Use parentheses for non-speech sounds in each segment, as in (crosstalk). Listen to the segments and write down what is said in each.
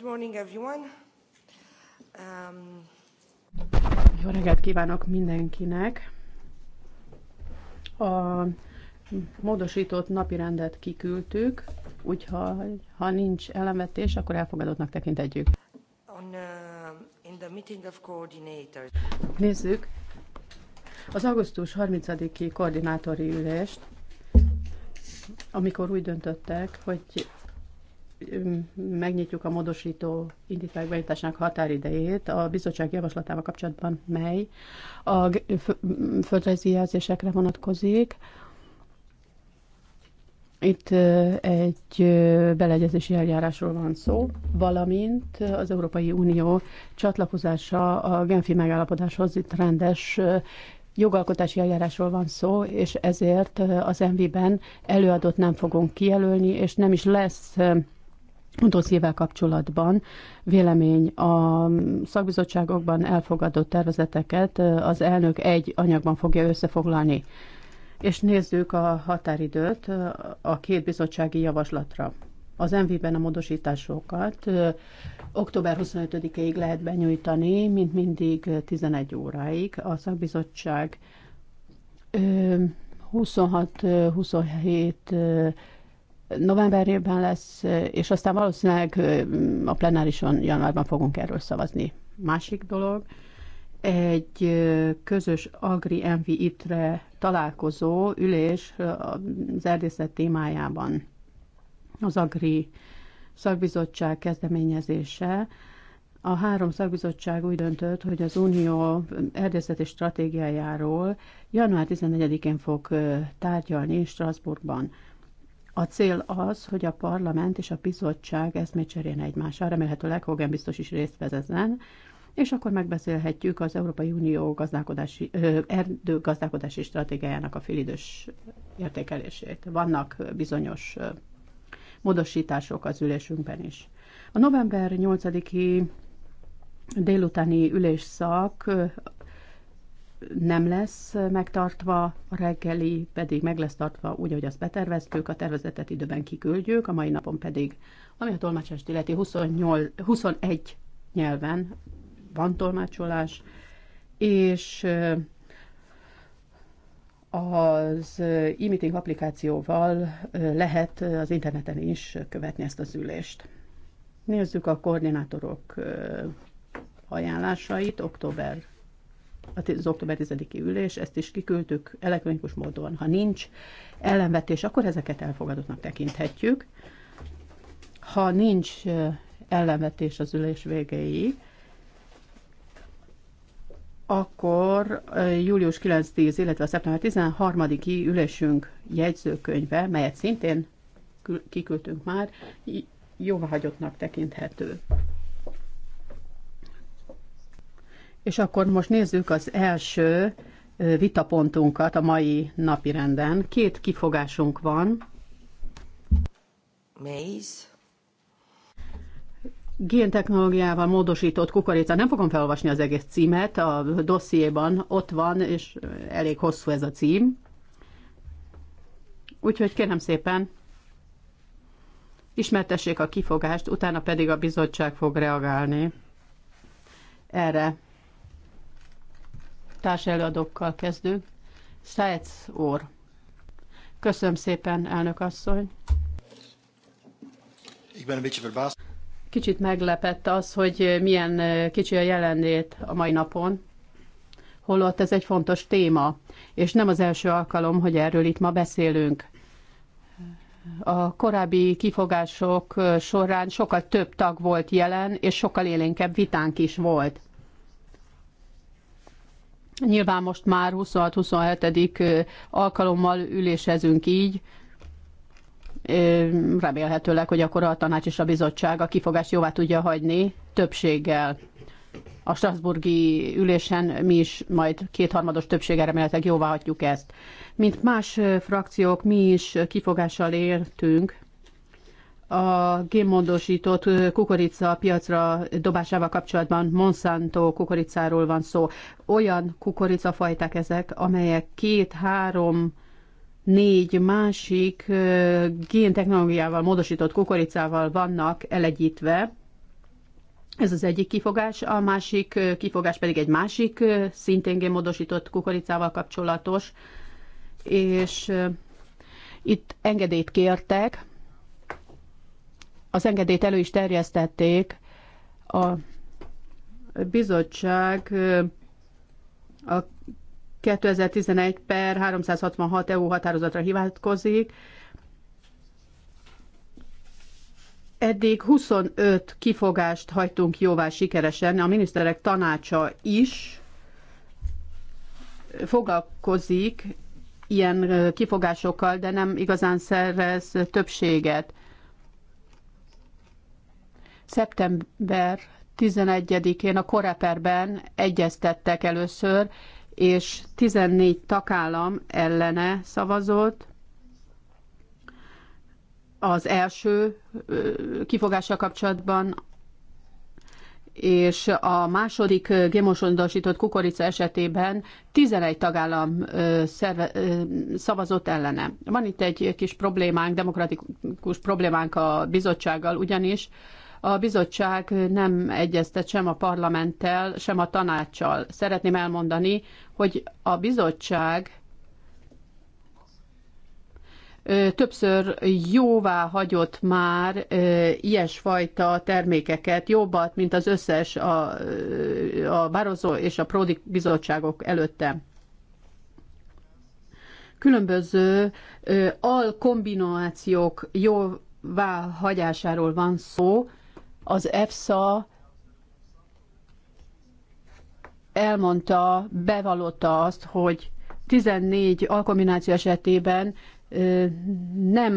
Good morning, everyone. Um... Jó reggelt kívánok mindenkinek! A módosított napirendet kiküldtük, úgyhogy ha nincs ellenvetés, akkor elfogadottnak tekintetjük. On, uh, in the meeting of coordinators. Nézzük az augusztus 30-i koordinátori ülést, amikor úgy döntöttek, hogy megnyitjuk a módosító indítvány bejutásának határidejét a bizottság javaslatával kapcsolatban, mely a földrajzi jelzésekre vonatkozik. Itt egy beleegyezési eljárásról van szó, valamint az Európai Unió csatlakozása a Genfi megállapodáshoz itt rendes jogalkotási eljárásról van szó, és ezért az MV-ben előadót nem fogunk kijelölni, és nem is lesz dossziével kapcsolatban vélemény a szakbizottságokban elfogadott tervezeteket az elnök egy anyagban fogja összefoglalni. És nézzük a határidőt a két bizottsági javaslatra. Az MV-ben a módosításokat október 25-ig lehet benyújtani, mint mindig 11 óráig. A szakbizottság 26-27 novemberében lesz, és aztán valószínűleg mm, a plenárison januárban fogunk erről szavazni. Másik dolog, egy közös agri envi itre találkozó ülés az erdészet témájában. Az agri szakbizottság kezdeményezése. A három szakbizottság úgy döntött, hogy az Unió erdészeti stratégiájáról január 14-én fog tárgyalni Strasbourgban. A cél az, hogy a parlament és a bizottság eszmét cserén egymással, remélhetőleg Hogan biztos is részt vezezzen, és akkor megbeszélhetjük az Európai Unió gazdálkodási, erdőgazdálkodási stratégiájának a félidős értékelését. Vannak bizonyos módosítások az ülésünkben is. A november 8-i délutáni ülésszak nem lesz megtartva, a reggeli pedig meg lesz tartva úgy, ahogy azt beterveztük, a tervezetet időben kiküldjük, a mai napon pedig, ami a tolmácsást illeti 28, 21 nyelven van tolmácsolás, és az e-meeting applikációval lehet az interneten is követni ezt az ülést. Nézzük a koordinátorok ajánlásait október az október 10-i ülés, ezt is kiküldtük elektronikus módon. Ha nincs ellenvetés, akkor ezeket elfogadottnak tekinthetjük. Ha nincs ellenvetés az ülés végéig, akkor július 9-10, illetve szeptember 13-i ülésünk jegyzőkönyve, melyet szintén kiküldtünk már, jóváhagyottnak tekinthető. És akkor most nézzük az első vitapontunkat a mai renden. Két kifogásunk van. Maze. Géntechnológiával módosított kukorica. Nem fogom felolvasni az egész címet, a dossziéban ott van, és elég hosszú ez a cím. Úgyhogy kérem szépen, ismertessék a kifogást, utána pedig a bizottság fog reagálni erre társelőadókkal kezdünk. Szájc úr. Köszönöm szépen, elnök asszony. Kicsit meglepett az, hogy milyen kicsi a jelenlét a mai napon, holott ez egy fontos téma, és nem az első alkalom, hogy erről itt ma beszélünk. A korábbi kifogások során sokkal több tag volt jelen, és sokkal élénkebb vitánk is volt. Nyilván most már 26-27. alkalommal ülésezünk így, remélhetőleg, hogy akkor a tanács és a bizottság a kifogást jóvá tudja hagyni többséggel. A Strasburgi ülésen mi is majd kétharmados többséggel remélhetőleg jóvá hagyjuk ezt. Mint más frakciók, mi is kifogással értünk a génmondosított kukorica piacra dobásával kapcsolatban Monsanto kukoricáról van szó. Olyan kukoricafajták ezek, amelyek két-három négy másik géntechnológiával módosított kukoricával vannak elegyítve. Ez az egyik kifogás, a másik kifogás pedig egy másik, szintén génmódosított kukoricával kapcsolatos, és itt engedélyt kértek, az engedélyt elő is terjesztették. A bizottság a 2011 per 366 EU határozatra hivatkozik. Eddig 25 kifogást hagytunk jóvá sikeresen, a miniszterek tanácsa is foglalkozik ilyen kifogásokkal, de nem igazán szervez többséget. Szeptember 11-én a Koreperben egyeztettek először, és 14 tagállam ellene szavazott. Az első kifogással kapcsolatban és a második gémosondosított kukorica esetében 11 tagállam szerve, szavazott ellene. Van itt egy kis problémánk, demokratikus problémánk a bizottsággal, ugyanis a bizottság nem egyeztet sem a parlamenttel, sem a tanácssal. Szeretném elmondani, hogy a bizottság többször jóvá hagyott már ilyesfajta termékeket, jobbat, mint az összes a, a Barozó és a Prodi bizottságok előtte. Különböző alkombinációk jóváhagyásáról van szó, az EFSA elmondta, bevallotta azt, hogy 14 alkombináció esetében nem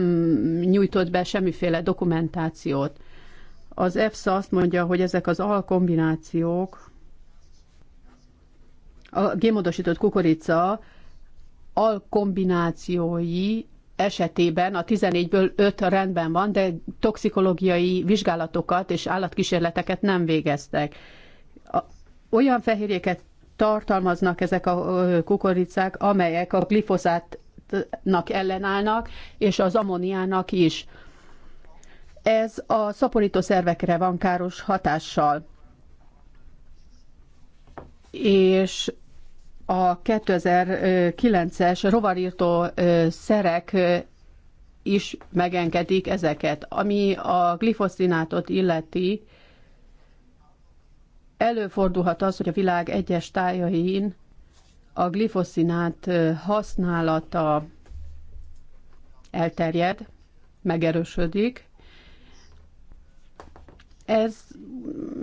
nyújtott be semmiféle dokumentációt. Az EFSA azt mondja, hogy ezek az alkombinációk, a gémodosított kukorica alkombinációi esetében a 14-ből 5 rendben van, de toxikológiai vizsgálatokat és állatkísérleteket nem végeztek. Olyan fehérjéket tartalmaznak ezek a kukoricák, amelyek a glifozátnak ellenállnak, és az ammoniának is. Ez a szaporító szervekre van káros hatással. És a 2009-es rovarírtó szerek is megengedik ezeket. Ami a glifoszinátot illeti, előfordulhat az, hogy a világ egyes tájain a glifoszinát használata elterjed, megerősödik. Ez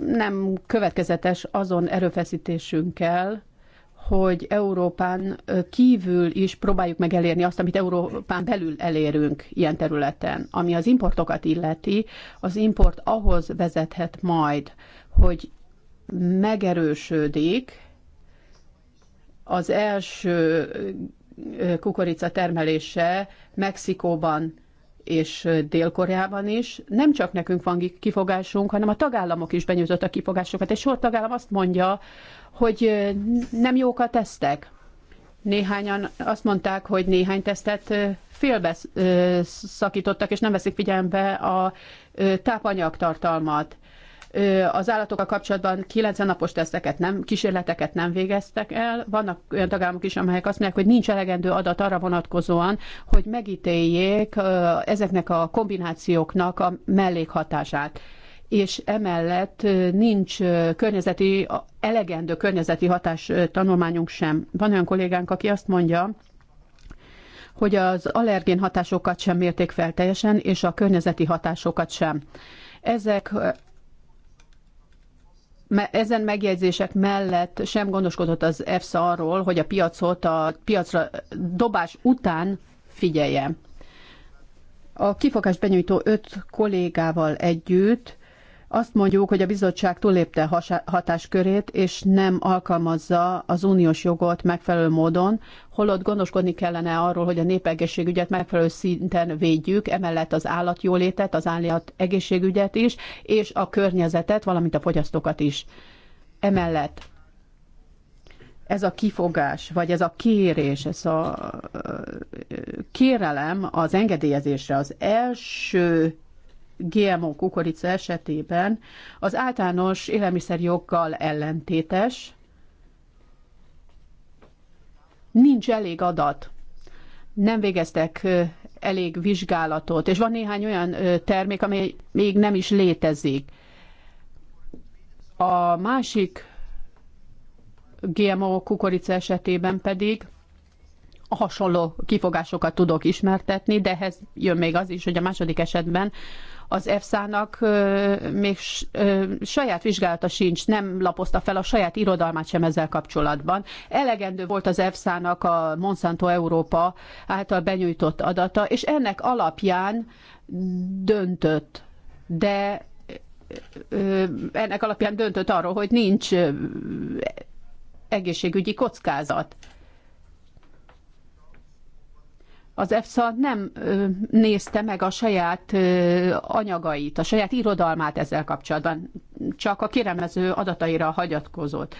nem következetes azon erőfeszítésünkkel, hogy Európán kívül is próbáljuk meg elérni azt, amit Európán belül elérünk ilyen területen. Ami az importokat illeti, az import ahhoz vezethet majd, hogy megerősödik az első kukorica termelése Mexikóban és Dél-Koreában is. Nem csak nekünk van kifogásunk, hanem a tagállamok is benyújtottak kifogásokat. Egy sor tagállam azt mondja, hogy nem jók a tesztek. Néhányan azt mondták, hogy néhány tesztet félbe szakítottak, és nem veszik figyelembe a tápanyagtartalmat. Az állatokkal kapcsolatban 90 napos teszteket nem, kísérleteket nem végeztek el. Vannak olyan tagállamok is, amelyek azt mondják, hogy nincs elegendő adat arra vonatkozóan, hogy megítéljék ezeknek a kombinációknak a mellékhatását és emellett nincs környezeti, elegendő környezeti hatás tanulmányunk sem. Van olyan kollégánk, aki azt mondja, hogy az allergén hatásokat sem mérték fel teljesen, és a környezeti hatásokat sem. Ezek ezen megjegyzések mellett sem gondoskodott az EFSA arról, hogy a piacot a piacra dobás után figyelje. A kifogás benyújtó öt kollégával együtt azt mondjuk, hogy a bizottság túllépte hatáskörét, és nem alkalmazza az uniós jogot megfelelő módon, holott gondoskodni kellene arról, hogy a népegészségügyet megfelelő szinten védjük, emellett az állatjólétet, az állat egészségügyet is, és a környezetet, valamint a fogyasztókat is. Emellett ez a kifogás, vagy ez a kérés, ez a kérelem az engedélyezésre az első GMO kukorica esetében az általános élelmiszerjoggal ellentétes, nincs elég adat, nem végeztek elég vizsgálatot, és van néhány olyan termék, amely még nem is létezik. A másik GMO kukorica esetében pedig hasonló kifogásokat tudok ismertetni, de ehhez jön még az is, hogy a második esetben az EFSA-nak még saját vizsgálata sincs, nem lapozta fel a saját irodalmát sem ezzel kapcsolatban. Elegendő volt az EFSA-nak a Monsanto Európa által benyújtott adata, és ennek alapján döntött. De ennek alapján döntött arról, hogy nincs egészségügyi kockázat az EFSA nem nézte meg a saját anyagait, a saját irodalmát ezzel kapcsolatban, csak a kéremező adataira hagyatkozott.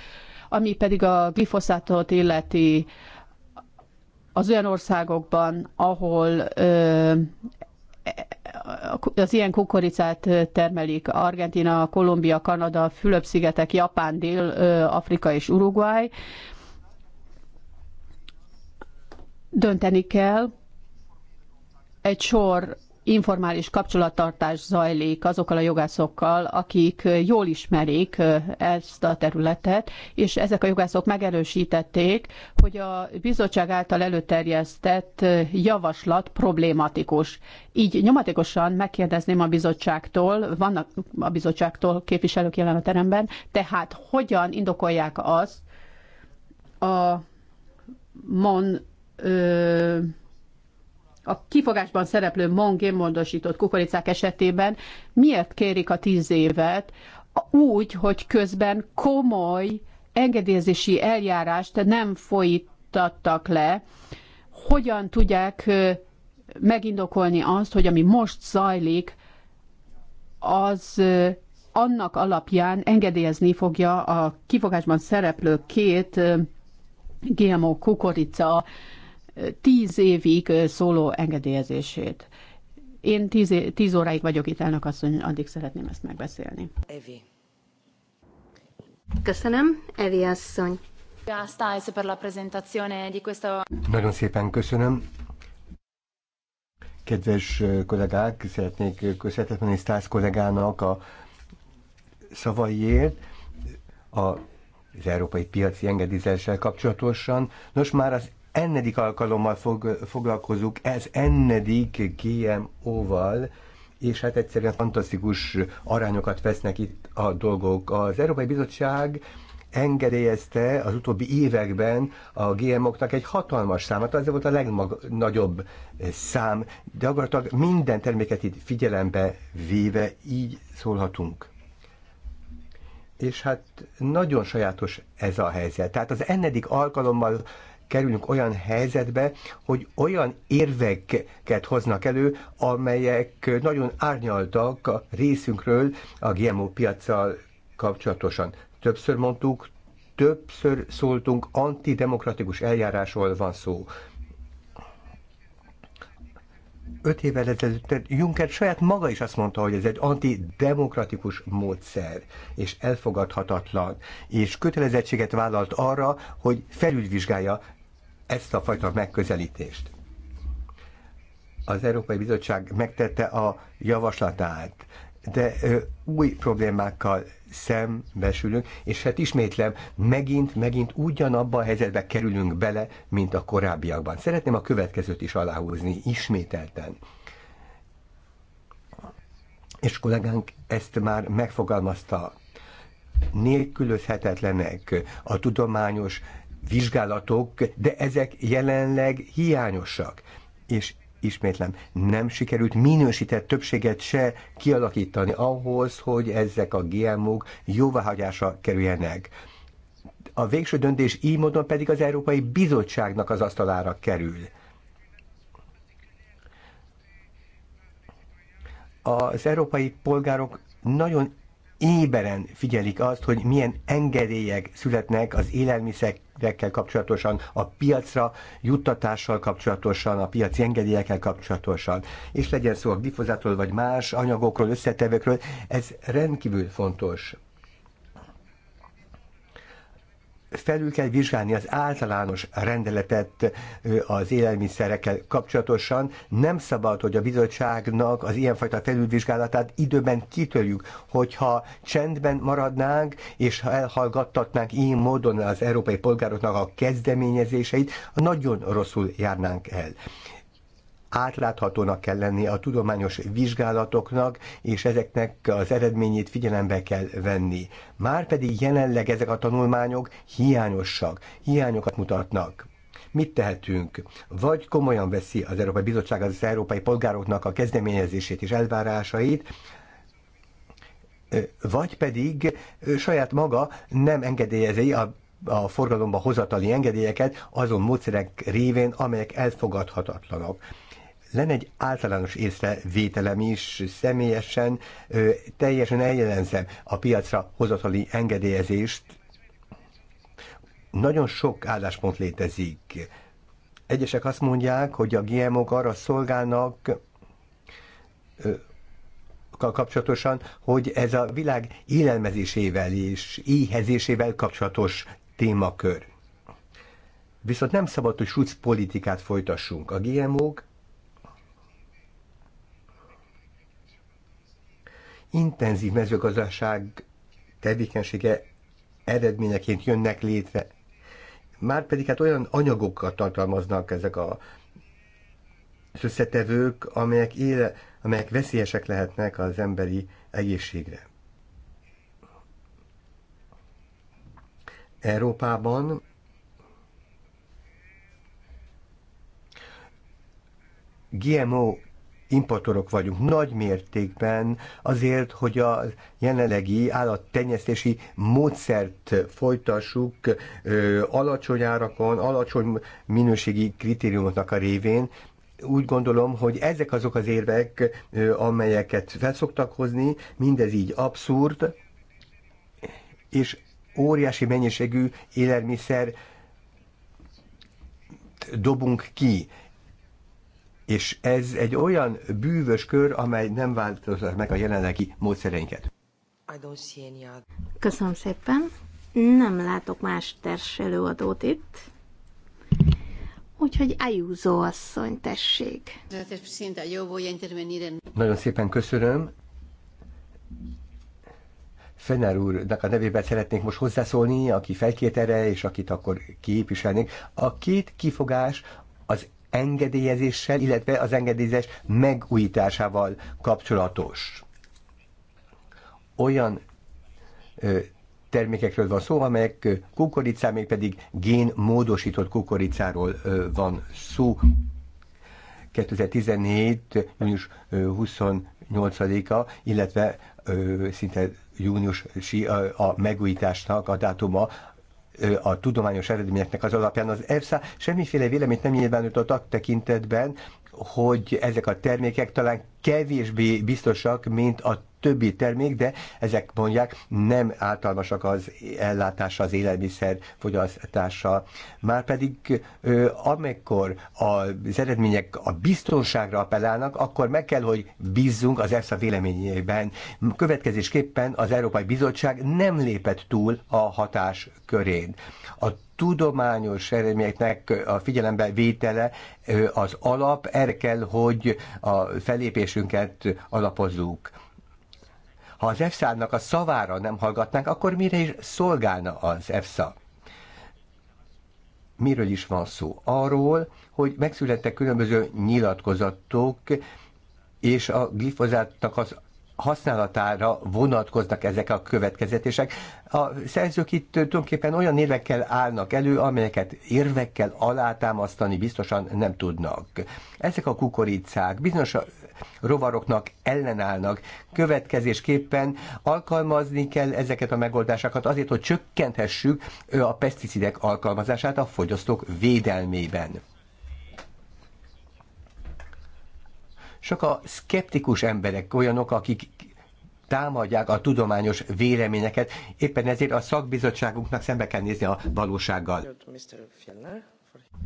Ami pedig a glifoszátot illeti az olyan országokban, ahol az ilyen kukoricát termelik Argentina, Kolumbia, Kanada, Fülöp-szigetek, Japán, Dél-Afrika és Uruguay. Dönteni kell, egy sor informális kapcsolattartás zajlik azokkal a jogászokkal, akik jól ismerik ezt a területet, és ezek a jogászok megerősítették, hogy a bizottság által előterjesztett javaslat problématikus. Így nyomatékosan megkérdezném a bizottságtól, vannak a bizottságtól képviselők jelen a teremben, tehát hogyan indokolják azt a MON ö, a kifogásban szereplő mongén kukoricák esetében miért kérik a tíz évet úgy, hogy közben komoly engedélyezési eljárást nem folytattak le, hogyan tudják megindokolni azt, hogy ami most zajlik, az annak alapján engedélyezni fogja a kifogásban szereplő két GMO kukorica tíz évig szóló engedélyezését. Én tíz, tíz óráig vagyok itt, elnök asszony, addig szeretném ezt megbeszélni. Evi. Köszönöm, Evi asszony. Nagyon szépen köszönöm. Kedves kollégák, szeretnék köszönetet mondani Stász kollégának a szavaiért, a, az európai piaci engedélyezéssel kapcsolatosan. Nos, már az ennedik alkalommal fog, foglalkozunk ez ennedik GMO-val, és hát egyszerűen fantasztikus arányokat vesznek itt a dolgok. Az Európai Bizottság engedélyezte az utóbbi években a GMO-knak egy hatalmas számát, az volt a legnagyobb szám, de gyakorlatilag minden terméket itt figyelembe véve így szólhatunk. És hát nagyon sajátos ez a helyzet. Tehát az ennedik alkalommal kerülünk olyan helyzetbe, hogy olyan érveket hoznak elő, amelyek nagyon árnyaltak a részünkről a GMO piacsal kapcsolatosan. Többször mondtuk, többször szóltunk, antidemokratikus eljárásról van szó öt évvel ezelőtt Juncker saját maga is azt mondta, hogy ez egy antidemokratikus módszer, és elfogadhatatlan, és kötelezettséget vállalt arra, hogy felülvizsgálja ezt a fajta megközelítést. Az Európai Bizottság megtette a javaslatát, de ö, új problémákkal szembesülünk, és hát ismétlem, megint, megint ugyanabba a helyzetbe kerülünk bele, mint a korábbiakban. Szeretném a következőt is aláhúzni ismételten. És kollégánk ezt már megfogalmazta. Nélkülözhetetlenek a tudományos vizsgálatok, de ezek jelenleg hiányosak. És ismétlem, nem sikerült minősített többséget se kialakítani ahhoz, hogy ezek a GMO-k jóváhagyásra kerüljenek. A végső döntés így módon pedig az Európai Bizottságnak az asztalára kerül. Az európai polgárok nagyon éberen figyelik azt, hogy milyen engedélyek születnek az élelmiszerekkel kapcsolatosan, a piacra juttatással kapcsolatosan, a piaci engedélyekkel kapcsolatosan. És legyen szó a glifozátról vagy más anyagokról, összetevőkről, ez rendkívül fontos felül kell vizsgálni az általános rendeletet az élelmiszerekkel kapcsolatosan. Nem szabad, hogy a bizottságnak az ilyenfajta felülvizsgálatát időben kitörjük, hogyha csendben maradnánk, és elhallgattatnánk így módon az európai polgároknak a kezdeményezéseit, nagyon rosszul járnánk el átláthatónak kell lenni a tudományos vizsgálatoknak, és ezeknek az eredményét figyelembe kell venni. Márpedig jelenleg ezek a tanulmányok hiányosak, hiányokat mutatnak mit tehetünk? Vagy komolyan veszi az Európai Bizottság az európai polgároknak a kezdeményezését és elvárásait, vagy pedig saját maga nem engedélyezi a a forgalomba hozatali engedélyeket azon módszerek révén, amelyek elfogadhatatlanok lenne egy általános észrevételem is, személyesen teljesen eljelenzem a piacra hozatali engedélyezést. Nagyon sok álláspont létezik. Egyesek azt mondják, hogy a GMO-k arra szolgálnak, kapcsolatosan, hogy ez a világ élelmezésével és éhezésével kapcsolatos témakör. Viszont nem szabad, hogy politikát folytassunk. A GMO-k intenzív mezőgazdaság tevékenysége eredményeként jönnek létre. Márpedig hát olyan anyagokat tartalmaznak ezek a összetevők, amelyek, éle, amelyek veszélyesek lehetnek az emberi egészségre. Európában GMO importorok vagyunk nagy mértékben azért, hogy a jelenlegi állattenyésztési módszert folytassuk ö, alacsony árakon, alacsony minőségi kritériumoknak a révén, úgy gondolom, hogy ezek azok az érvek, amelyeket felszoktak hozni, mindez így abszurd, és óriási mennyiségű élelmiszer dobunk ki. És ez egy olyan bűvös kör, amely nem változtat meg a jelenlegi módszereinket. Köszönöm szépen. Nem látok más terselőadót előadót itt. Úgyhogy Ayuso asszony, tessék. Nagyon szépen köszönöm. Fenner úrnak a nevében szeretnék most hozzászólni, aki felkét erre, és akit akkor képviselnék. A két kifogás engedélyezéssel, illetve az engedélyezés megújításával kapcsolatos. Olyan ö, termékekről van szó, amelyek kukoricá, még pedig génmódosított kukoricáról ö, van szó. 2017. június 28-a, illetve ö, szinte júniusi a, a megújításnak a dátuma a tudományos eredményeknek az alapján az EFSA semmiféle véleményt nem nyilvánított a tekintetben, hogy ezek a termékek talán kevésbé biztosak, mint a többi termék, de ezek mondják nem általmasak az ellátása, az élelmiszer fogyasztása. Márpedig amikor az eredmények a biztonságra appellálnak, akkor meg kell, hogy bízzunk az EFSA véleményében. Következésképpen az Európai Bizottság nem lépett túl a hatás körén. A tudományos eredményeknek a figyelembe vétele az alap, erre kell, hogy a felépésünket alapozzuk. Ha az EFSA-nak a szavára nem hallgatnánk, akkor mire is szolgálna az EFSA? Miről is van szó? Arról, hogy megszülettek különböző nyilatkozatok, és a glifozátnak az használatára vonatkoznak ezek a következetések. A szerzők itt tulajdonképpen olyan érvekkel állnak elő, amelyeket érvekkel alátámasztani biztosan nem tudnak. Ezek a kukoricák bizonyos rovaroknak ellenállnak. Következésképpen alkalmazni kell ezeket a megoldásokat azért, hogy csökkenthessük a peszticidek alkalmazását a fogyasztók védelmében. Sok a szkeptikus emberek olyanok, akik támadják a tudományos véleményeket, éppen ezért a szakbizottságunknak szembe kell nézni a valósággal. Mr.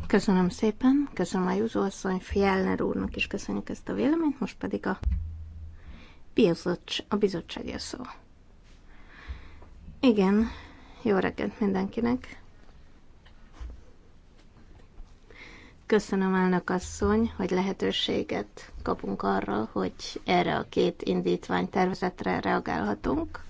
Köszönöm szépen, köszönöm a Júzó asszony, Fjellner úrnak is köszönjük ezt a véleményt, most pedig a, bizottság, a szó. Igen, jó reggelt mindenkinek. Köszönöm, elnök asszony, hogy lehetőséget kapunk arra, hogy erre a két indítvány tervezetre reagálhatunk.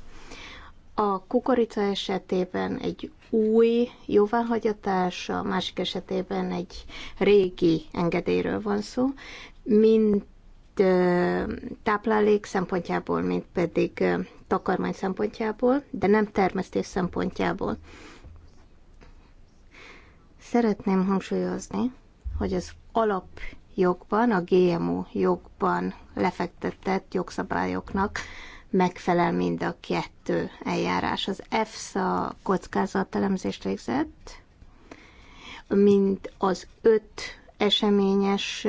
A kukorica esetében egy új jóváhagyatás, a másik esetében egy régi engedélyről van szó, mind táplálék szempontjából, mint pedig takarmány szempontjából, de nem termesztés szempontjából. Szeretném hangsúlyozni, hogy az alap jogban, a GMO jogban lefektetett jogszabályoknak megfelel mind a kettő eljárás. Az EFSA kockázatelemzést végzett, mind az öt eseményes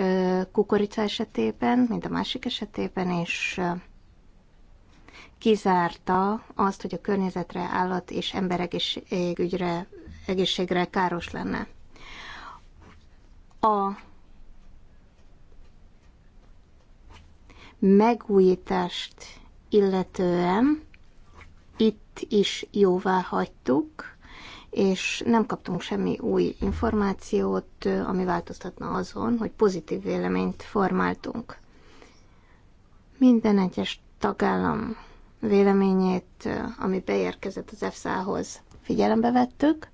kukorica esetében, mint a másik esetében, és kizárta azt, hogy a környezetre, állat és egészségügyre, egészségre káros lenne. A megújítást illetően itt is jóvá hagytuk, és nem kaptunk semmi új információt, ami változtatna azon, hogy pozitív véleményt formáltunk. Minden egyes tagállam véleményét, ami beérkezett az EFSA-hoz, figyelembe vettük.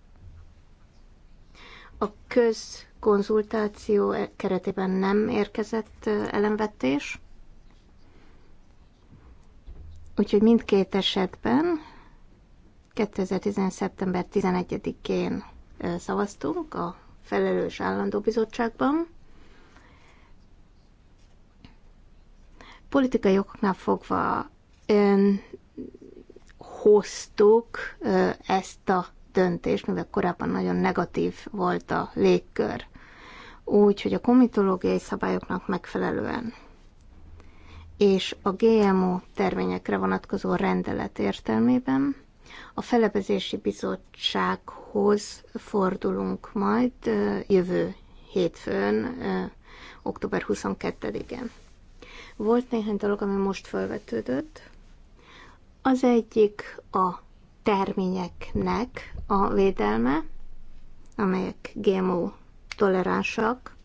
A közkonzultáció e- keretében nem érkezett elemvetés, Úgyhogy mindkét esetben 2011. szeptember 11-én szavaztunk a felelős állandó bizottságban. Politikai okoknál fogva ön, hoztuk ezt a döntést, mivel korábban nagyon negatív volt a légkör. Úgyhogy a komitológiai szabályoknak megfelelően és a GMO terményekre vonatkozó rendelet értelmében a Felebezési Bizottsághoz fordulunk majd jövő hétfőn, október 22-én. Volt néhány dolog, ami most felvetődött. Az egyik a terményeknek a védelme, amelyek GMO toleránsak.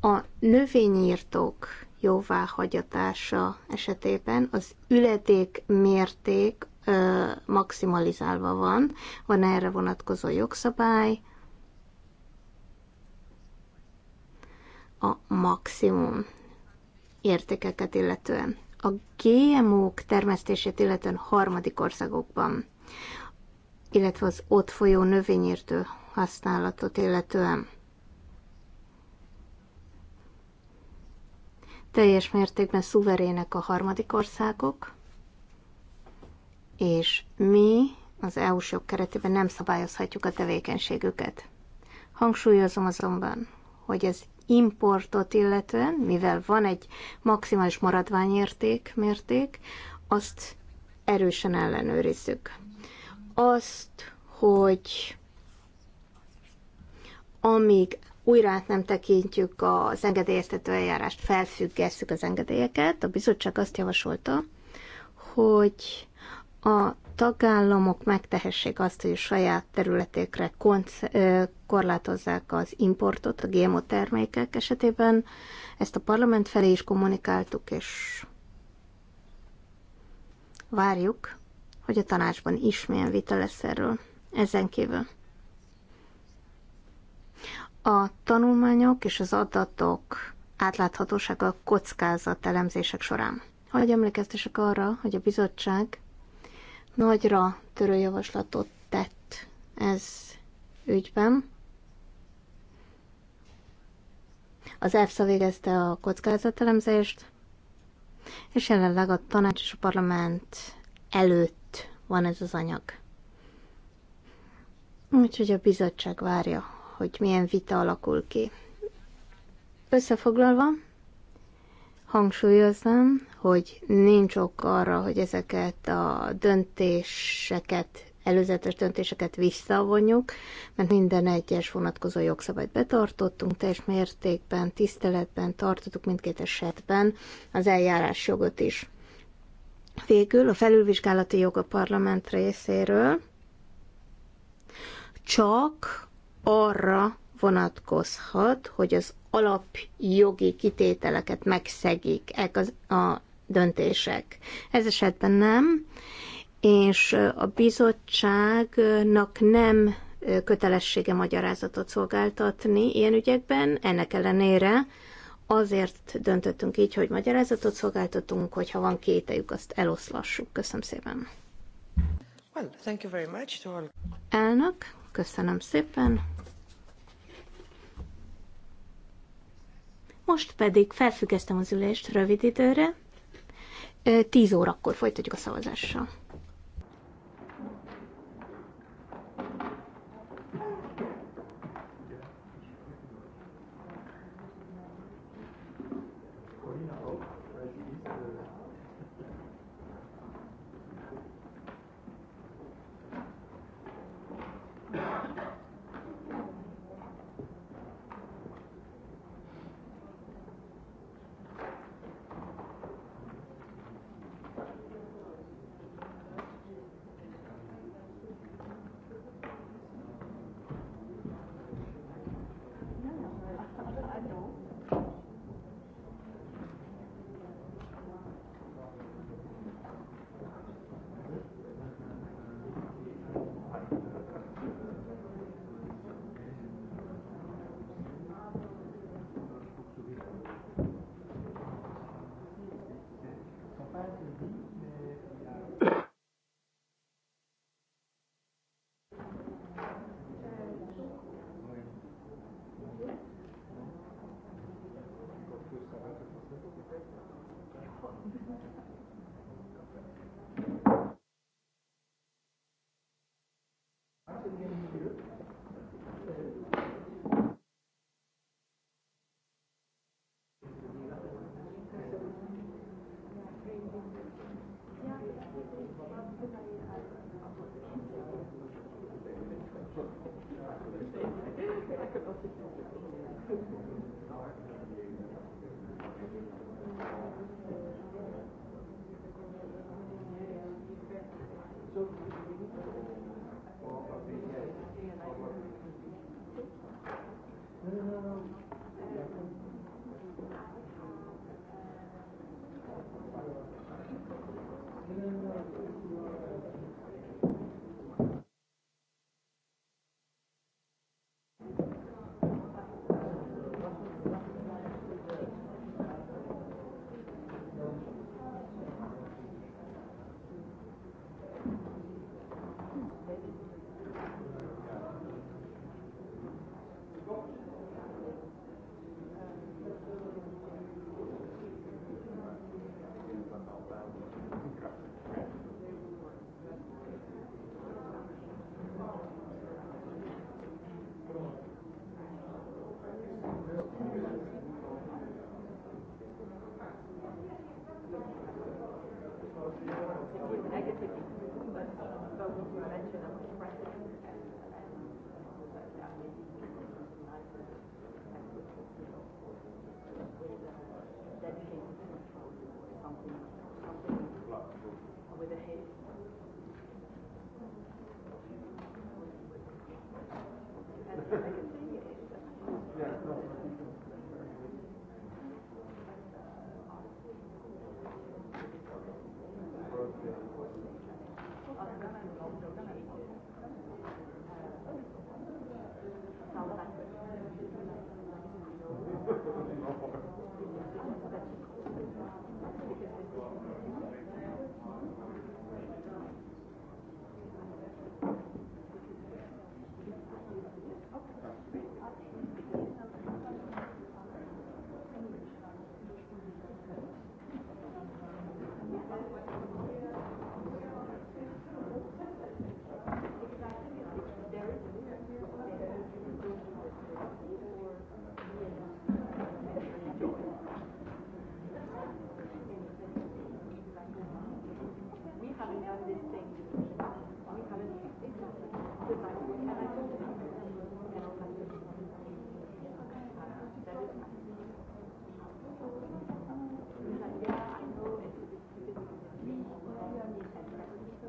A növényírtók jóváhagyatása esetében az üledék mérték ö, maximalizálva van, van erre vonatkozó jogszabály, a maximum értékeket illetően. A GMO-k termesztését illetően harmadik országokban, illetve az ott folyó növényértő használatot illetően teljes mértékben szuverének a harmadik országok, és mi az EU-s jog keretében nem szabályozhatjuk a tevékenységüket. Hangsúlyozom azonban, hogy ez importot illetően, mivel van egy maximális maradványérték mérték, azt erősen ellenőrizzük. Azt, hogy amíg újra át nem tekintjük az engedélyeztető eljárást, felfüggesszük az engedélyeket. A bizottság azt javasolta, hogy a tagállamok megtehessék azt, hogy a saját területékre korlátozzák az importot a GMO termékek esetében. Ezt a parlament felé is kommunikáltuk, és várjuk, hogy a tanácsban is milyen vita lesz erről. Ezen kívül. A tanulmányok és az adatok átláthatósága a elemzések során. Hogy emlékeztesek arra, hogy a bizottság nagyra törő javaslatot tett ez ügyben. Az EFSA végezte a kockázatelemzést, és jelenleg a tanács és a parlament előtt van ez az anyag. Úgyhogy a bizottság várja, hogy milyen vita alakul ki. Összefoglalva, hangsúlyoznám, hogy nincs ok arra, hogy ezeket a döntéseket, előzetes döntéseket visszavonjuk, mert minden egyes vonatkozó jogszabályt betartottunk, teljes mértékben, tiszteletben tartottuk mindkét esetben az eljárás jogot is. Végül a felülvizsgálati jog a parlament részéről csak arra vonatkozhat, hogy az alapjogi kitételeket megszegik a döntések. Ez esetben nem, és a bizottságnak nem kötelessége magyarázatot szolgáltatni ilyen ügyekben, ennek ellenére azért döntöttünk így, hogy magyarázatot szolgáltatunk, hogyha van kételjük, azt eloszlassuk. Köszönöm szépen. Well, thank you very much to all. Elnök, köszönöm szépen. Most pedig felfüggesztem az ülést rövid időre. 10 órakor folytatjuk a szavazással.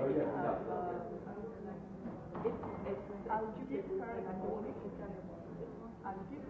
I'll give her a warning. I'll give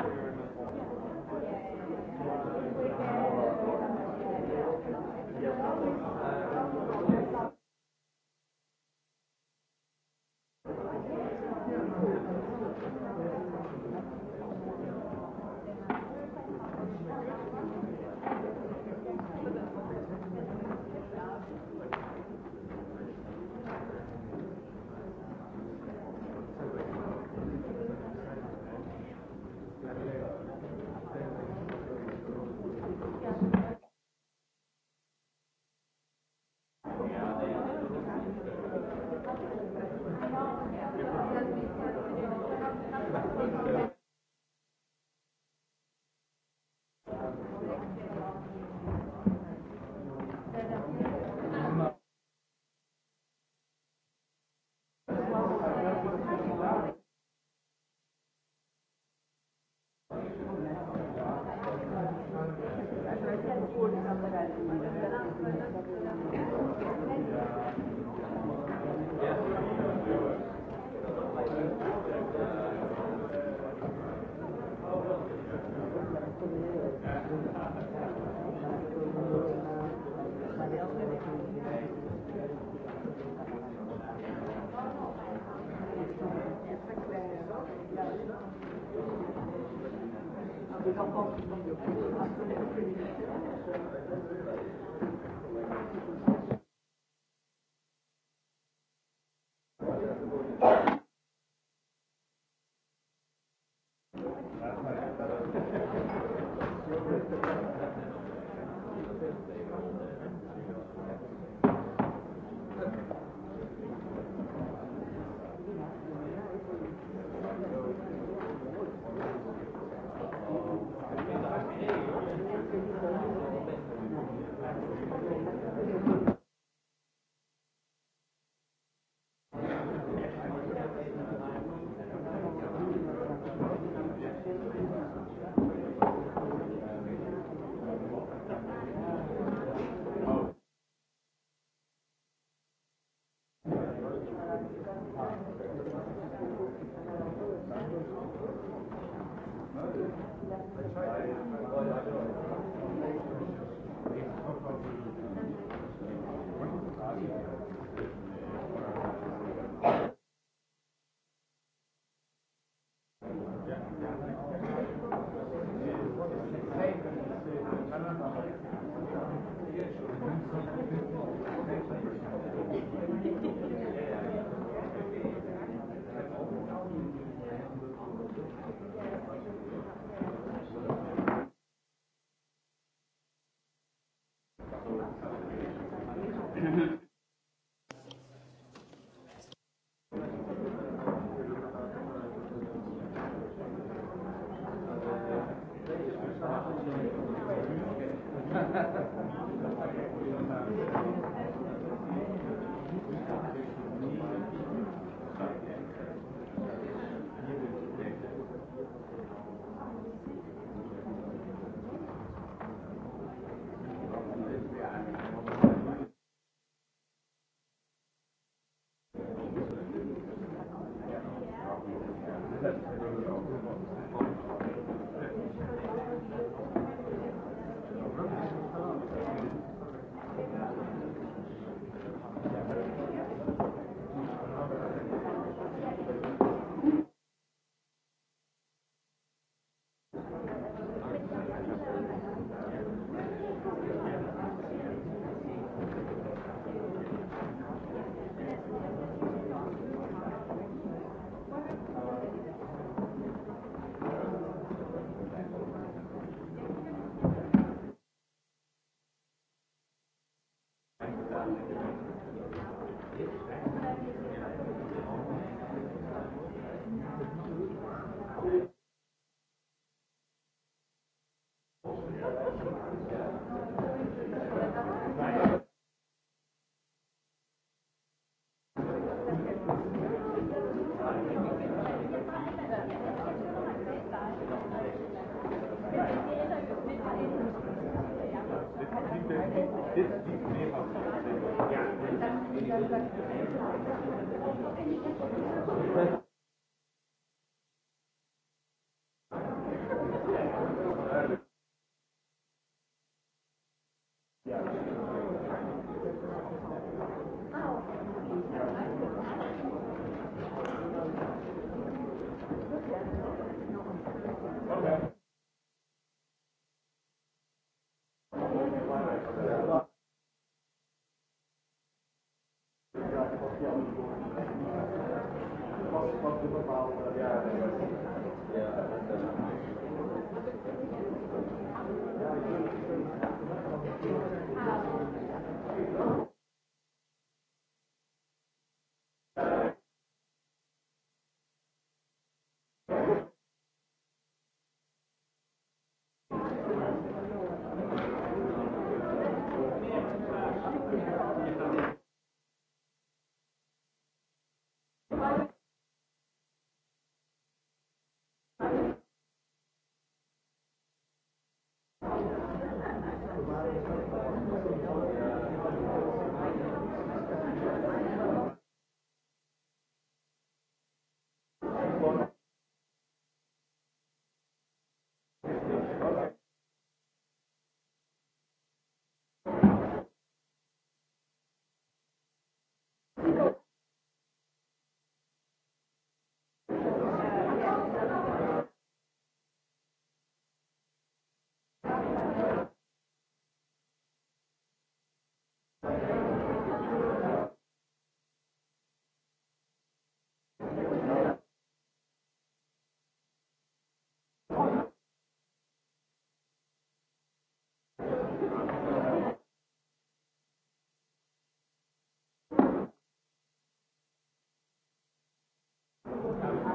mondani, hogy elmegy az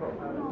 problema.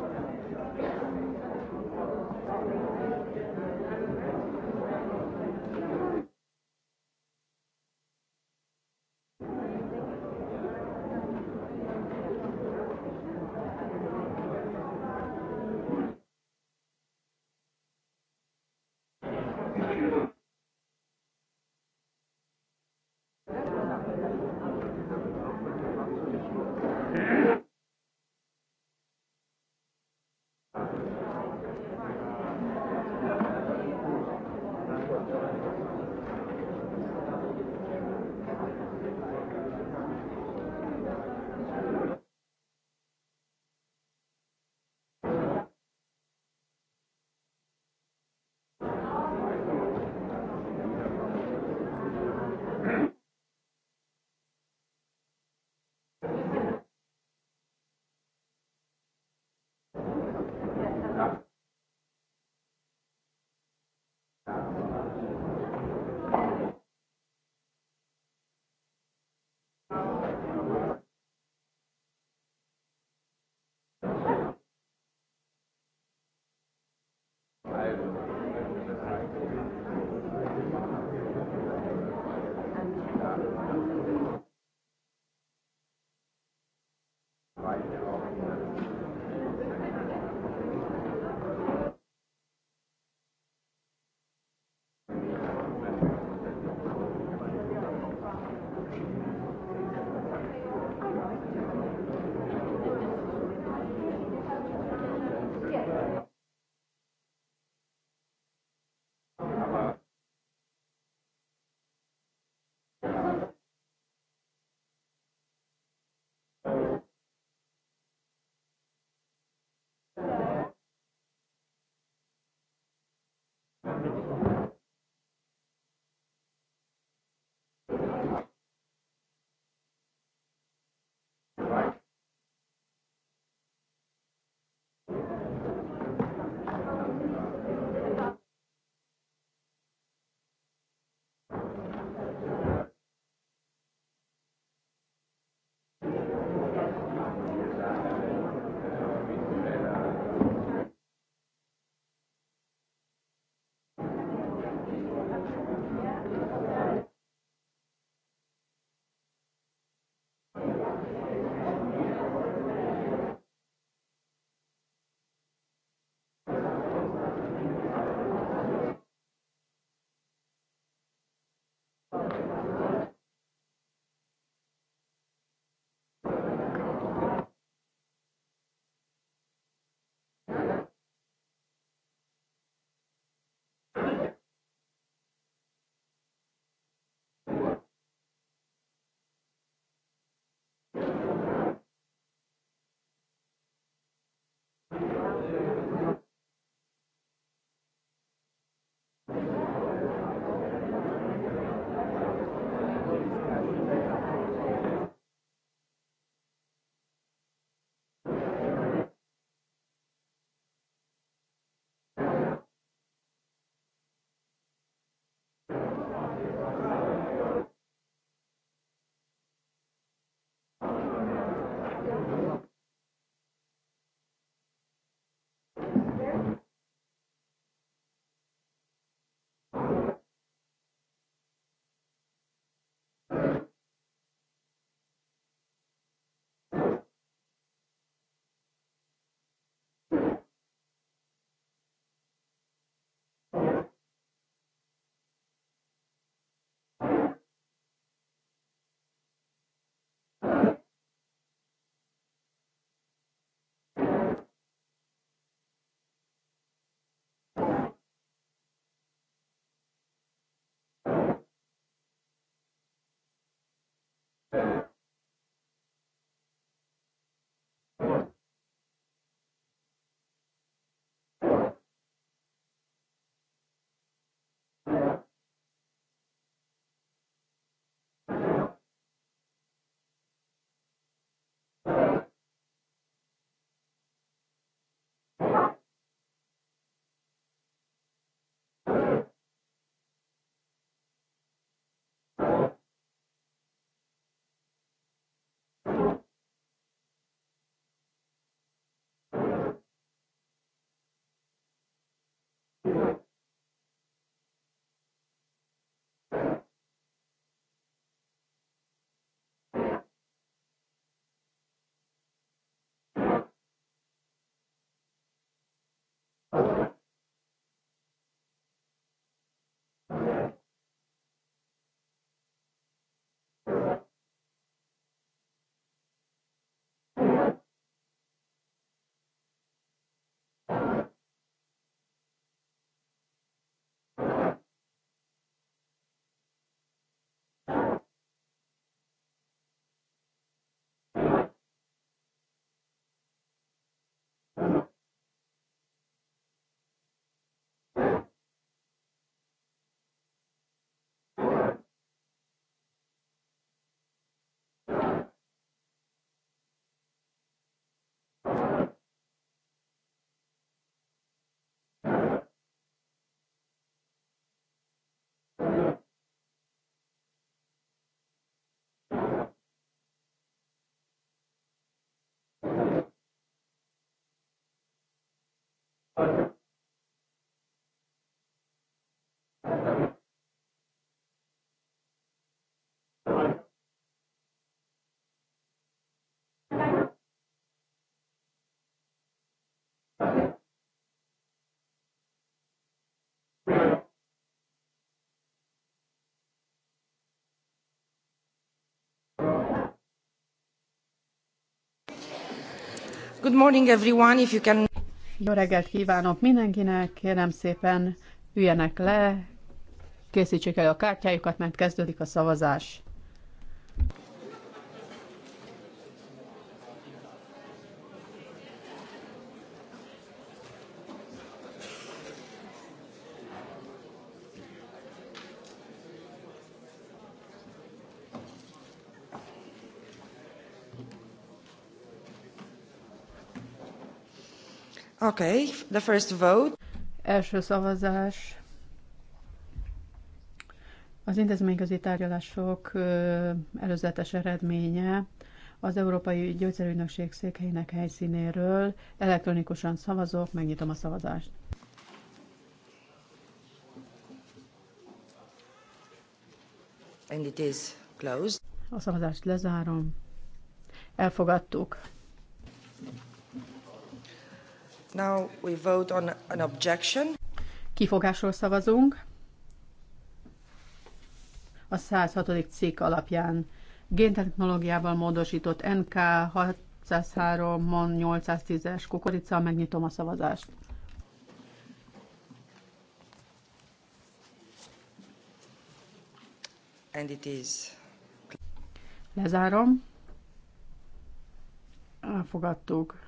Good morning everyone, if you can... Jó reggelt kívánok mindenkinek, kérem szépen üljenek le, készítsék el a kártyájukat, mert kezdődik a szavazás. Okay, the first vote. Első szavazás. Az intézményközi tárgyalások előzetes eredménye az Európai Gyógyszerügynökség székhelyének helyszínéről. Elektronikusan szavazok, megnyitom a szavazást. And it is closed. A szavazást lezárom. Elfogadtuk. Now we vote on an objection. Kifogásról szavazunk. A 106. cikk alapján géntechnológiával módosított NK 603 810-es kukorica, megnyitom a szavazást. And it is. Lezárom. Elfogadtuk.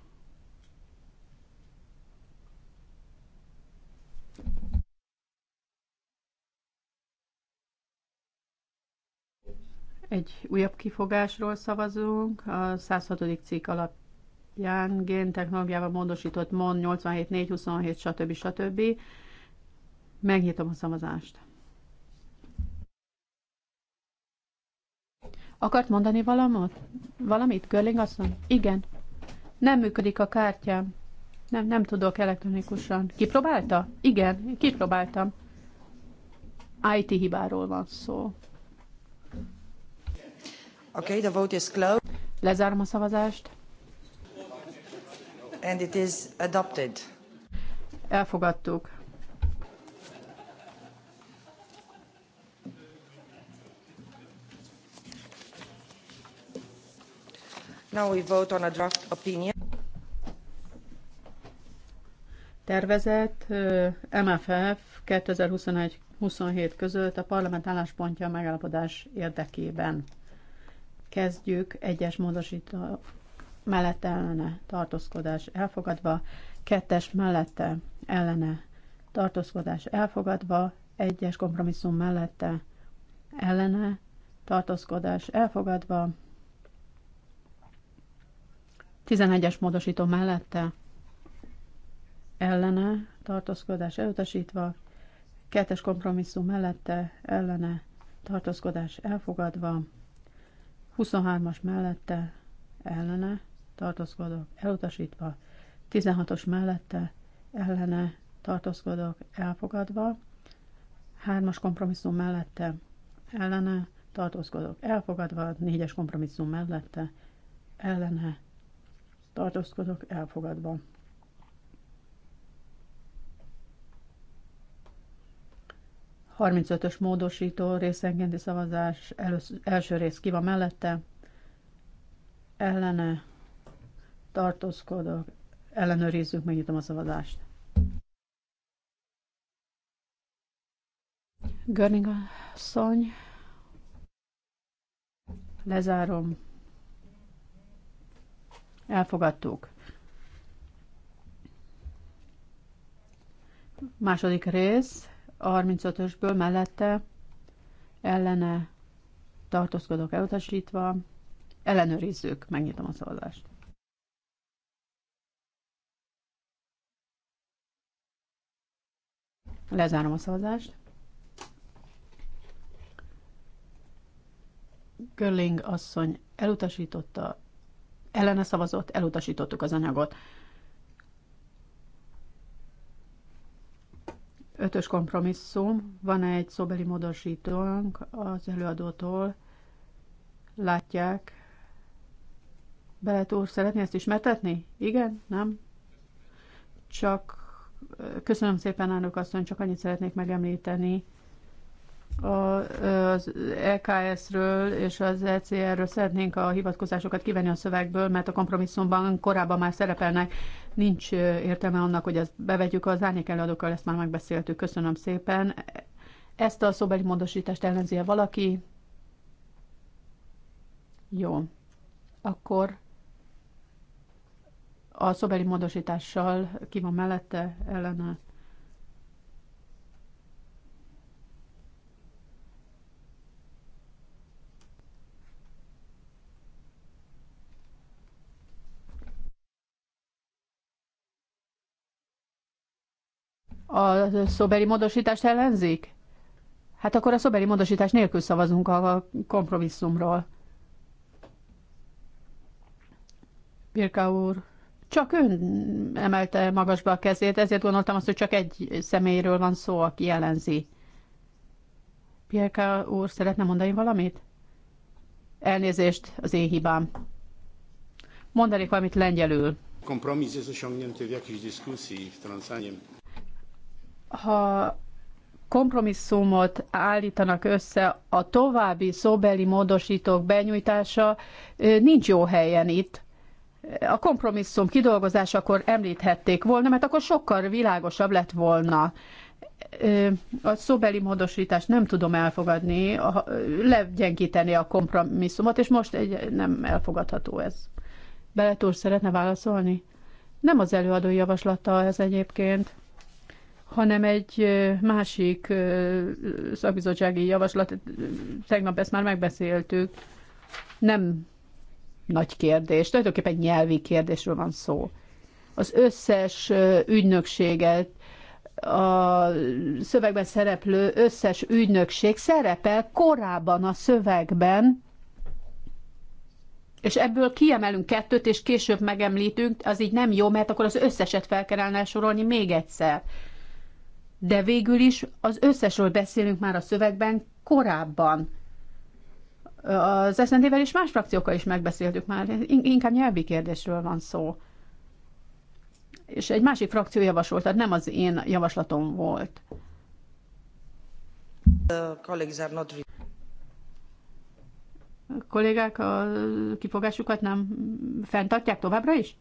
Egy újabb kifogásról szavazunk. A 106. cikk alapján géntechnológiával módosított MON 87, 27, stb. stb. Megnyitom a szavazást. Akart mondani valamit? Valamit, Görling asszony? Igen. Nem működik a kártyám. Nem, nem tudok elektronikusan. Kipróbálta? Igen, kipróbáltam. IT hibáról van szó. Okay, the vote is closed. Lezárom a szavazást. And it is adopted. Elfogadtuk. Now we vote on a draft opinion. Tervezett MFF 2021-27 között a parlament álláspontja a megállapodás érdekében. Kezdjük egyes módosító mellette ellene tartózkodás elfogadva, kettes mellette ellene tartózkodás elfogadva, egyes kompromisszum mellette ellene tartózkodás elfogadva, 11-es módosító mellette ellene tartózkodás elutasítva, kettes kompromisszum mellette ellene tartózkodás elfogadva, 23-as mellette ellene tartózkodok elutasítva, 16-os mellette ellene tartózkodok elfogadva, 3-as kompromisszum mellette ellene tartózkodok elfogadva, 4-es kompromisszum mellette ellene tartózkodok elfogadva. 35-ös módosító részenkénti szavazás elősz, első rész ki van mellette, ellene tartózkodok, ellenőrizzük, megnyitom a szavazást. Görning szony. lezárom, elfogadtuk. Második rész, a 35-ösből mellette ellene tartózkodok elutasítva. Ellenőrizzük, megnyitom a szavazást. Lezárom a szavazást. Görling asszony elutasította, ellene szavazott, elutasítottuk az anyagot. Ötös kompromisszum. Van egy szobeli módosítónk az előadótól. Látják. Beletúr, szeretné ezt ismertetni? Igen? Nem? Csak köszönöm szépen, Ánok asszony, csak annyit szeretnék megemlíteni, a az EKS-ről és az ECR-ről szeretnénk a hivatkozásokat kivenni a szövegből, mert a kompromisszumban korábban már szerepelnek. Nincs értelme annak, hogy ezt bevegyük az árnyék előadókkal, ezt már megbeszéltük. Köszönöm szépen. Ezt a szóbeli módosítást ellenzi -e valaki? Jó. Akkor a szobeli módosítással ki van mellette, ellene a szobeli módosítást ellenzik? Hát akkor a szobeli módosítás nélkül szavazunk a kompromisszumról. Birka úr, csak ön emelte magasba a kezét, ezért gondoltam azt, hogy csak egy személyről van szó, aki jelenzi. Birka úr, szeretne mondani valamit? Elnézést, az én hibám. Mondanék valamit lengyelül. Kompromisz jest osiągnięty w jakiejś dyskusji, wtrącaniem ha kompromisszumot állítanak össze a további szóbeli módosítók benyújtása, nincs jó helyen itt. A kompromisszum kidolgozásakor említhették volna, mert akkor sokkal világosabb lett volna. A szóbeli módosítást nem tudom elfogadni, legyengíteni a kompromisszumot, és most egy, nem elfogadható ez. Beletúr szeretne válaszolni? Nem az előadó javaslata ez egyébként hanem egy másik szakbizottsági javaslat, tegnap ezt már megbeszéltük, nem nagy kérdés, tulajdonképpen nyelvi kérdésről van szó. Az összes ügynökséget, a szövegben szereplő összes ügynökség szerepel korábban a szövegben, és ebből kiemelünk kettőt, és később megemlítünk, az így nem jó, mert akkor az összeset fel kellene sorolni még egyszer de végül is az összesről beszélünk már a szövegben korábban. Az SZND-vel és más frakciókkal is megbeszéltük már, inkább nyelvi kérdésről van szó. És egy másik frakció javasolt, tehát nem az én javaslatom volt. A kollégák a kifogásukat nem fenntartják továbbra is?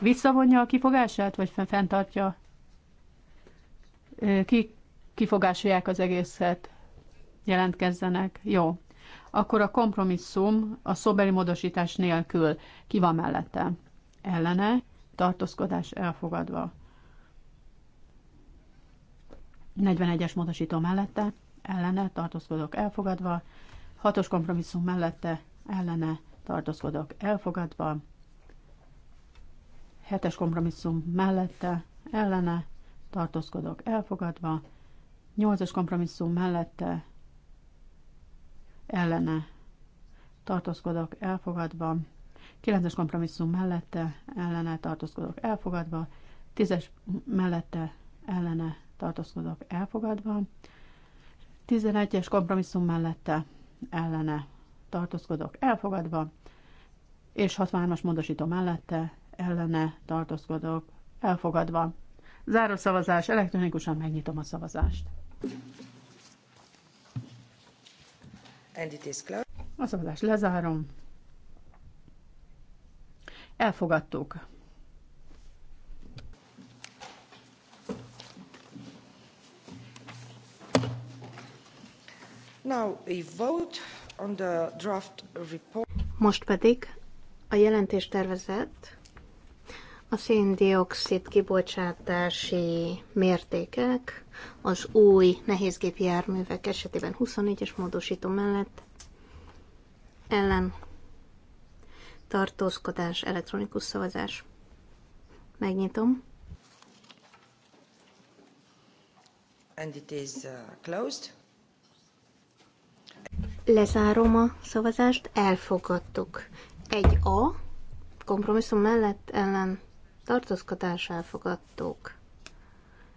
Visszavonja a kifogását, vagy fenntartja? ki kifogásolják az egészet, jelentkezzenek. Jó. Akkor a kompromisszum a szóbeli módosítás nélkül ki van mellette? Ellene, tartózkodás elfogadva. 41-es módosító mellette, ellene, tartózkodok elfogadva. 6-os kompromisszum mellette, ellene, tartózkodok elfogadva. 7-es kompromisszum mellette, ellene, tartózkodok elfogadva, nyolcas kompromisszum mellette ellene tartózkodok elfogadva, kilences kompromisszum mellette ellene tartózkodok elfogadva, tízes mellette ellene tartózkodok elfogadva, tizenegyes kompromisszum mellette ellene tartózkodok elfogadva, és 63-as módosító mellette ellene tartózkodok elfogadva. Záró szavazás, elektronikusan megnyitom a szavazást. And it is A szavazást lezárom. Elfogadtuk. Now a vote on the draft report. Most pedig a jelentés tervezett a széndiokszid kibocsátási mértékek az új nehézgépi járművek esetében 24-es módosító mellett ellen tartózkodás, elektronikus szavazás. Megnyitom. And it is uh, closed. Lezárom a szavazást, elfogadtuk. Egy A, kompromisszum mellett ellen tartózkodás elfogadtók.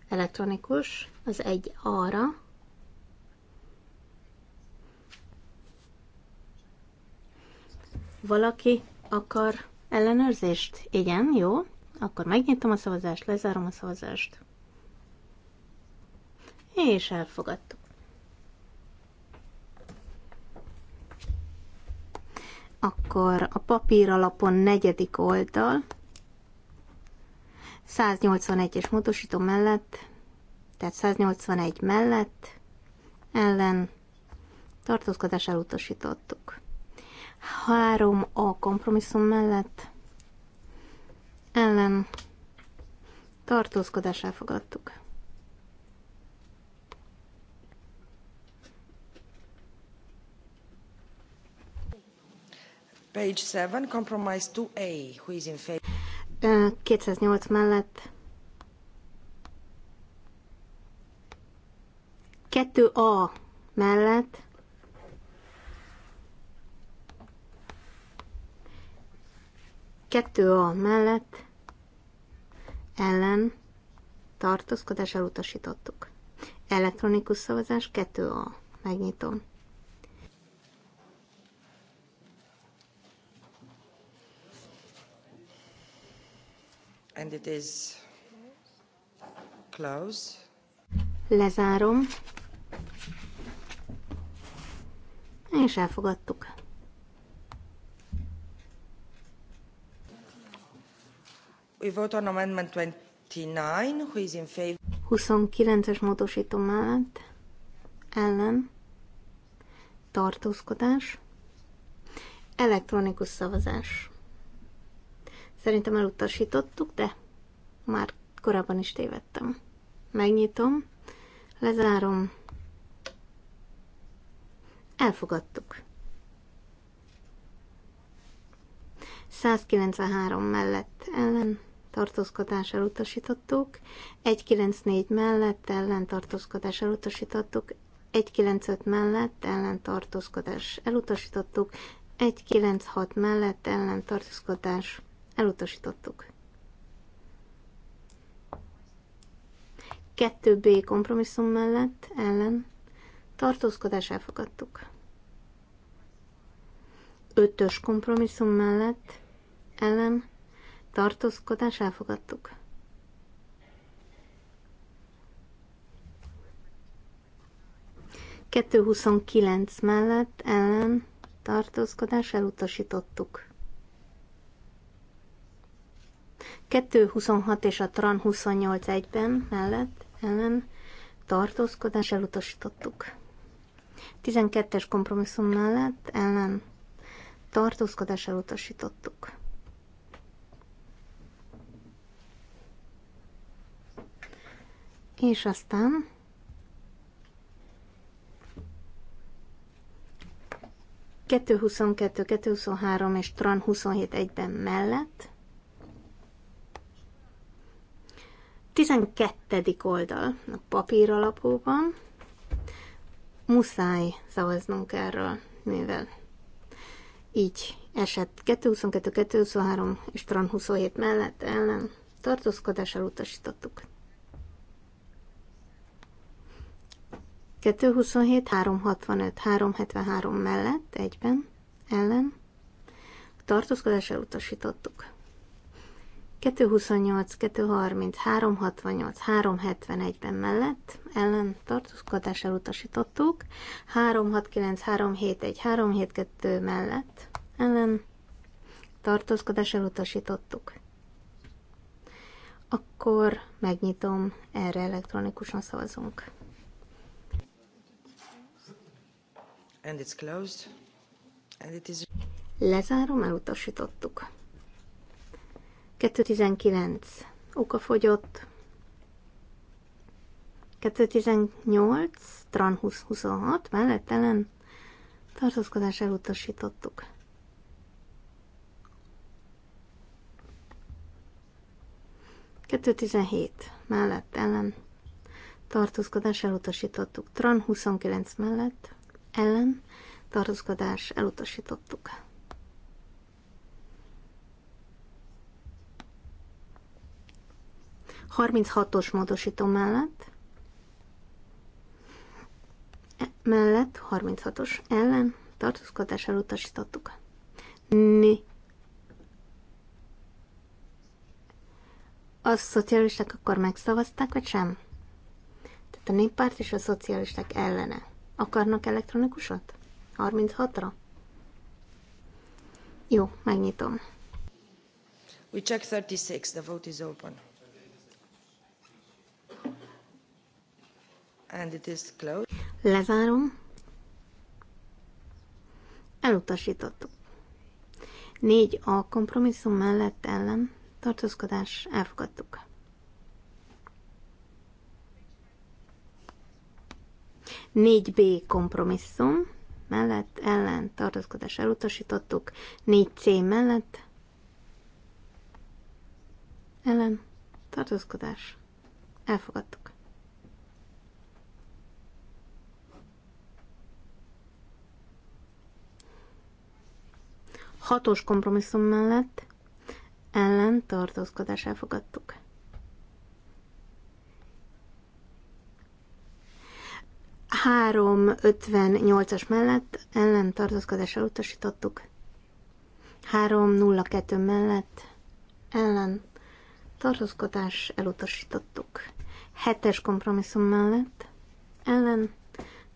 Elektronikus, az egy arra. Valaki akar ellenőrzést? Igen, jó. Akkor megnyitom a szavazást, lezárom a szavazást. És elfogadtuk. Akkor a papír alapon negyedik oldal. 181-es módosító mellett, tehát 181 mellett ellen tartózkodás elutasítottuk. Három a kompromisszum mellett ellen tartózkodás elfogadtuk. Page 7, compromise 2A, who is in favor? 208 mellett. 2A mellett. Kettő a mellett ellen tartózkodás elutasítottuk. Elektronikus szavazás 2A. Megnyitom. And it is close. Lezárom. És elfogadtuk. We vote on amendment 29, who is in favor. 29-es módosító mellett ellen tartózkodás, elektronikus szavazás. Szerintem elutasítottuk, de már korábban is tévedtem. Megnyitom, lezárom. Elfogadtuk. 193 mellett ellen tartózkodás elutasítottuk, 194 mellett ellen tartózkodás elutasítottuk, 195 mellett ellen tartózkodás elutasítottuk, 196 mellett ellen tartózkodás Elutasítottuk. 2B kompromisszum mellett ellen tartózkodás elfogadtuk. 5-ös kompromisszum mellett ellen tartózkodás elfogadtuk. Kettő mellett ellen tartózkodás elutasítottuk. 226 és a TRAN 28 egyben mellett ellen tartózkodás elutasítottuk. 12-es kompromisszum mellett ellen tartózkodás elutasítottuk. És aztán kettő 223 és Tran 27 egyben mellett 12. oldal a papír alapúban. Muszáj szavaznunk erről, mivel így esett 222, 223 és Tran 27 mellett ellen tartózkodással utasítottuk. 227, 365, 373 mellett egyben ellen tartózkodással utasítottuk. 228, 230, 368, 371-ben mellett ellen tartózkodás elutasítottuk, 369, 371, 372 mellett ellen tartózkodás elutasítottuk. Akkor megnyitom, erre elektronikusan szavazunk. And it's closed. And it is... Lezárom, elutasítottuk. 219. Oka fogyott. 218. Tran 26. Mellettelen. Tartózkodás elutasítottuk. Kettő tizenhét mellett ellen tartózkodás elutasítottuk. Tran 29 mellett ellen tartózkodás elutasítottuk. 36-os módosító mellett, e, mellett 36-os ellen tartózkodás elutasítottuk. Ni. A szocialisták akkor megszavazták, vagy sem? Tehát a néppárt és a szocialisták ellene. Akarnak elektronikusat? 36-ra? Jó, megnyitom. We check 36, the vote is open. Lezárom. Elutasítottuk. Négy a kompromisszum mellett ellen tartózkodás elfogadtuk. Négy B kompromisszum mellett ellen tartózkodás elutasítottuk, Négy c mellett ellen tartózkodás elfogadtuk. Hatos kompromisszum mellett ellen tartózkodás elfogadtuk. Három 58-as mellett ellen tartózkodás elutasítottuk. 302 mellett ellen tartózkodás elutasítottuk. Hetes kompromisszum mellett ellen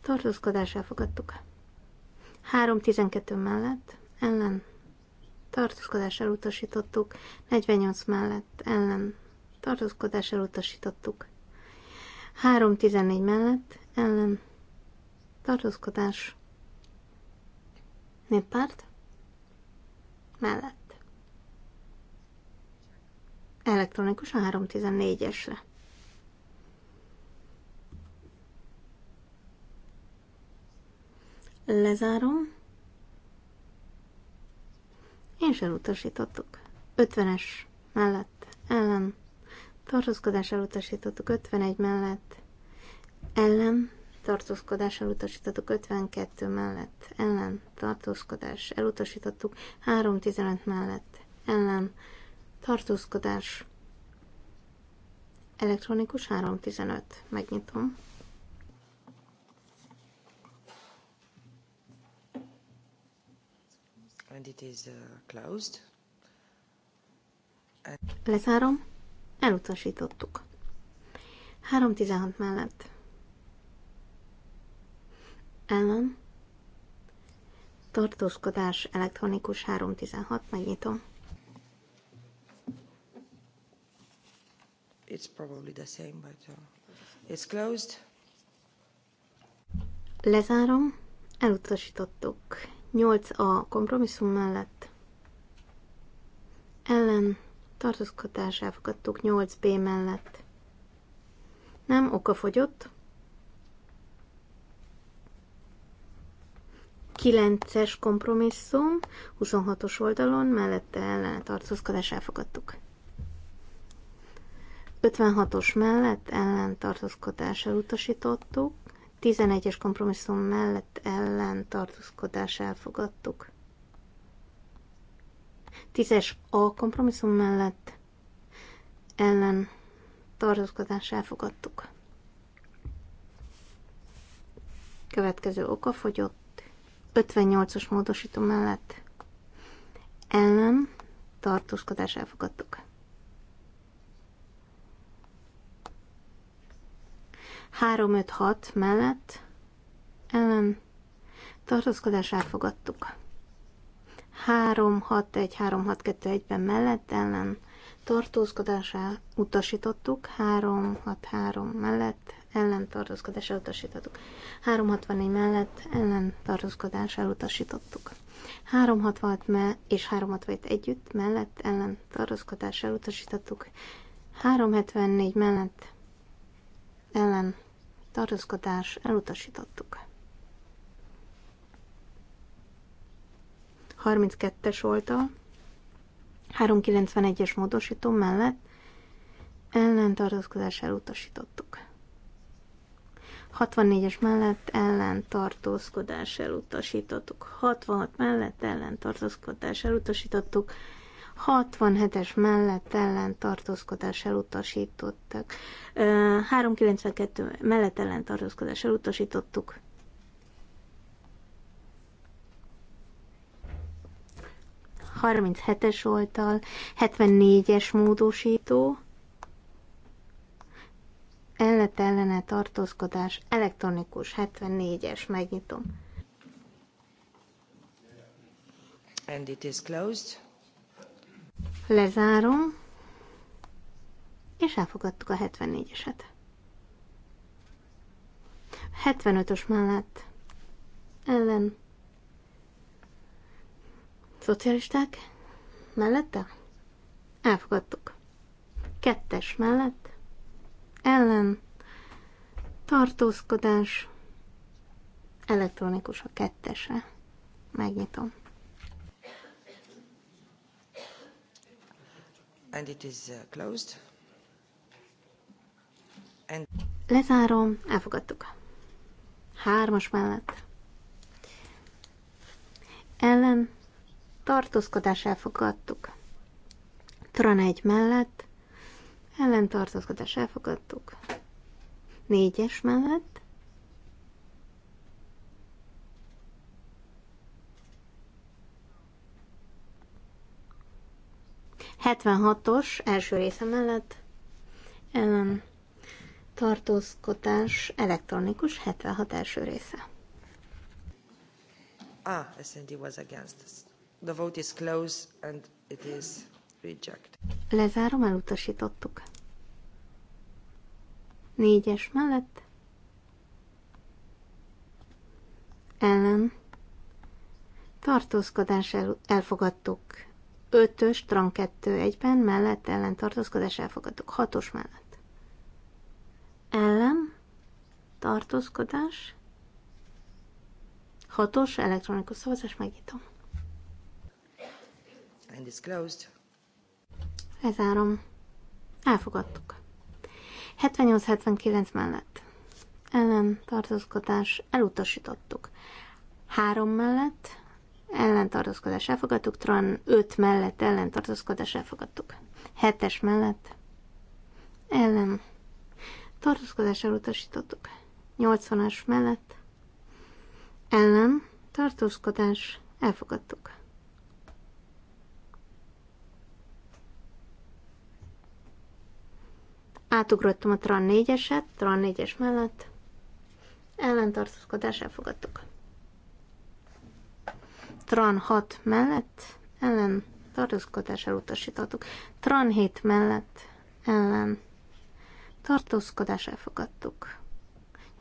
tartózkodás elfogadtuk. 312 mellett ellen tartózkodás elutasítottuk, 48 mellett ellen, tartózkodás elutasítottuk, 314 mellett ellen, tartózkodás néppárt mellett. Elektronikus a 314-esre. Lezárom és elutasítottuk. 50-es mellett ellen, tartózkodás elutasítottuk 51 mellett ellen, tartózkodás elutasítottuk 52 mellett ellen, tartózkodás elutasítottuk 315 mellett ellen, tartózkodás elektronikus 315. Megnyitom. Uh, Lezárom. Elutasítottuk. 316 mellett. Ellen. Tartózkodás elektronikus 316. Megnyitom. It's probably the same, but uh, it's closed. Lezárom. Elutasítottuk. 8a kompromisszum mellett ellen tartózkodás elfogadtuk 8b mellett. Nem fogyott. 9-es kompromisszum, 26-os oldalon, mellette ellen tartózkodás elfogadtuk. 56-os mellett ellen tartózkodás elutasítottuk. Tizenegyes kompromisszum mellett ellen tartózkodás elfogadtuk. Tízes a kompromisszum mellett ellen tartózkodás elfogadtuk. Következő oka fogyott. 58-os módosító mellett ellen tartózkodás elfogadtuk. 356 mellett ellen tartózkodás elfogadtuk. 361 362 ben mellett ellen tartózkodását utasítottuk, 363 mellett ellen tartózkodás elutasítottuk. 364 mellett ellen tartózkodás elutasítottuk. 366 me és 367 együtt mellett ellen tartózkodás elutasítottuk. 374 mellett ellen tartózkodás, elutasítottuk. 32-es oldal, 391-es módosító mellett ellentartózkodás elutasítottuk. 64-es mellett ellentartózkodás elutasítottuk. 66 mellett ellentartózkodás elutasítottuk. 67-es mellett ellen tartózkodás elutasítottak. 392 mellett ellen tartózkodás elutasítottuk. es oltal, 74-es módosító, ellet ellene tartózkodás, elektronikus 74-es, megnyitom. And it is closed. Lezárom, és elfogadtuk a 74-eset. 75-ös mellett ellen szocialisták mellette elfogadtuk. Kettes mellett ellen tartózkodás elektronikus a kettese. Megnyitom. And it is uh, closed. And... Lezárom, elfogadtuk. Hármas mellett. Ellen tartózkodás elfogadtuk. Tran egy mellett. Ellen tartózkodás elfogadtuk. Négyes mellett. 76-os első része mellett ellen tartózkodás elektronikus 76 első része. Ah, SND was against us. The vote is closed and it is rejected. Lezárom, elutasítottuk. Négyes mellett ellen tartózkodás el, elfogadtuk 5-ös, Tran 2 egyben, mellett ellen tartózkodás elfogadok. 6-os mellett. Ellen, tartózkodás, 6-os, elektronikus szavazás, megnyitom. And it's closed. Lezárom. Elfogadtuk. 78-79 mellett. Ellen tartózkodás elutasítottuk. 3 mellett ellentartózkodás elfogadtuk, Tron 5 mellett ellentartózkodás elfogadtuk. 7-es mellett ellen tartózkodás elutasítottuk. 80-as mellett ellen tartózkodás elfogadtuk. Átugrottam a Tran 4-eset, Tran 4-es mellett ellentartózkodás elfogadtuk. Tran 6 mellett ellen tartózkodás utasítottuk. Tran 7 mellett ellen tartózkodás elfogadtuk.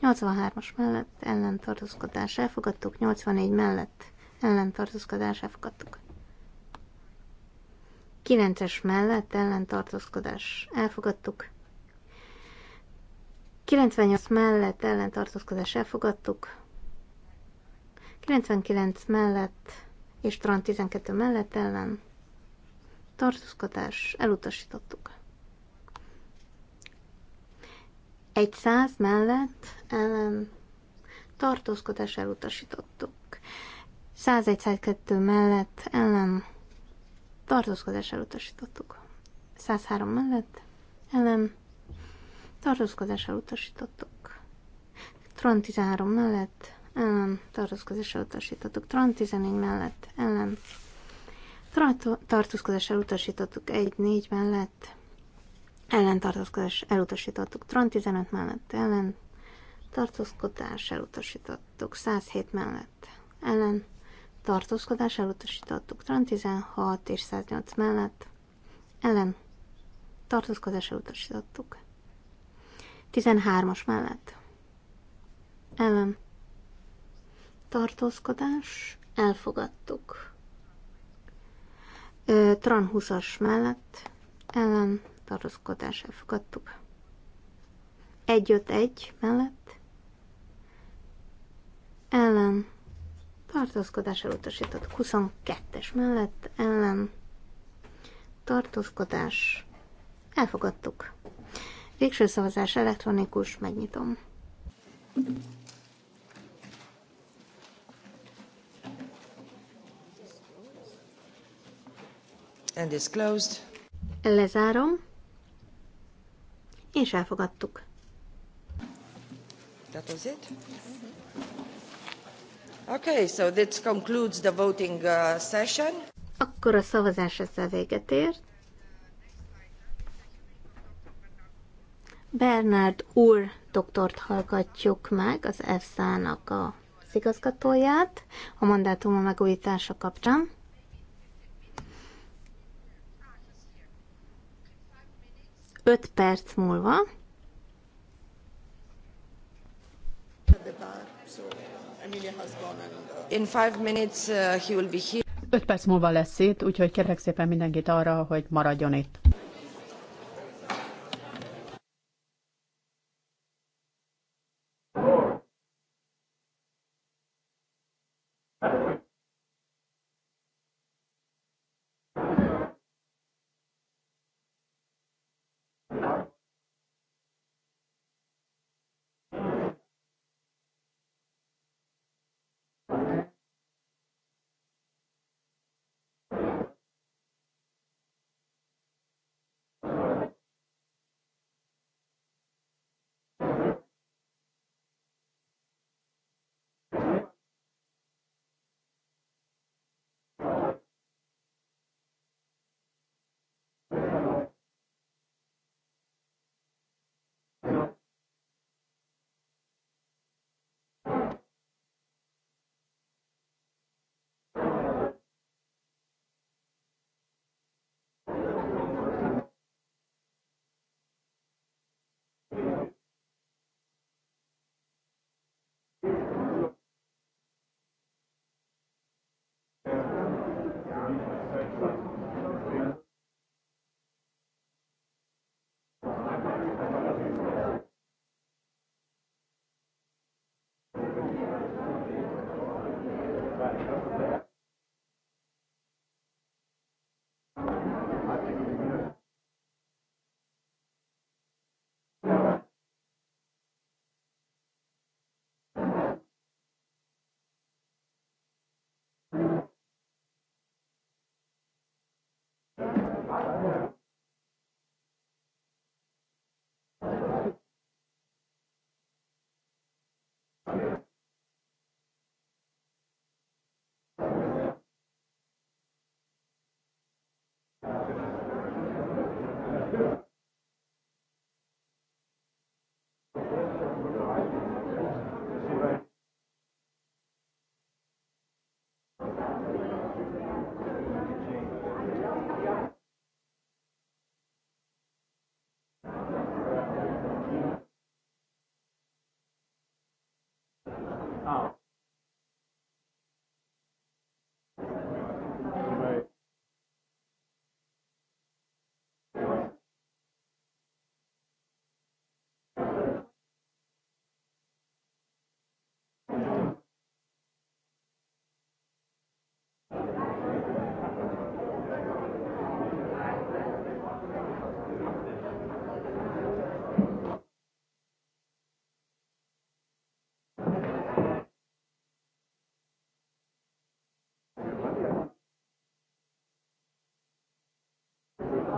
83-as mellett ellen ellentartózkodás elfogadtuk, 84 mellett ellen ellentartózkodás elfogadtuk. 9-es mellett ellen tartózkodás elfogadtuk. 98 mellett ellen tartózkodás elfogadtuk. 99 mellett és Tran 12 mellett ellen tartózkodás elutasítottuk. 100 mellett ellen tartózkodás elutasítottuk. 102 mellett ellen tartózkodás elutasítottuk. 103 mellett ellen tartózkodás elutasítottuk. Tron 13 mellett ellen tartózkodásra utasítottuk. Tron 14 mellett ellen tartózkodás utasítottuk. 1-4 mellett, ellen ellentartózkodás elutasítottuk Tron 15 mellett, ellen tartózkodás elutasítottuk 107 mellett, ellen tartózkodás elutasítottuk Tron 16 és 108 mellett, ellen tartózkodás elutasítottuk 13-as mellett, ellen tartózkodás, elfogadtuk. Tran 20-as mellett ellen tartózkodás elfogadtuk. 1-5-1 mellett ellen tartózkodás elutasított. 22-es mellett ellen tartózkodás elfogadtuk. Végső szavazás elektronikus, megnyitom. Thank you. And is closed. Lezárom. És elfogadtuk. That was it? Okay, so this concludes the voting uh, session. Akkor a szavazás ezzel véget ért. Bernard úr doktort hallgatjuk meg, az EFSA-nak a igazgatóját a a megújítása kapcsán. 5 perc múlva. In five minutes, uh, he will be here. 5 perc múlva lesz itt, úgyhogy kérlek szépen mindenkit arra, hogy maradjon itt.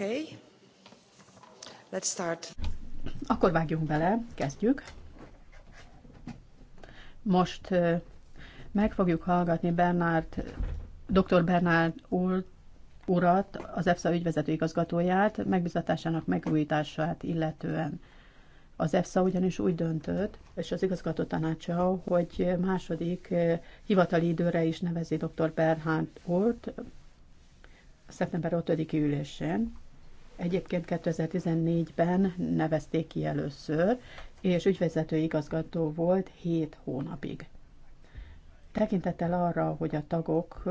Okay. Let's start. Akkor vágjunk bele, kezdjük. Most meg fogjuk hallgatni Bernard, dr. Bernard úr, urat, az EFSA ügyvezető igazgatóját, megbizatásának megújítását illetően. Az EFSA ugyanis úgy döntött, és az igazgató tanácsa, hogy második hivatali időre is nevezi dr. Bernhard Holt szeptember 5-i ülésén, Egyébként 2014-ben nevezték ki először, és ügyvezető igazgató volt 7 hónapig. Tekintettel arra, hogy a tagok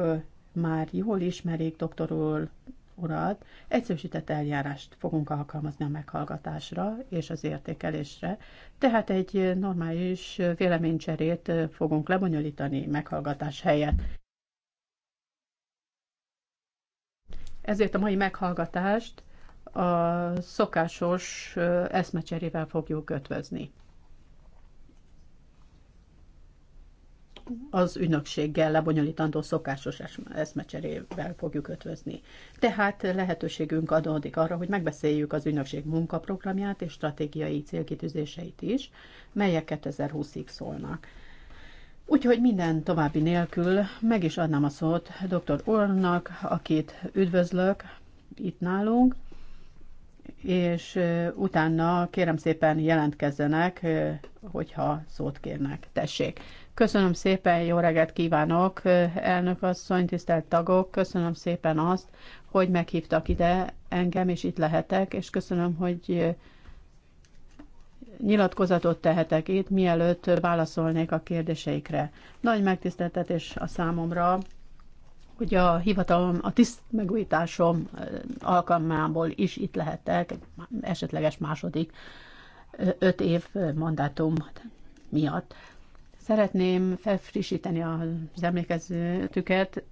már jól ismerik dr. urat, egyszerűsített eljárást fogunk alkalmazni a meghallgatásra és az értékelésre, tehát egy normális véleménycserét fogunk lebonyolítani meghallgatás helyett. Ezért a mai meghallgatást a szokásos eszmecserével fogjuk ötvözni. Az ügynökséggel lebonyolítandó szokásos eszmecserével fogjuk ötvözni. Tehát lehetőségünk adódik arra, hogy megbeszéljük az ügynökség munkaprogramját és stratégiai célkitűzéseit is, melyek 2020-ig szólnak. Úgyhogy minden további nélkül meg is adnám a szót dr. Ornak, akit üdvözlök itt nálunk, és utána kérem szépen jelentkezzenek, hogyha szót kérnek. Tessék. Köszönöm szépen, jó reggelt kívánok, elnök asszony, tisztelt tagok, köszönöm szépen azt, hogy meghívtak ide engem, és itt lehetek, és köszönöm, hogy nyilatkozatot tehetek itt, mielőtt válaszolnék a kérdéseikre. Nagy megtiszteltetés a számomra, hogy a hivatalom, a tiszt megújításom alkalmából is itt lehetek, esetleges második öt év mandátum miatt. Szeretném felfrissíteni az emlékezőtüket.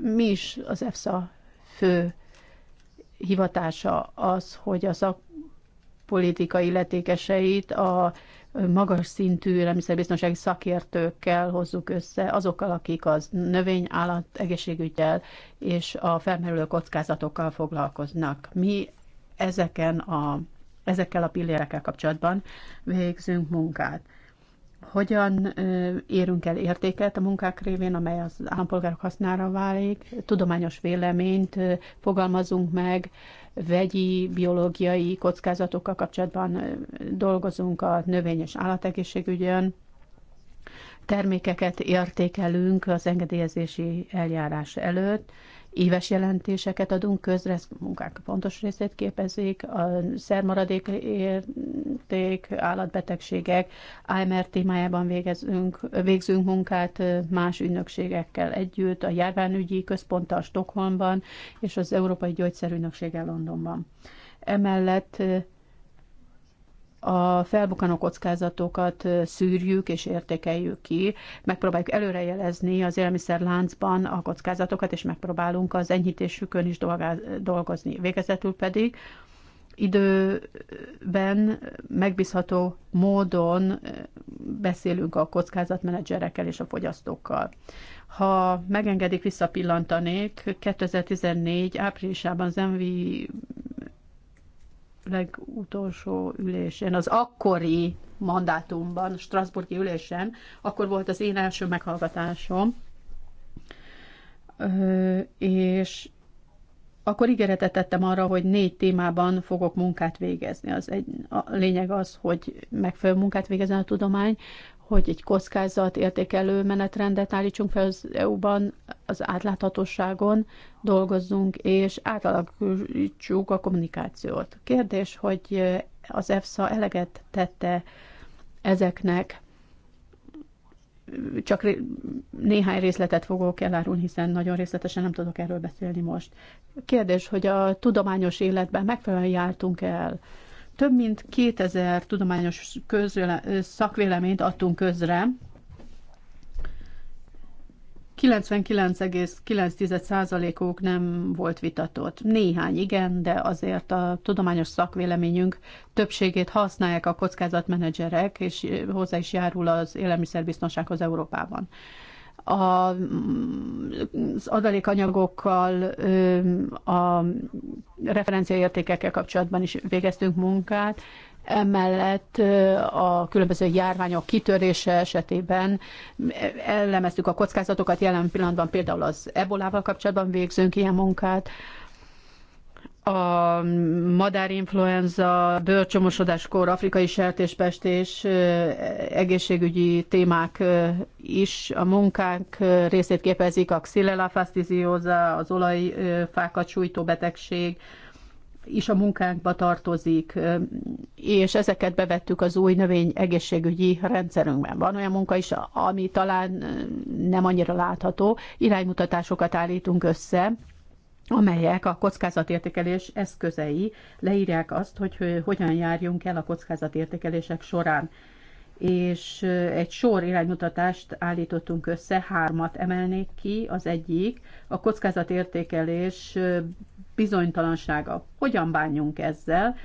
Mi is az EFSA fő hivatása az, hogy a szakpolitika illetékeseit a magas szintű élelmiszerbiztonsági szakértőkkel hozzuk össze, azokkal, akik az növény, állat, egészségügyel és a felmerülő kockázatokkal foglalkoznak. Mi ezeken a, ezekkel a pillérekkel kapcsolatban végzünk munkát. Hogyan érünk el értéket a munkák révén, amely az állampolgárok hasznára válik, tudományos véleményt fogalmazunk meg, vegyi, biológiai kockázatokkal kapcsolatban dolgozunk a növény- és állategészségügyön, termékeket értékelünk az engedélyezési eljárás előtt, éves jelentéseket adunk közre, ez munkák fontos részét képezik, a szermaradék érték, állatbetegségek, AMR témájában végezünk, végzünk munkát más ügynökségekkel együtt, a járványügyi központtal Stockholmban és az Európai Gyógyszerügynökséggel Londonban. Emellett a felbukkanó kockázatokat szűrjük és értékeljük ki, megpróbáljuk előrejelezni az élmiszerláncban a kockázatokat, és megpróbálunk az enyhítésükön is dolgozni. Végezetül pedig időben megbízható módon beszélünk a kockázatmenedzserekkel és a fogyasztókkal. Ha megengedik, visszapillantanék, 2014 áprilisában az MV legutolsó ülésen, az akkori mandátumban, Strasburgi ülésen, akkor volt az én első meghallgatásom, és akkor ígéretet tettem arra, hogy négy témában fogok munkát végezni. Az egy, a lényeg az, hogy megfelelő munkát végezzen a tudomány hogy egy kockázat értékelő menetrendet állítsunk fel az EU-ban, az átláthatóságon dolgozzunk, és átalakítsuk a kommunikációt. Kérdés, hogy az EFSA eleget tette ezeknek, csak néhány részletet fogok elárulni, hiszen nagyon részletesen nem tudok erről beszélni most. Kérdés, hogy a tudományos életben megfelelően jártunk el, több mint 2000 tudományos közvéle, szakvéleményt adtunk közre, 99,9%-uk nem volt vitatott. Néhány igen, de azért a tudományos szakvéleményünk többségét használják a kockázatmenedzserek, és hozzá is járul az élelmiszerbiztonsághoz Európában a az adalékanyagokkal, a referenciaértékekkel kapcsolatban is végeztünk munkát. Emellett a különböző járványok kitörése esetében ellemeztük a kockázatokat, jelen pillanatban például az ebolával kapcsolatban végzünk ilyen munkát a madárinfluenza, bőrcsomosodáskor, afrikai sertéspestés, egészségügyi témák is a munkánk részét képezik, a xilelafasztizióza, az olajfákat sújtó betegség is a munkánkba tartozik, és ezeket bevettük az új növény egészségügyi rendszerünkben. Van olyan munka is, ami talán nem annyira látható, iránymutatásokat állítunk össze, amelyek a kockázatértékelés eszközei leírják azt, hogy hogyan járjunk el a kockázatértékelések során. És egy sor iránymutatást állítottunk össze, hármat emelnék ki. Az egyik a kockázatértékelés bizonytalansága. Hogyan bánjunk ezzel?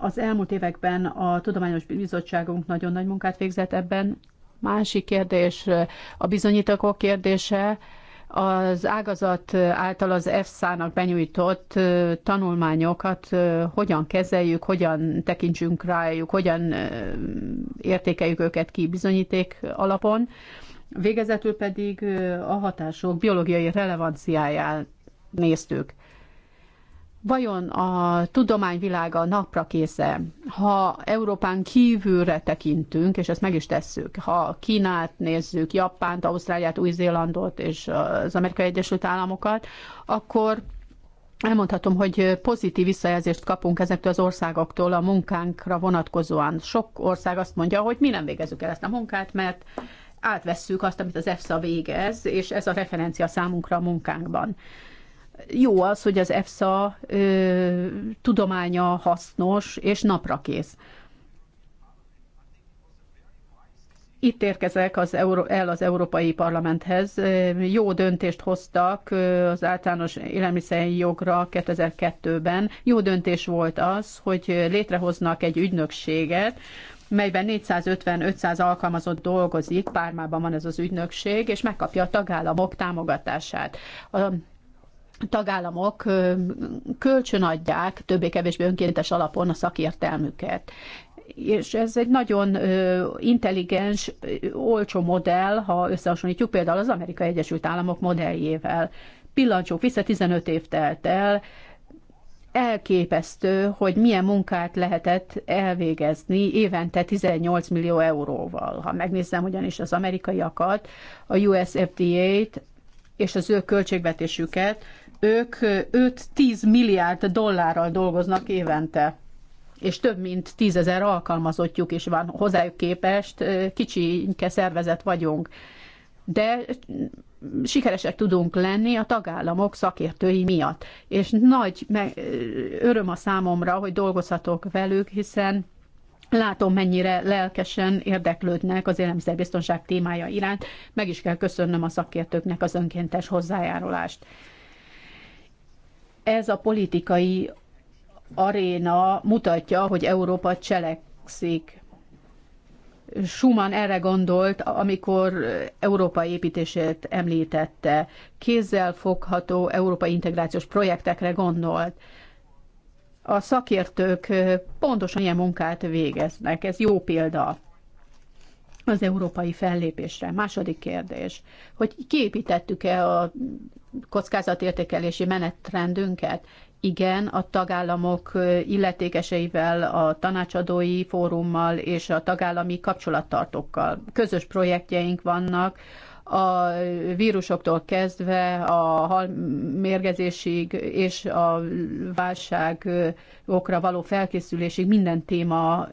Az elmúlt években a Tudományos Bizottságunk nagyon nagy munkát végzett ebben. Másik kérdés a bizonyítékok kérdése az ágazat által az EFSA-nak benyújtott tanulmányokat hogyan kezeljük, hogyan tekintsünk rájuk, hogyan értékeljük őket ki bizonyíték alapon, végezetül pedig a hatások biológiai relevanciáját néztük. Vajon a tudományvilága napra késze, ha Európán kívülre tekintünk, és ezt meg is tesszük, ha Kínát nézzük, Japánt, Ausztráliát, Új-Zélandot és az Amerikai Egyesült Államokat, akkor elmondhatom, hogy pozitív visszajelzést kapunk ezektől az országoktól a munkánkra vonatkozóan. Sok ország azt mondja, hogy mi nem végezzük el ezt a munkát, mert átvesszük azt, amit az EFSA végez, és ez a referencia számunkra a munkánkban jó az, hogy az EFSA ö, tudománya hasznos és naprakész. Itt érkezek az Euró- el az Európai Parlamenthez. Jó döntést hoztak az általános élelmiszeri jogra 2002-ben. Jó döntés volt az, hogy létrehoznak egy ügynökséget, melyben 450-500 alkalmazott dolgozik, Pármában van ez az ügynökség, és megkapja a tagállamok támogatását. A tagállamok kölcsönadják többé-kevésbé önkéntes alapon a szakértelmüket. És ez egy nagyon intelligens, olcsó modell, ha összehasonlítjuk például az Amerikai Egyesült Államok modelljével. Pillancsók vissza 15 év telt el, elképesztő, hogy milyen munkát lehetett elvégezni évente 18 millió euróval. Ha megnézem ugyanis az amerikaiakat, a USFDA-t és az ő költségvetésüket, ők 5-10 milliárd dollárral dolgoznak évente, és több mint tízezer alkalmazottjuk is van. Hozzájuk képest kicsinke szervezet vagyunk. De sikeresek tudunk lenni a tagállamok szakértői miatt. És nagy öröm a számomra, hogy dolgozhatok velük, hiszen Látom, mennyire lelkesen érdeklődnek az élelmiszerbiztonság témája iránt. Meg is kell köszönnöm a szakértőknek az önkéntes hozzájárulást. Ez a politikai aréna mutatja, hogy Európa cselekszik. Schumann erre gondolt, amikor Európa építését említette. Kézzel fogható európai integrációs projektekre gondolt. A szakértők pontosan ilyen munkát végeznek. Ez jó példa az európai fellépésre. Második kérdés, hogy kiépítettük-e a kockázatértékelési menetrendünket? Igen, a tagállamok illetékeseivel, a tanácsadói fórummal és a tagállami kapcsolattartókkal. Közös projektjeink vannak, a vírusoktól kezdve a halmérgezésig és a válságokra való felkészülésig minden téma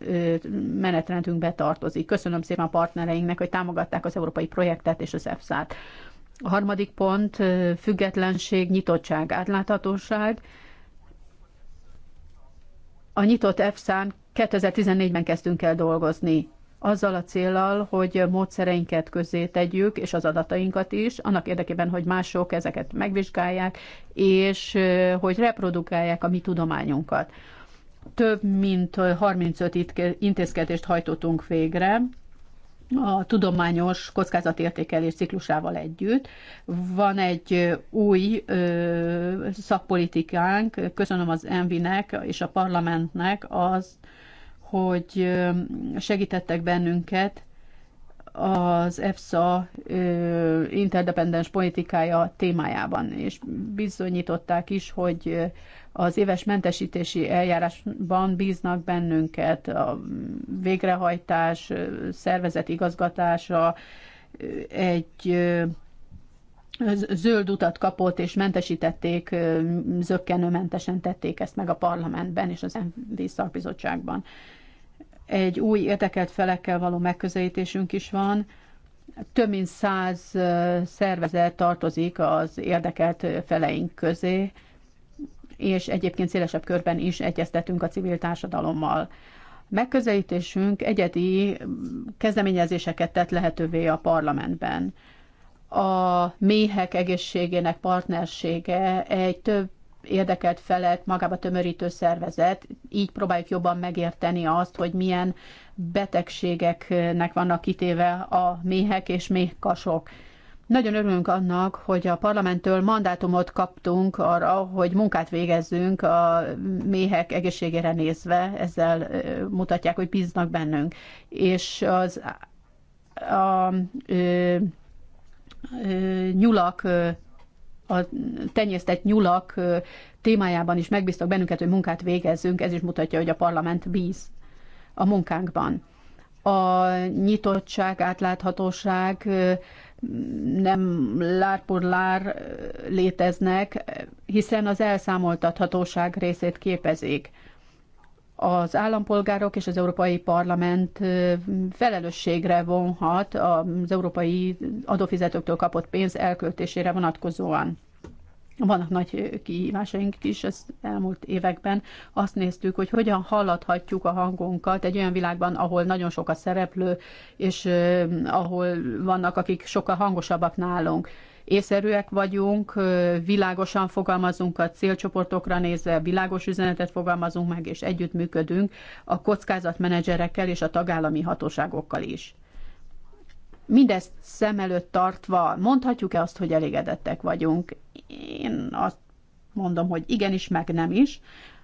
menetrendünkbe tartozik. Köszönöm szépen a partnereinknek, hogy támogatták az európai projektet és az EFSA-t. A harmadik pont függetlenség, nyitottság, átláthatóság. A nyitott EFSA-n 2014-ben kezdtünk el dolgozni azzal a célral, hogy módszereinket közé tegyük, és az adatainkat is, annak érdekében, hogy mások ezeket megvizsgálják, és hogy reprodukálják a mi tudományunkat. Több mint 35 intézkedést hajtottunk végre, a tudományos kockázatértékelés ciklusával együtt. Van egy új ö, szakpolitikánk, köszönöm az Envinek és a parlamentnek az, hogy segítettek bennünket az EFSA ö, interdependens politikája témájában, és bizonyították is, hogy az éves mentesítési eljárásban bíznak bennünket, a végrehajtás, szervezet igazgatása egy zöld utat kapott, és mentesítették, zöggenőmentesen tették ezt meg a parlamentben és az MV szakbizottságban. Egy új érdekelt felekkel való megközelítésünk is van, több mint száz szervezet tartozik az érdekelt feleink közé, és egyébként szélesebb körben is egyeztetünk a civil társadalommal. Megközelítésünk egyedi kezdeményezéseket tett lehetővé a parlamentben. A méhek egészségének partnersége egy több érdekelt felet magába tömörítő szervezet, így próbáljuk jobban megérteni azt, hogy milyen betegségeknek vannak kitéve a méhek és méhkasok. Nagyon örülünk annak, hogy a parlamenttől mandátumot kaptunk arra, hogy munkát végezzünk a méhek egészségére nézve, ezzel mutatják, hogy bíznak bennünk. És az a ö, ö, nyulak, a tenyésztett nyulak témájában is megbíztak bennünket, hogy munkát végezzünk, ez is mutatja, hogy a parlament bíz a munkánkban. A nyitottság, átláthatóság, nem lárpurlár léteznek, hiszen az elszámoltathatóság részét képezik. Az állampolgárok és az Európai Parlament felelősségre vonhat az európai adófizetőktől kapott pénz elköltésére vonatkozóan. Vannak nagy kihívásaink is az elmúlt években. Azt néztük, hogy hogyan hallathatjuk a hangunkat egy olyan világban, ahol nagyon sok a szereplő, és ahol vannak, akik sokkal hangosabbak nálunk. Észszerűek vagyunk, világosan fogalmazunk a célcsoportokra nézve, világos üzenetet fogalmazunk meg, és együttműködünk a kockázatmenedzserekkel és a tagállami hatóságokkal is. Mindezt szem előtt tartva mondhatjuk-e azt, hogy elégedettek vagyunk? Én azt mondom, hogy igenis, meg nem is.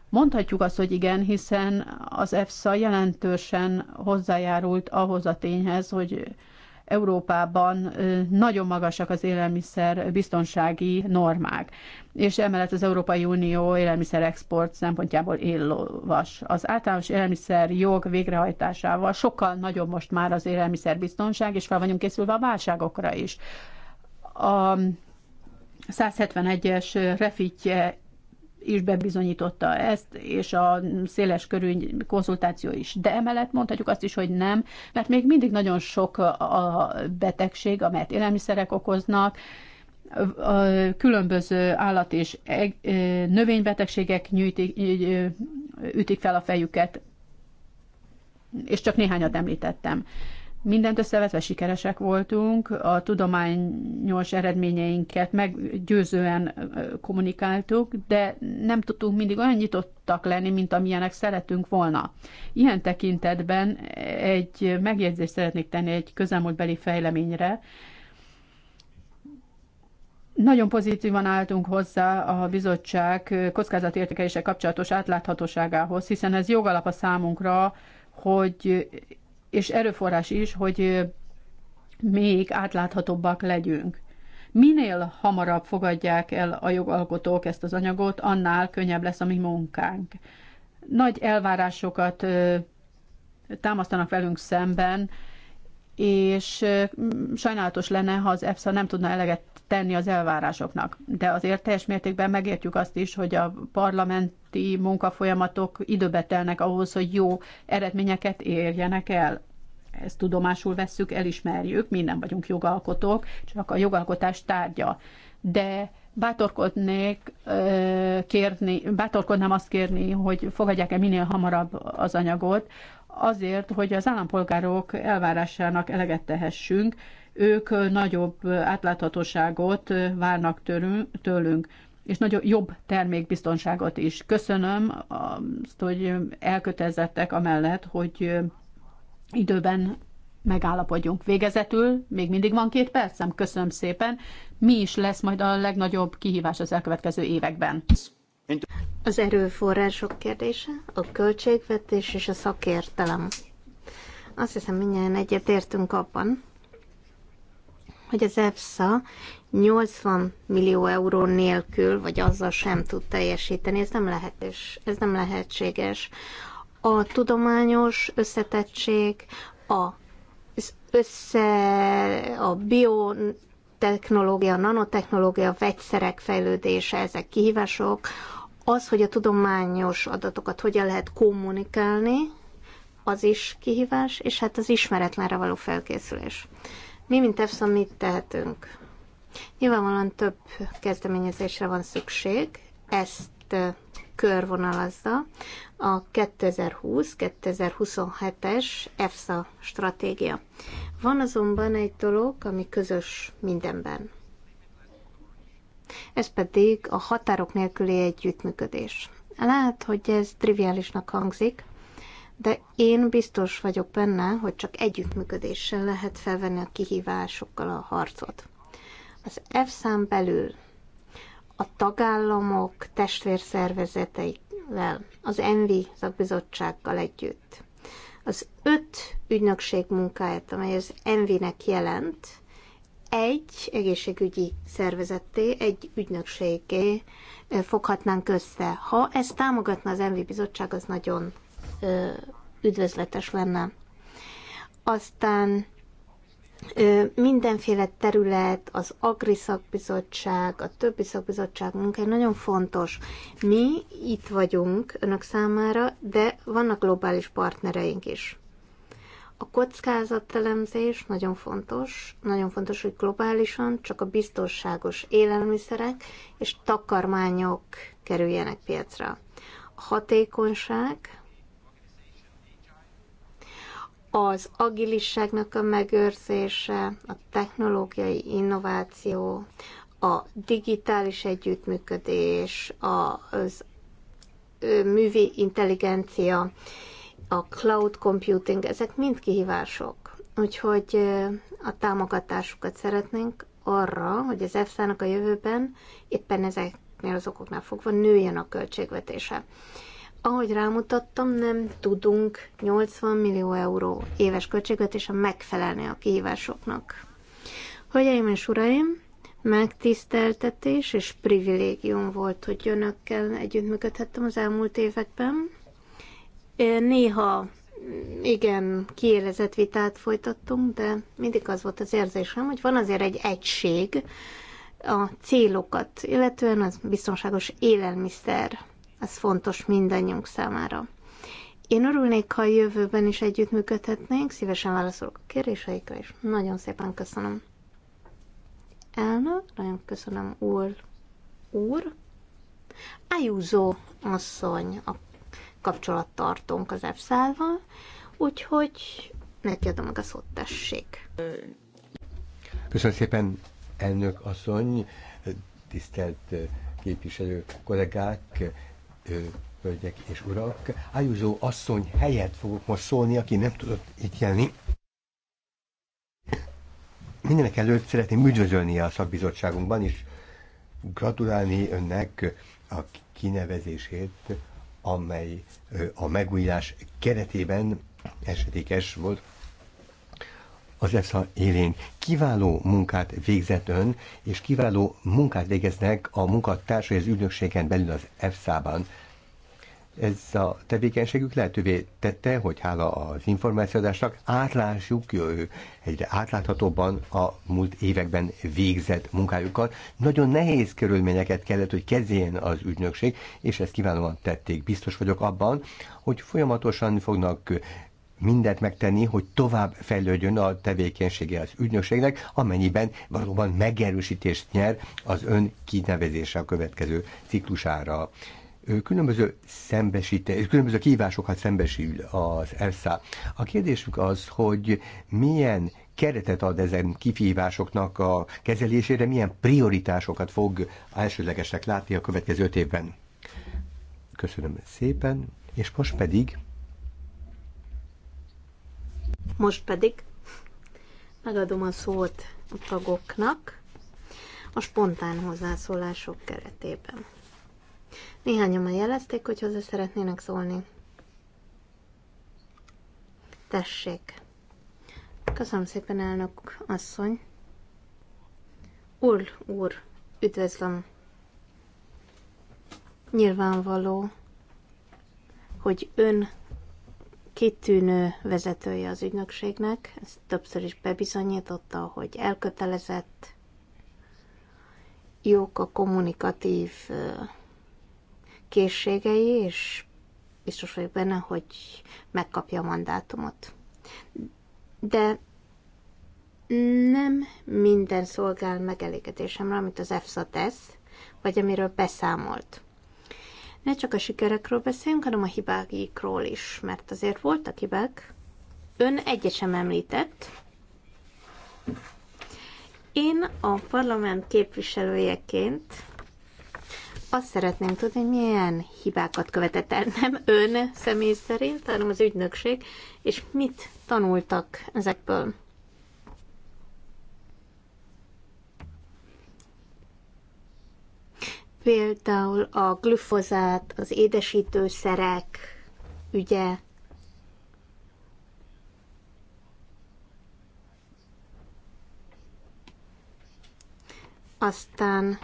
Mondhatjuk azt, hogy igen, hiszen az EFSA jelentősen hozzájárult ahhoz a tényhez, hogy Európában nagyon magasak az élelmiszer biztonsági normák, és emellett az Európai Unió élelmiszer export szempontjából éllovas. Az általános élelmiszer jog végrehajtásával sokkal nagyobb most már az élelmiszer biztonság, és fel vagyunk készülve a válságokra is. A 171-es refitje is bebizonyította ezt, és a széles körű konzultáció is. De emellett mondhatjuk azt is, hogy nem, mert még mindig nagyon sok a betegség, amelyet élelmiszerek okoznak, a különböző állat és növénybetegségek nyűjtik, ütik fel a fejüket, és csak néhányat említettem. Mindent összevetve sikeresek voltunk, a tudományos eredményeinket meggyőzően kommunikáltuk, de nem tudtunk mindig olyan nyitottak lenni, mint amilyenek szeretünk volna. Ilyen tekintetben egy megjegyzést szeretnék tenni egy közelmúltbeli fejleményre. Nagyon pozitívan álltunk hozzá a bizottság kockázatértékelése kapcsolatos átláthatóságához, hiszen ez jogalap a számunkra, hogy és erőforrás is, hogy még átláthatóbbak legyünk. Minél hamarabb fogadják el a jogalkotók ezt az anyagot, annál könnyebb lesz a mi munkánk. Nagy elvárásokat támasztanak velünk szemben, és sajnálatos lenne, ha az EFSA nem tudna eleget tenni az elvárásoknak. De azért teljes mértékben megértjük azt is, hogy a parlamenti munkafolyamatok időbe telnek ahhoz, hogy jó eredményeket érjenek el. Ezt tudomásul vesszük, elismerjük, nem vagyunk jogalkotók, csak a jogalkotás tárgya. De bátorkodnék kérni, bátorkodnám azt kérni, hogy fogadják el minél hamarabb az anyagot, azért, hogy az állampolgárok elvárásának eleget tehessünk, ők nagyobb átláthatóságot várnak tőlünk, és nagyon jobb termékbiztonságot is. Köszönöm azt, hogy elkötelezettek amellett, hogy időben megállapodjunk. Végezetül, még mindig van két percem, köszönöm szépen. Mi is lesz majd a legnagyobb kihívás az elkövetkező években? Az erőforrások kérdése, a költségvetés és a szakértelem. Azt hiszem, mindjárt egyetértünk abban, hogy az EFSA 80 millió euró nélkül, vagy azzal sem tud teljesíteni, ez nem, lehet, és ez nem lehetséges. A tudományos összetettség, a, össze, a bio technológia, nanotechnológia, vegyszerek fejlődése, ezek kihívások, az, hogy a tudományos adatokat hogyan lehet kommunikálni, az is kihívás, és hát az ismeretlenre való felkészülés. Mi, mint EFSA, mit tehetünk? Nyilvánvalóan több kezdeményezésre van szükség, ezt körvonalazza a 2020-2027-es EFSA stratégia. Van azonban egy dolog, ami közös mindenben. Ez pedig a határok nélküli együttműködés. Lehet, hogy ez triviálisnak hangzik, de én biztos vagyok benne, hogy csak együttműködéssel lehet felvenni a kihívásokkal a harcot. Az EFSZ-án belül a tagállamok testvérszervezeteivel, az ENVI szakbizottsággal együtt, az öt ügynökség munkáját, amely az ENVI-nek jelent, egy egészségügyi szervezetté, egy ügynökségé eh, foghatnánk össze. Ha ezt támogatna az ENVI bizottság, az nagyon üdvözletes lenne. Aztán mindenféle terület, az Agri Szakbizottság, a többi szakbizottság munkája nagyon fontos. Mi itt vagyunk önök számára, de vannak globális partnereink is. A kockázatelemzés nagyon fontos, nagyon fontos, hogy globálisan csak a biztonságos élelmiszerek és takarmányok kerüljenek piacra. A hatékonyság, az agilisságnak a megőrzése, a technológiai innováció, a digitális együttműködés, az művi intelligencia, a cloud computing, ezek mind kihívások. Úgyhogy a támogatásukat szeretnénk arra, hogy az EFSA-nak a jövőben éppen ezeknél az okoknál fogva nőjön a költségvetése. Ahogy rámutattam, nem tudunk 80 millió euró éves költségvetésen megfelelni a kihívásoknak. Hölgyeim és uraim, megtiszteltetés és privilégium volt, hogy önökkel együttműködhettem az elmúlt években. Néha igen, kiélezett vitát folytattunk, de mindig az volt az érzésem, hogy van azért egy egység a célokat, illetően az biztonságos élelmiszer ez fontos mindannyiunk számára. Én örülnék, ha a jövőben is együttműködhetnénk, szívesen válaszolok a kérdéseikre, és nagyon szépen köszönöm. Elnök, nagyon köszönöm, úr. Úr? Ájúzó asszony a kapcsolattartónk az EFSZ-val, úgyhogy neki adom meg a szót, tessék. Köszönöm szépen, elnök asszony, tisztelt képviselő kollégák, hölgyek és urak. Ájúzó asszony helyett fogok most szólni, aki nem tudott itt jelni. Mindenek előtt szeretném üdvözölni a szakbizottságunkban, és gratulálni önnek a kinevezését, amely a megújulás keretében esetékes volt az EFSA élén. Kiváló munkát végzett ön, és kiváló munkát végeznek a munkatársai az ügynökségen belül az EFSA-ban. Ez a tevékenységük lehetővé tette, hogy hála az információzásnak átlássuk egyre átláthatóbban a múlt években végzett munkájukat. Nagyon nehéz körülményeket kellett, hogy kezeljen az ügynökség, és ezt kiválóan tették. Biztos vagyok abban, hogy folyamatosan fognak mindent megtenni, hogy tovább fejlődjön a tevékenysége az ügynökségnek, amennyiben valóban megerősítést nyer az ön kinevezése a következő ciklusára. Különböző, szembesítés, különböző kívásokat szembesül az ERSA. A kérdésünk az, hogy milyen keretet ad ezen kifívásoknak a kezelésére, milyen prioritásokat fog elsőlegesek látni a következő öt évben. Köszönöm szépen, és most pedig most pedig megadom a szót a tagoknak a spontán hozzászólások keretében. Néhányan már jelezték, hogy hozzá szeretnének szólni. Tessék! Köszönöm szépen, elnök asszony! Úr, úr, üdvözlöm! Nyilvánvaló, hogy ön kitűnő vezetője az ügynökségnek, ezt többször is bebizonyította, hogy elkötelezett, jók a kommunikatív készségei, és biztos vagyok benne, hogy megkapja a mandátumot. De nem minden szolgál megelégedésemre, amit az EFSA tesz, vagy amiről beszámolt ne csak a sikerekről beszéljünk, hanem a hibáikról is, mert azért voltak hibák. Ön egyet sem említett. Én a parlament képviselőjeként azt szeretném tudni, milyen hibákat követett el, nem ön személy szerint, hanem az ügynökség, és mit tanultak ezekből. Például a glüfozát, az édesítőszerek ügye, aztán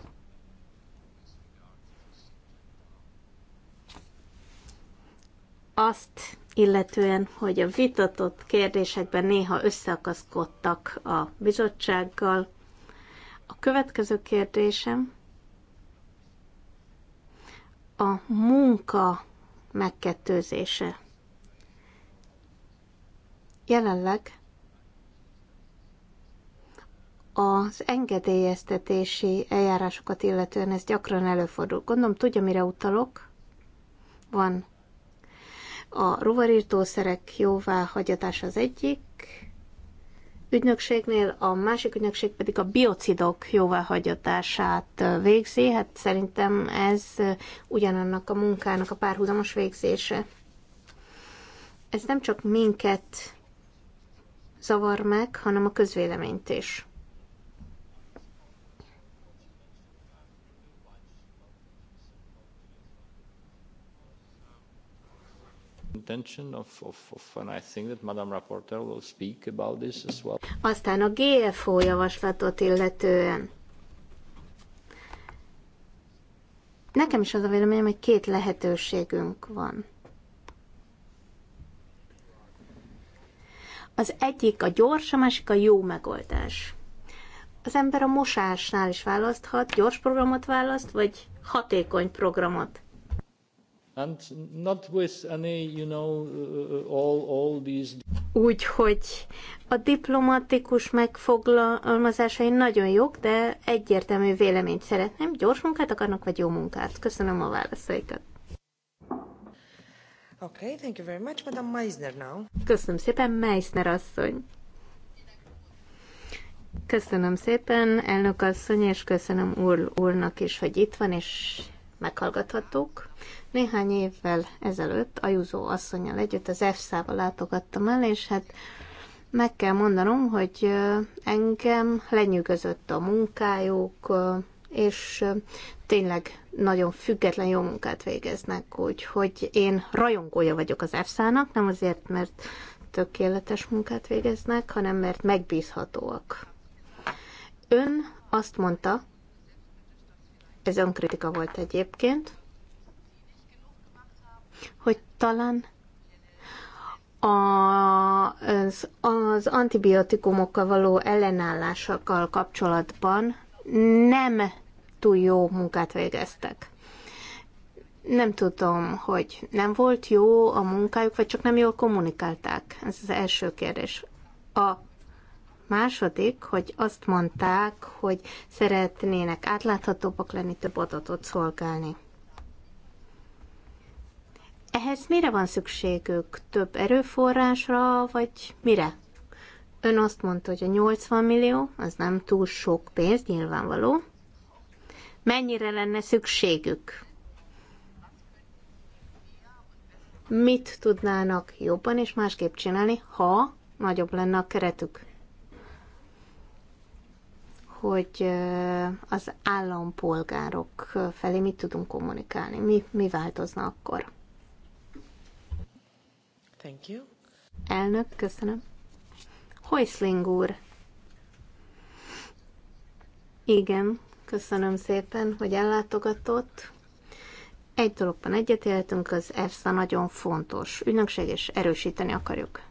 azt illetően, hogy a vitatott kérdésekben néha összeakaszkodtak a bizottsággal. A következő kérdésem a munka megkettőzése. Jelenleg az engedélyeztetési eljárásokat illetően ez gyakran előfordul. Gondolom tudja, mire utalok. Van a rovarírtószerek jóváhagyatás az egyik, ügynökségnél, a másik ügynökség pedig a biocidok jóváhagyatását végzi. Hát szerintem ez ugyanannak a munkának a párhuzamos végzése. Ez nem csak minket zavar meg, hanem a közvéleményt is. intention of, of, of and I think that Madame Rapporteur will speak about this as well. Aztán a GFO javaslatot illetően. Nekem is az a véleményem, hogy két lehetőségünk van. Az egyik a gyors, a másik a jó megoldás. Az ember a mosásnál is választhat, gyors programot választ, vagy hatékony programot and not with any, you know, uh, uh, all, all these... Úgyhogy a diplomatikus megfoglalmazásai nagyon jók, de egyértelmű véleményt szeretném. Gyors munkát akarnak, vagy jó munkát? Köszönöm a válaszaikat. Okay, thank you very much, Madame Meisner now. Köszönöm szépen, Meisner asszony. Köszönöm szépen, elnök asszony, és köszönöm úr, úrnak is, hogy itt van, és meghallgathattuk. Néhány évvel ezelőtt a Juzó asszonyjal együtt az efsa val látogattam el, és hát meg kell mondanom, hogy engem lenyűgözött a munkájuk, és tényleg nagyon független jó munkát végeznek, úgyhogy én rajongója vagyok az EFSA-nak, nem azért, mert tökéletes munkát végeznek, hanem mert megbízhatóak. Ön azt mondta, ez önkritika volt egyébként, hogy talán az, az antibiotikumokkal való ellenállásokkal kapcsolatban nem túl jó munkát végeztek. Nem tudom, hogy nem volt jó a munkájuk, vagy csak nem jól kommunikálták. Ez az első kérdés. A második, hogy azt mondták, hogy szeretnének átláthatóbbak lenni, több adatot szolgálni. Ehhez mire van szükségük? Több erőforrásra, vagy mire? Ön azt mondta, hogy a 80 millió, az nem túl sok pénz, nyilvánvaló. Mennyire lenne szükségük? Mit tudnának jobban és másképp csinálni, ha nagyobb lenne a keretük? Hogy az állampolgárok felé mit tudunk kommunikálni, mi, mi változna akkor? Thank you. Elnök, köszönöm. Hojszling úr. Igen, köszönöm szépen, hogy ellátogatott. Egy dologban egyetértünk, az EFSA nagyon fontos ügynökség, és erősíteni akarjuk.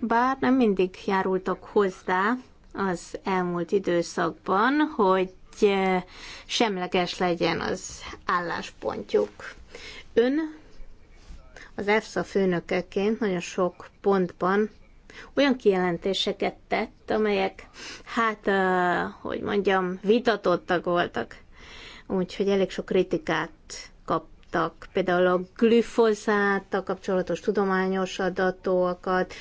Bár nem mindig járultak hozzá az elmúlt időszakban, hogy semleges legyen az álláspontjuk. Ön az EFSA főnökeként nagyon sok pontban olyan kijelentéseket tett, amelyek, hát, hogy mondjam, vitatottak voltak. Úgyhogy elég sok kritikát kaptak. Például a a kapcsolatos tudományos adatokat.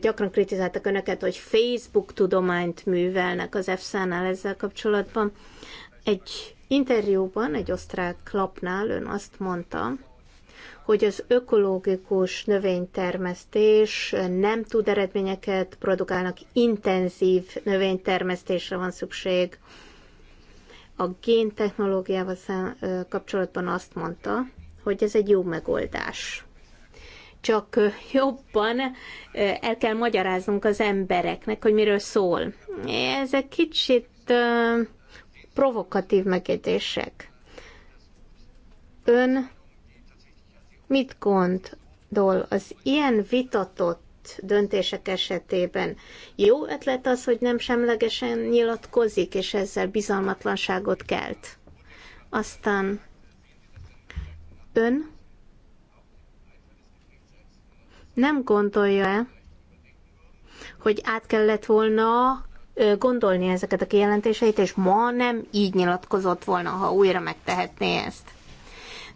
Gyakran kritizáltak önöket, hogy Facebook tudományt művelnek az EFSA-nál ezzel kapcsolatban. Egy interjúban, egy osztrák lapnál ön azt mondta, hogy az ökológikus növénytermesztés nem tud eredményeket produkálnak, intenzív növénytermesztésre van szükség. A géntechnológiával kapcsolatban azt mondta, hogy ez egy jó megoldás. Csak jobban el kell magyaráznunk az embereknek, hogy miről szól. Ez egy kicsit provokatív megjegyzések. Ön mit gondol az ilyen vitatott döntések esetében? Jó ötlet az, hogy nem semlegesen nyilatkozik, és ezzel bizalmatlanságot kelt. Aztán ön nem gondolja-e, hogy át kellett volna gondolni ezeket a kijelentéseit, és ma nem így nyilatkozott volna, ha újra megtehetné ezt?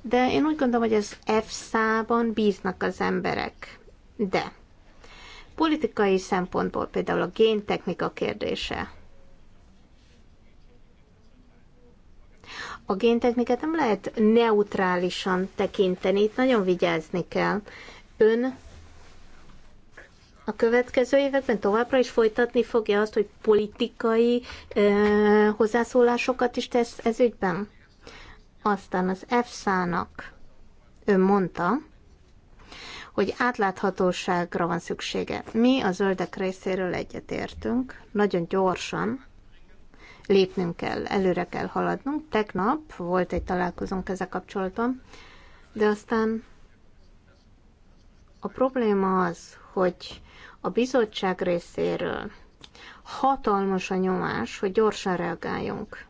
de én úgy gondolom, hogy az EFSA-ban bíznak az emberek. De politikai szempontból például a géntechnika kérdése. A géntechnikát nem lehet neutrálisan tekinteni, itt nagyon vigyázni kell. Ön a következő években továbbra is folytatni fogja azt, hogy politikai eh, hozzászólásokat is tesz ez ügyben? Aztán az EFSA-nak ő mondta, hogy átláthatóságra van szüksége. Mi a zöldek részéről egyetértünk, nagyon gyorsan lépnünk kell, előre kell haladnunk. Tegnap volt egy találkozónk ezzel kapcsolatban, de aztán a probléma az, hogy a bizottság részéről hatalmas a nyomás, hogy gyorsan reagáljunk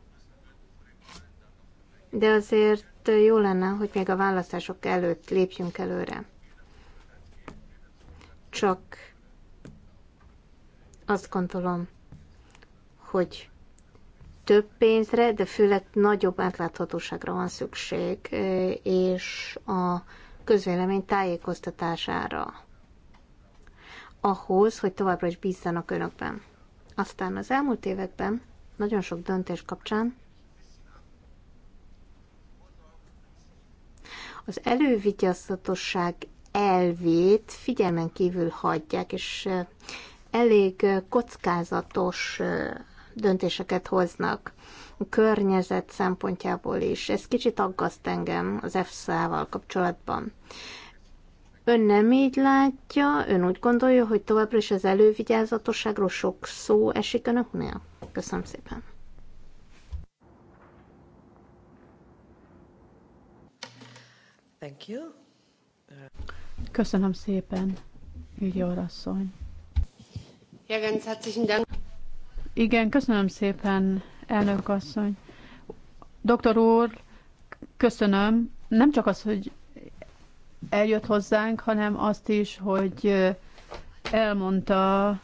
de azért jó lenne, hogy még a választások előtt lépjünk előre. Csak azt gondolom, hogy több pénzre, de főleg nagyobb átláthatóságra van szükség, és a közvélemény tájékoztatására ahhoz, hogy továbbra is bízzanak önökben. Aztán az elmúlt években nagyon sok döntés kapcsán az elővigyazatosság elvét figyelmen kívül hagyják, és elég kockázatos döntéseket hoznak a környezet szempontjából is. Ez kicsit aggaszt engem az EFSA-val kapcsolatban. Ön nem így látja, ön úgy gondolja, hogy továbbra is az elővigyázatosságról sok szó esik önöknél? Köszönöm szépen. Thank you. Köszönöm szépen, Ügyőr asszony. Igen, köszönöm szépen, elnök asszony. Doktor úr, köszönöm nem csak az, hogy eljött hozzánk, hanem azt is, hogy elmondta,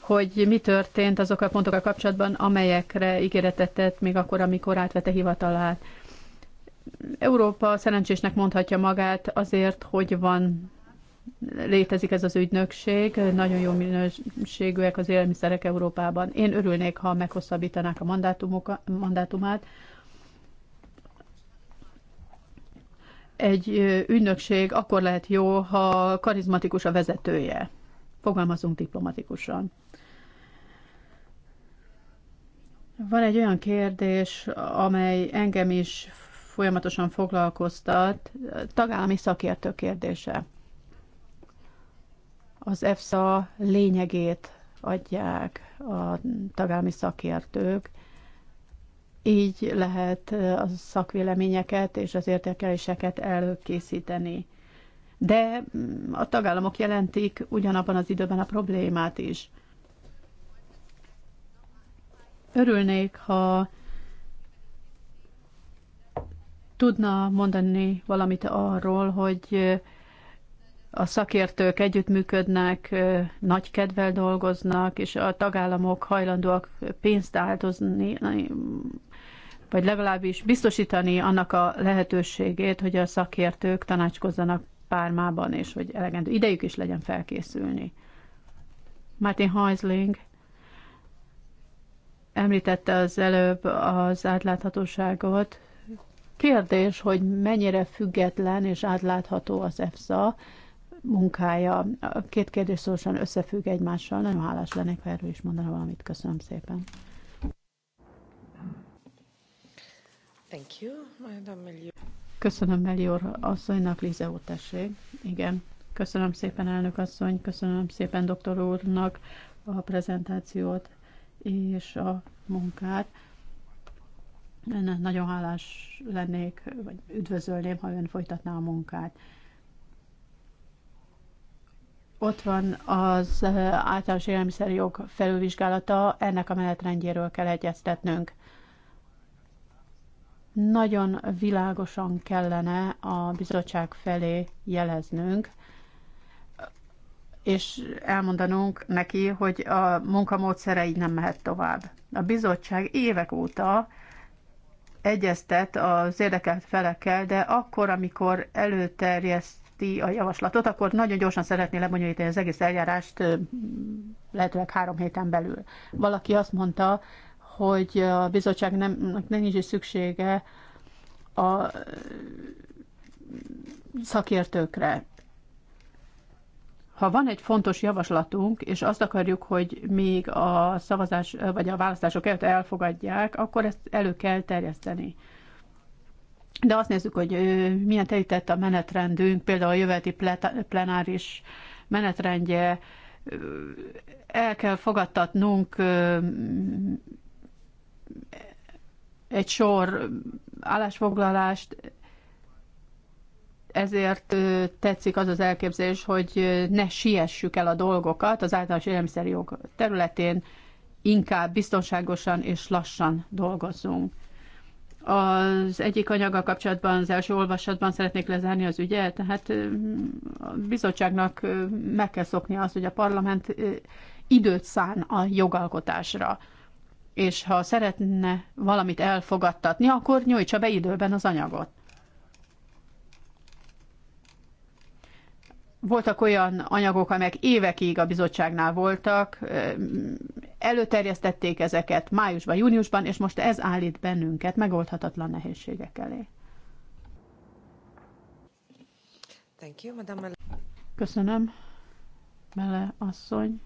hogy mi történt azokkal a pontokkal kapcsolatban, amelyekre ígéretet tett még akkor, amikor átvette hivatalát. Európa szerencsésnek mondhatja magát azért, hogy van létezik ez az ügynökség, nagyon jó minőségűek az élelmiszerek Európában. Én örülnék, ha meghosszabbítanák a mandátumát. Egy ügynökség akkor lehet jó, ha karizmatikus a vezetője. Fogalmazunk diplomatikusan. Van egy olyan kérdés, amely engem is folyamatosan foglalkoztat, tagállami szakértő kérdése. Az EFSA lényegét adják a tagállami szakértők, így lehet a szakvéleményeket és az értékeléseket előkészíteni. De a tagállamok jelentik ugyanabban az időben a problémát is. Örülnék, ha Tudna mondani valamit arról, hogy a szakértők együttműködnek, nagy kedvel dolgoznak, és a tagállamok hajlandóak pénzt áldozni, vagy legalábbis biztosítani annak a lehetőségét, hogy a szakértők tanácskozzanak pármában, és hogy elegendő idejük is legyen felkészülni. Martin Heisling említette az előbb az átláthatóságot, Kérdés, hogy mennyire független és átlátható az EFSA munkája. A két kérdés szorosan összefügg egymással. Nagyon hálás lennék, ha erről is mondaná valamit. Köszönöm szépen. Thank you, Köszönöm Melior asszonynak, Lize úr, tessék. Igen. Köszönöm szépen, elnök asszony, köszönöm szépen doktor úrnak a prezentációt és a munkát. Ön nagyon hálás lennék, vagy üdvözölném, ha ön folytatná a munkát. Ott van az eh, általános élelmiszeri jog felülvizsgálata, ennek a menetrendjéről kell egyeztetnünk. Nagyon világosan kellene a bizottság felé jeleznünk, és elmondanunk neki, hogy a munkamódszere így nem mehet tovább. A bizottság évek óta egyeztet az érdekelt felekkel, de akkor, amikor előterjeszti a javaslatot, akkor nagyon gyorsan szeretné lebonyolítani az egész eljárást, lehetőleg három héten belül. Valaki azt mondta, hogy a bizottság nem, nem is szüksége a szakértőkre. Ha van egy fontos javaslatunk, és azt akarjuk, hogy még a szavazás vagy a választások előtt elfogadják, akkor ezt elő kell terjeszteni. De azt nézzük, hogy milyen terített a menetrendünk, például a jövőti plenáris menetrendje, el kell fogadtatnunk egy sor állásfoglalást, ezért tetszik az az elképzelés, hogy ne siessük el a dolgokat az általános jog területén, inkább biztonságosan és lassan dolgozzunk. Az egyik anyaga kapcsolatban, az első olvasatban szeretnék lezárni az ügyet, tehát a bizottságnak meg kell szokni azt, hogy a parlament időt szán a jogalkotásra és ha szeretne valamit elfogadtatni, akkor nyújtsa be időben az anyagot. voltak olyan anyagok, amelyek évekig a bizottságnál voltak, előterjesztették ezeket májusban, júniusban, és most ez állít bennünket megoldhatatlan nehézségek elé. Thank you, Madame Köszönöm, Mele asszony.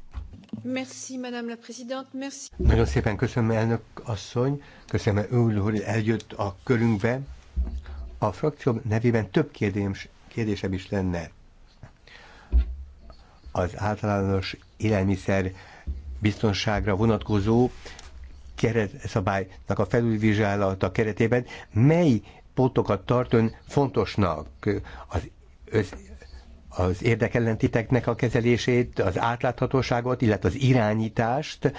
Merci, Madame la Présidente, merci. Nagyon szépen köszönöm, elnök asszony, köszönöm, úr, hogy eljött a körünkbe. A frakció nevében több kérdés, kérdésem is lenne az általános élelmiszer biztonságra vonatkozó keretszabálynak a felülvizsgálata keretében mely pontokat tart ön fontosnak az, az, az érdekellentiteknek a kezelését, az átláthatóságot, illetve az irányítást,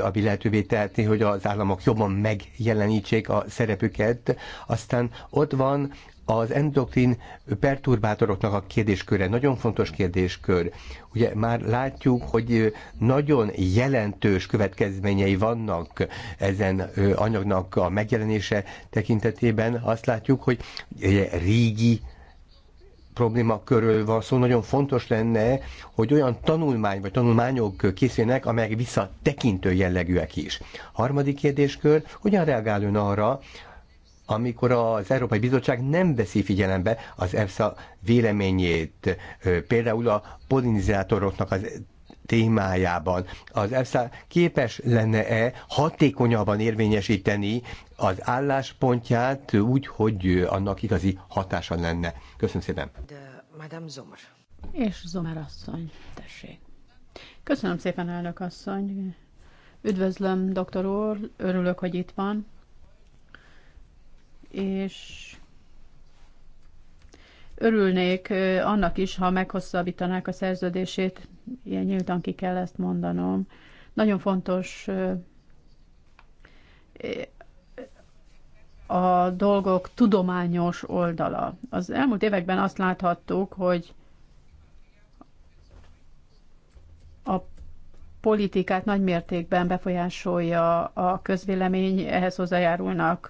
ami lehetővé tehetni, hogy az államok jobban megjelenítsék a szerepüket. Aztán ott van az endokrin perturbátoroknak a kérdésköre nagyon fontos kérdéskör. Ugye már látjuk, hogy nagyon jelentős következményei vannak ezen anyagnak a megjelenése tekintetében. Azt látjuk, hogy régi probléma körül van szó, nagyon fontos lenne, hogy olyan tanulmány vagy tanulmányok készüljenek, amelyek visszatekintő jellegűek is. Harmadik kérdéskör, hogyan reagál ön arra, amikor az Európai Bizottság nem veszi figyelembe az EFSA véleményét, például a polinizátoroknak az témájában. Az EFSA képes lenne-e hatékonyabban érvényesíteni az álláspontját úgy, hogy annak igazi hatása lenne? Köszönöm szépen. De, Madame Zomer. És Zomer asszony, tessék. Köszönöm szépen, elnök asszony. Üdvözlöm, doktor úr, örülök, hogy itt van és örülnék annak is, ha meghosszabbítanák a szerződését, ilyen nyíltan ki kell ezt mondanom. Nagyon fontos a dolgok tudományos oldala. Az elmúlt években azt láthattuk, hogy a politikát nagymértékben befolyásolja a közvélemény, ehhez hozzájárulnak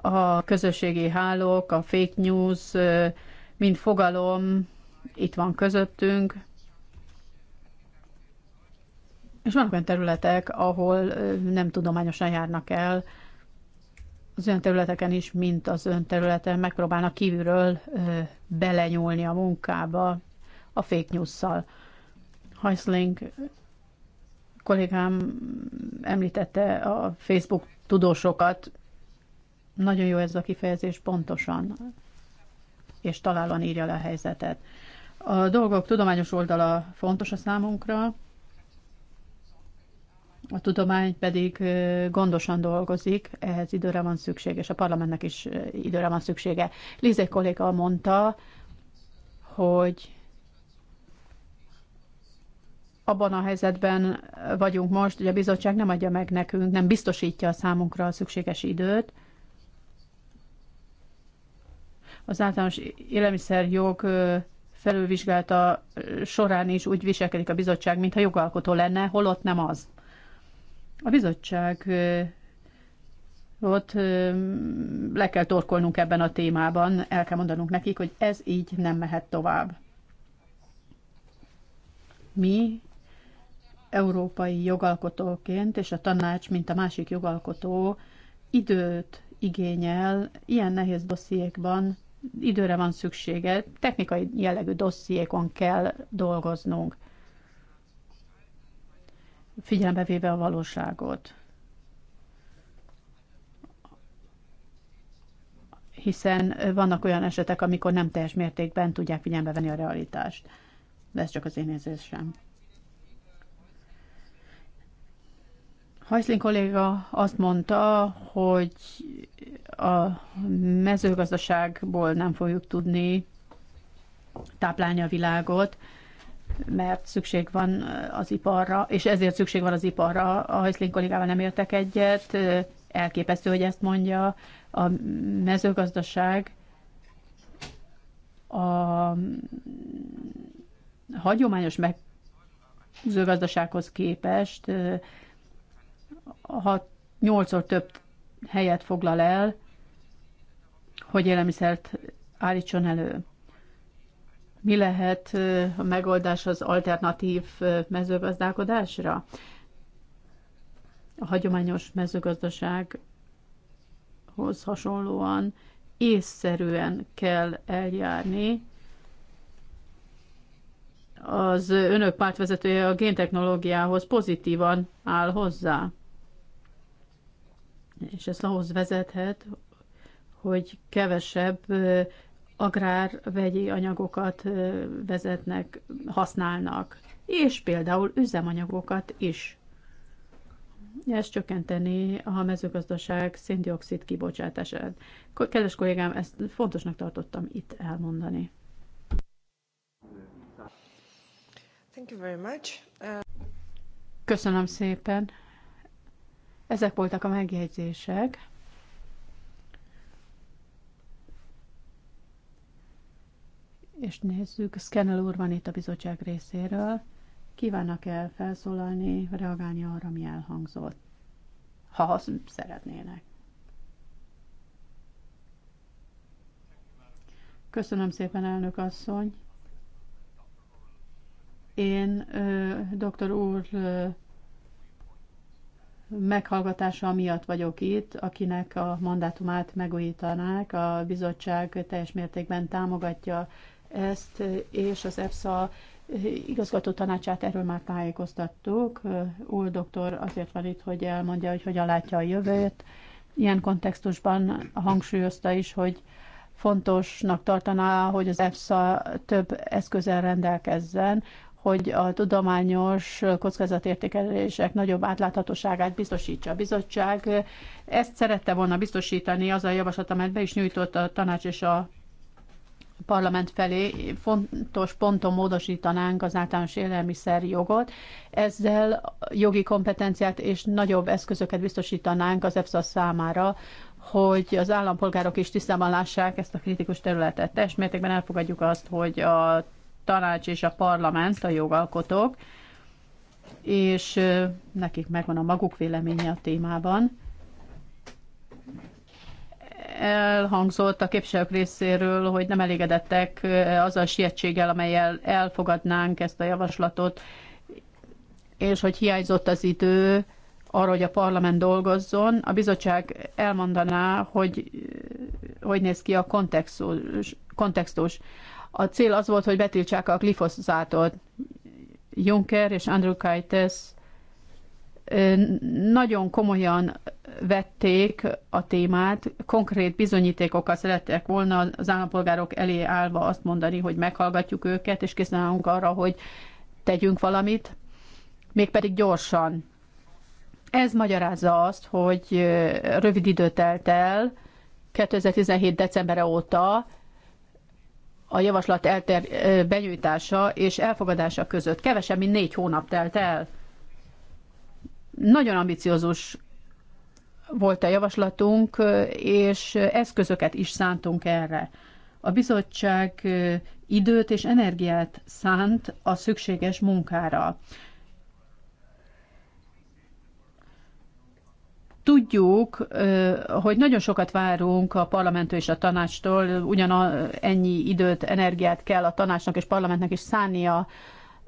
a közösségi hálók, a fake news, mint fogalom itt van közöttünk. És vannak olyan területek, ahol nem tudományosan járnak el, az ön területeken is, mint az ön területen, megpróbálnak kívülről belenyúlni a munkába a fake news-szal. Heisling kollégám említette a Facebook tudósokat, nagyon jó ez a kifejezés, pontosan és találóan írja le a helyzetet. A dolgok tudományos oldala fontos a számunkra, a tudomány pedig gondosan dolgozik, ehhez időre van szükség, és a parlamentnek is időre van szüksége. Lize kolléga mondta, hogy abban a helyzetben vagyunk most, hogy a bizottság nem adja meg nekünk, nem biztosítja a számunkra a szükséges időt, az általános élelmiszerjog felülvizsgálta során is úgy viselkedik a bizottság, mintha jogalkotó lenne, holott nem az. A bizottság ott le kell torkolnunk ebben a témában, el kell mondanunk nekik, hogy ez így nem mehet tovább. Mi európai jogalkotóként és a tanács, mint a másik jogalkotó időt igényel ilyen nehéz dossziékban időre van szüksége, technikai jellegű dossziékon kell dolgoznunk, figyelembe véve a valóságot. Hiszen vannak olyan esetek, amikor nem teljes mértékben tudják figyelembe venni a realitást. De ez csak az én érzésem. Hajszlin kolléga azt mondta, hogy a mezőgazdaságból nem fogjuk tudni táplálni a világot, mert szükség van az iparra, és ezért szükség van az iparra. A Hajszlin kollégával nem értek egyet, elképesztő, hogy ezt mondja. A mezőgazdaság a hagyományos mezőgazdasághoz képest 6 8 több helyet foglal el, hogy élelmiszert állítson elő. Mi lehet a megoldás az alternatív mezőgazdálkodásra? A hagyományos mezőgazdasághoz hasonlóan észszerűen kell eljárni. Az önök pártvezetője a géntechnológiához pozitívan áll hozzá és ez ahhoz vezethet, hogy kevesebb agrár vegyi anyagokat vezetnek, használnak, és például üzemanyagokat is. Ez csökkenteni a mezőgazdaság széndiokszid kibocsátását. Kedves kollégám, ezt fontosnak tartottam itt elmondani. Thank you very much. Uh... Köszönöm szépen. Ezek voltak a megjegyzések. És nézzük, Szkennel úr van itt a bizottság részéről. Kívánnak-e felszólalni, reagálni arra, mi elhangzott? Ha azt szeretnének. Köszönöm szépen, elnök asszony. Én, ö, doktor úr, ö, meghallgatása miatt vagyok itt, akinek a mandátumát megújítanák. A bizottság teljes mértékben támogatja ezt, és az EFSA igazgató tanácsát erről már tájékoztattuk. Úr doktor azért van itt, hogy elmondja, hogy hogyan látja a jövőt. Ilyen kontextusban hangsúlyozta is, hogy fontosnak tartaná, hogy az EFSA több eszközzel rendelkezzen hogy a tudományos kockázatértékelések nagyobb átláthatóságát biztosítsa. A bizottság ezt szerette volna biztosítani, az a javaslat, amelyet be is nyújtott a tanács és a parlament felé fontos ponton módosítanánk az általános élelmiszer jogot, ezzel jogi kompetenciát és nagyobb eszközöket biztosítanánk az EFSA számára, hogy az állampolgárok is tisztában lássák ezt a kritikus területet. Teljes mértékben elfogadjuk azt, hogy a tanács és a parlament, a jogalkotók, és nekik megvan a maguk véleménye a témában. Elhangzott a képviselők részéről, hogy nem elégedettek az a sietséggel, amelyel elfogadnánk ezt a javaslatot, és hogy hiányzott az idő arra, hogy a parlament dolgozzon. A bizottság elmondaná, hogy hogy néz ki a kontextus. kontextus a cél az volt, hogy betiltsák a glifoszátot. Juncker és Andrew Kaites nagyon komolyan vették a témát, konkrét bizonyítékokkal szerettek volna az állampolgárok elé állva azt mondani, hogy meghallgatjuk őket, és készen állunk arra, hogy tegyünk valamit, mégpedig gyorsan. Ez magyarázza azt, hogy rövid idő telt el, 2017. december óta, a javaslat elter, benyújtása és elfogadása között. Kevesebb, mint négy hónap telt el. Nagyon ambiciózus volt a javaslatunk, és eszközöket is szántunk erre. A bizottság időt és energiát szánt a szükséges munkára. Tudjuk, hogy nagyon sokat várunk a parlamenttől és a tanácstól, ugyan ennyi időt, energiát kell a tanácsnak és parlamentnek is szánnia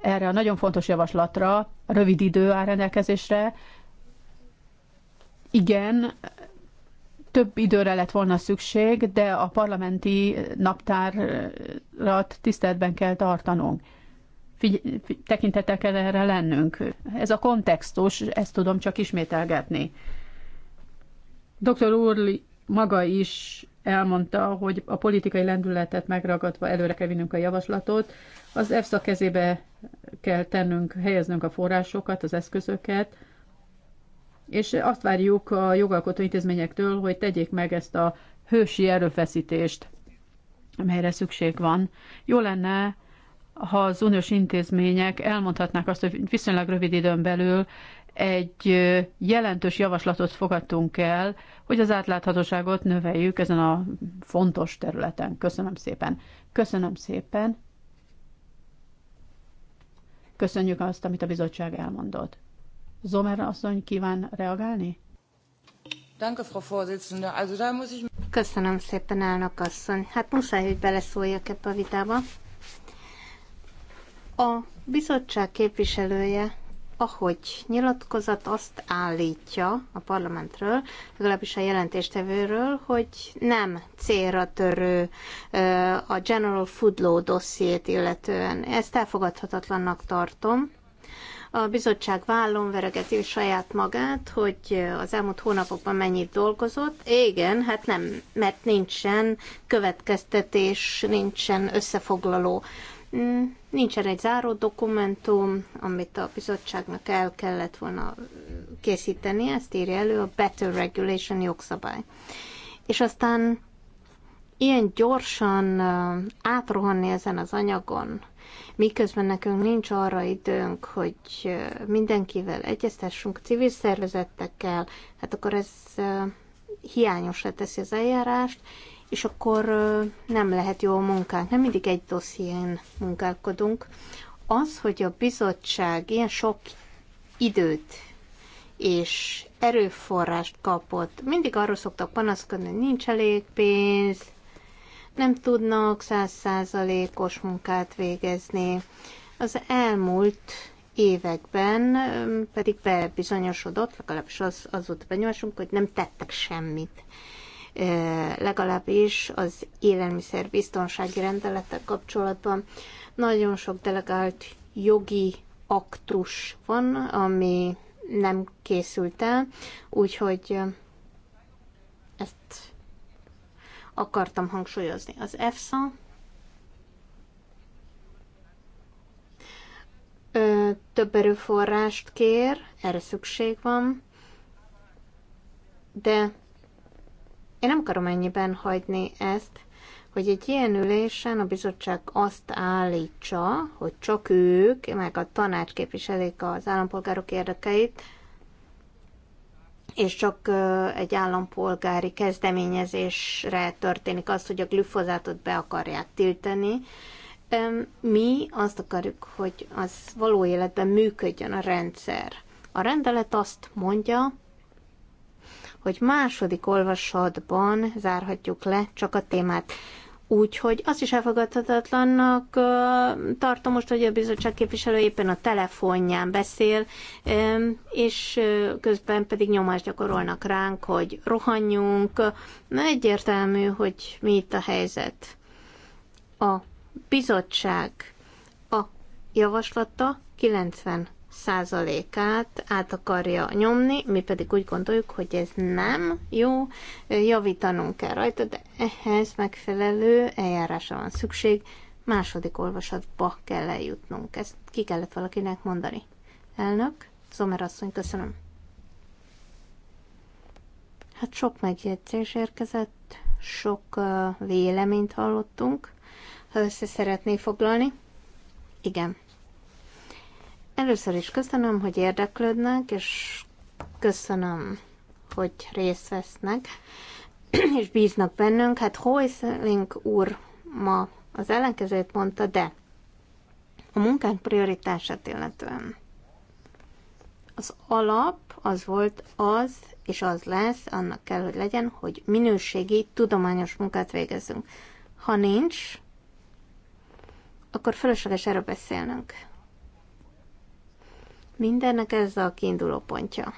erre a nagyon fontos javaslatra, rövid idő áll rendelkezésre. Igen, több időre lett volna szükség, de a parlamenti naptárat tiszteletben kell tartanunk. Figy- tekintettel kell erre lennünk. Ez a kontextus, ezt tudom csak ismételgetni. Dr. Urli maga is elmondta, hogy a politikai lendületet megragadva előre kell vinnünk a javaslatot, az EFSA kezébe kell tennünk, helyeznünk a forrásokat, az eszközöket, és azt várjuk a jogalkotó intézményektől, hogy tegyék meg ezt a hősi erőfeszítést, amelyre szükség van. Jó lenne, ha az uniós intézmények elmondhatnák azt, hogy viszonylag rövid időn belül egy jelentős javaslatot fogadtunk el, hogy az átláthatóságot növeljük ezen a fontos területen. Köszönöm szépen. Köszönöm szépen. Köszönjük azt, amit a bizottság elmondott. Zomer asszony kíván reagálni? Köszönöm szépen, elnök asszony. Hát muszáj, hogy beleszóljak ebbe a vitába. A bizottság képviselője ahogy nyilatkozat azt állítja a parlamentről, legalábbis a jelentéstevőről, hogy nem célra törő a General Food Law dossziét illetően. Ezt elfogadhatatlannak tartom. A bizottság vállon veregeti saját magát, hogy az elmúlt hónapokban mennyit dolgozott. Igen, hát nem, mert nincsen következtetés, nincsen összefoglaló. Mm, nincsen egy záró dokumentum, amit a bizottságnak el kellett volna készíteni, ezt írja elő a Better Regulation jogszabály. És aztán ilyen gyorsan átrohanni ezen az anyagon, miközben nekünk nincs arra időnk, hogy mindenkivel egyeztessünk, civil szervezetekkel, hát akkor ez hiányosra teszi az eljárást, és akkor nem lehet jó a munkánk. Nem mindig egy dosszién munkálkodunk. Az, hogy a bizottság ilyen sok időt és erőforrást kapott, mindig arról szoktak panaszkodni, hogy nincs elég pénz, nem tudnak százszázalékos munkát végezni. Az elmúlt években pedig bebizonyosodott, legalábbis az, az volt a benyomásunk, hogy nem tettek semmit. E, legalábbis az biztonsági rendelettel kapcsolatban. Nagyon sok delegált jogi aktus van, ami nem készült el, úgyhogy ezt akartam hangsúlyozni. Az EFSA több erőforrást kér, erre szükség van, de én nem akarom ennyiben hagyni ezt, hogy egy ilyen ülésen a bizottság azt állítsa, hogy csak ők, meg a tanács képviselik az állampolgárok érdekeit, és csak egy állampolgári kezdeményezésre történik az, hogy a glüfozátot be akarják tiltani. Mi azt akarjuk, hogy az való életben működjön a rendszer. A rendelet azt mondja, hogy második olvasatban zárhatjuk le csak a témát. Úgyhogy azt is elfogadhatatlannak tartom most, hogy a bizottság képviselő éppen a telefonján beszél, és közben pedig nyomást gyakorolnak ránk, hogy rohanjunk. Egyértelmű, hogy mi itt a helyzet. A bizottság a javaslata 90 százalékát át akarja nyomni, mi pedig úgy gondoljuk, hogy ez nem jó, javítanunk kell rajta, de ehhez megfelelő eljárásra van szükség, második olvasatba kell eljutnunk. Ezt ki kellett valakinek mondani. Elnök, Zomer asszony, köszönöm. Hát sok megjegyzés érkezett, sok véleményt hallottunk. Ha össze szeretné foglalni? Igen. Először is köszönöm, hogy érdeklődnek, és köszönöm, hogy részt vesznek, (clears throat) és bíznak bennünk. Hát Hoisling úr ma az ellenkezőt mondta, de a munkánk prioritását illetően az alap az volt az, és az lesz, annak kell, hogy legyen, hogy minőségi, tudományos munkát végezzünk. Ha nincs, akkor fölösleges erről beszélnünk. Mindennek ez a kiinduló pontja.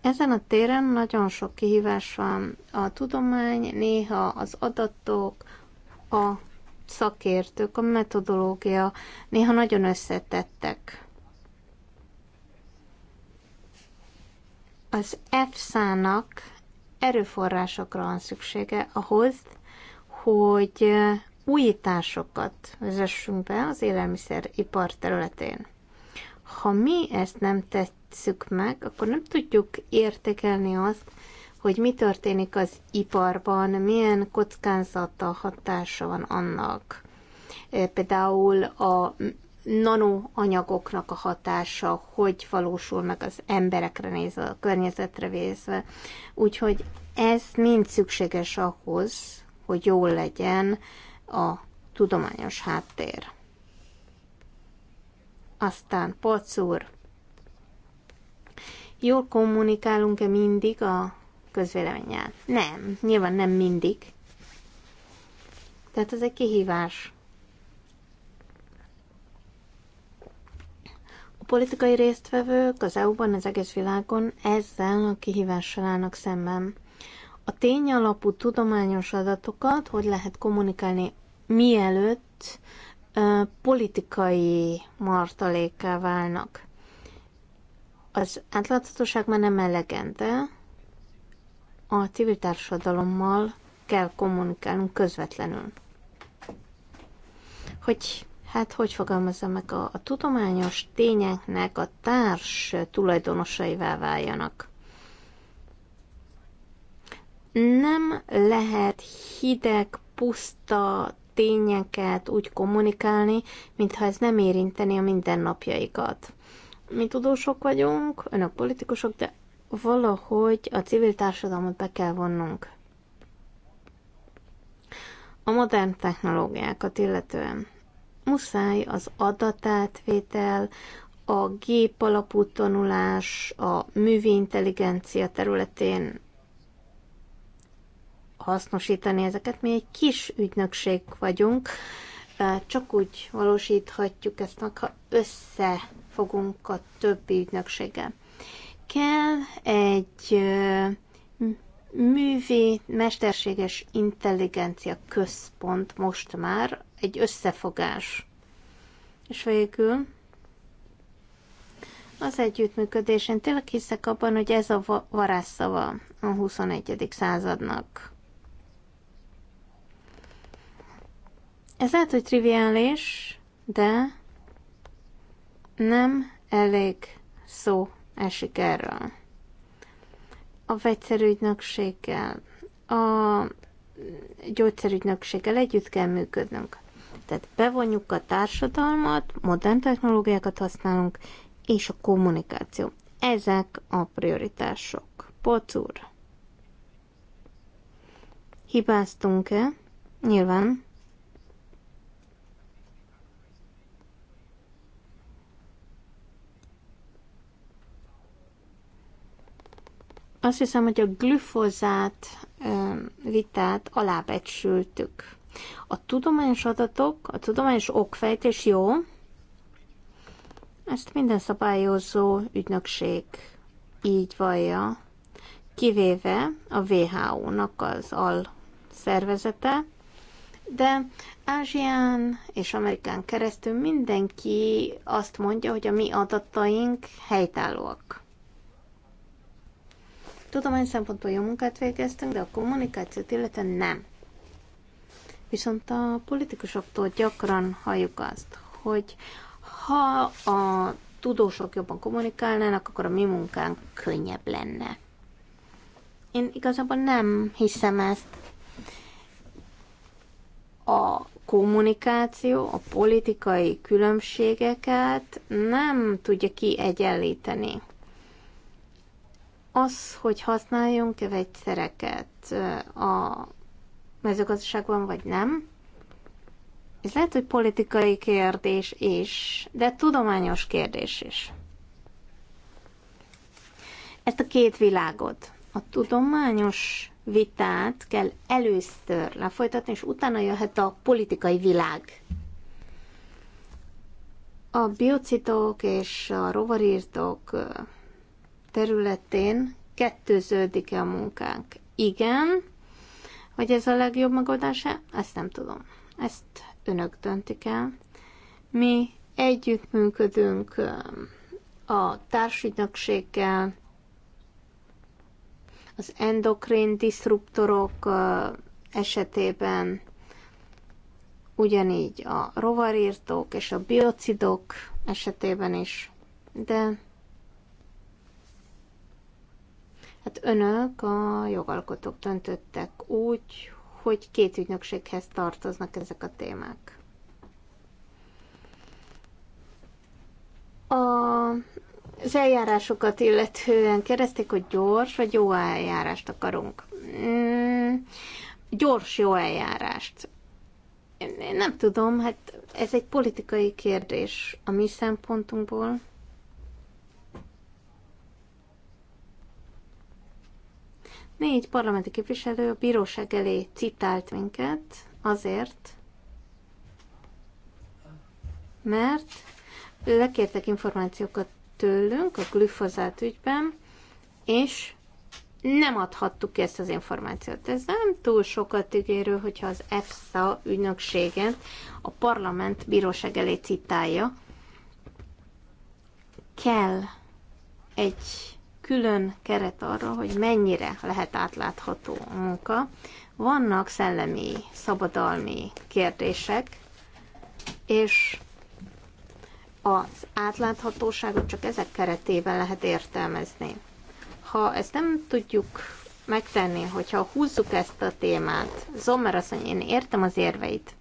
Ezen a téren nagyon sok kihívás van. A tudomány, néha az adatok, a szakértők, a metodológia néha nagyon összetettek. Az EFSA-nak erőforrásokra van szüksége ahhoz, hogy újításokat vezessünk be az élelmiszeripar területén. Ha mi ezt nem tesszük meg, akkor nem tudjuk értékelni azt, hogy mi történik az iparban, milyen kockázata hatása van annak. E, például a nanoanyagoknak a hatása, hogy valósul meg az emberekre nézve, a környezetre nézve. Úgyhogy ez mind szükséges ahhoz, hogy jól legyen a tudományos háttér. Aztán Poc úr, jól kommunikálunk-e mindig a közvéleménnyel? Nem, nyilván nem mindig. Tehát ez egy kihívás. A politikai résztvevők az EU-ban, az egész világon ezzel a kihívással állnak szemben. A tényalapú tudományos adatokat hogy lehet kommunikálni mielőtt politikai martalékká válnak. Az átláthatóság már nem elegende, a civil társadalommal kell kommunikálnunk közvetlenül. Hogy, hát hogy fogalmazza meg, a, a tudományos tényeknek a társ tulajdonosaivá váljanak. Nem lehet hideg, puszta tényeket úgy kommunikálni, mintha ez nem érinteni a mindennapjaikat. Mi tudósok vagyunk, önök politikusok, de valahogy a civil társadalmat be kell vonnunk. A modern technológiákat illetően muszáj az adatátvétel, a gép alapú tanulás, a művi intelligencia területén hasznosítani ezeket. Mi egy kis ügynökség vagyunk, csak úgy valósíthatjuk ezt meg, ha összefogunk a többi ügynökséggel. Kell egy művi, mesterséges intelligencia központ most már, egy összefogás. És végül az együttműködés. Én tényleg hiszek abban, hogy ez a varázsszava a 21. századnak. Ez lehet, hogy triviális, de nem elég szó esik erről. A vegyszerügynökséggel, a gyógyszerügynökséggel együtt kell működnünk. Tehát bevonjuk a társadalmat, modern technológiákat használunk, és a kommunikáció. Ezek a prioritások. Pocúr. Hibáztunk-e? Nyilván. Azt hiszem, hogy a glüfozát vitát alábecsültük. A tudományos adatok, a tudományos okfejtés jó, ezt minden szabályozó ügynökség így vallja, kivéve a WHO-nak az al szervezete, de Ázsián és Amerikán keresztül mindenki azt mondja, hogy a mi adataink helytállóak. Tudomány szempontból jó munkát végeztünk, de a kommunikációt illetően nem. Viszont a politikusoktól gyakran halljuk azt, hogy ha a tudósok jobban kommunikálnának, akkor a mi munkánk könnyebb lenne. Én igazából nem hiszem ezt. A kommunikáció, a politikai különbségeket nem tudja kiegyenlíteni. Az, hogy használjunk vegyszereket a mezőgazdaságban, vagy nem, ez lehet, hogy politikai kérdés is, de tudományos kérdés is. Ezt a két világot, a tudományos vitát kell először lefolytatni, és utána jöhet a politikai világ. A biocitok és a rovarírtok területén kettőződik-e a munkánk. Igen, hogy ez a legjobb megoldása, ezt nem tudom. Ezt önök döntik el. Mi együttműködünk a társügynökséggel, az endokrin diszruptorok esetében, ugyanígy a rovarírtók és a biocidok esetében is, de Hát önök a jogalkotók döntöttek úgy, hogy két ügynökséghez tartoznak ezek a témák. A, az eljárásokat illetően kérdezték, hogy gyors vagy jó eljárást akarunk. Mm, gyors jó eljárást. Én nem tudom, hát ez egy politikai kérdés a mi szempontunkból. Négy parlamenti képviselő a bíróság elé citált minket azért, mert lekértek információkat tőlünk a glifozát ügyben, és nem adhattuk ki ezt az információt. Ez nem túl sokat ígérő, hogyha az EFSA ügynökséget a parlament bíróság elé citálja. Kell egy külön keret arra, hogy mennyire lehet átlátható a munka. Vannak szellemi, szabadalmi kérdések, és az átláthatóságot csak ezek keretében lehet értelmezni. Ha ezt nem tudjuk megtenni, hogyha húzzuk ezt a témát, azt mondja, én értem az érveit,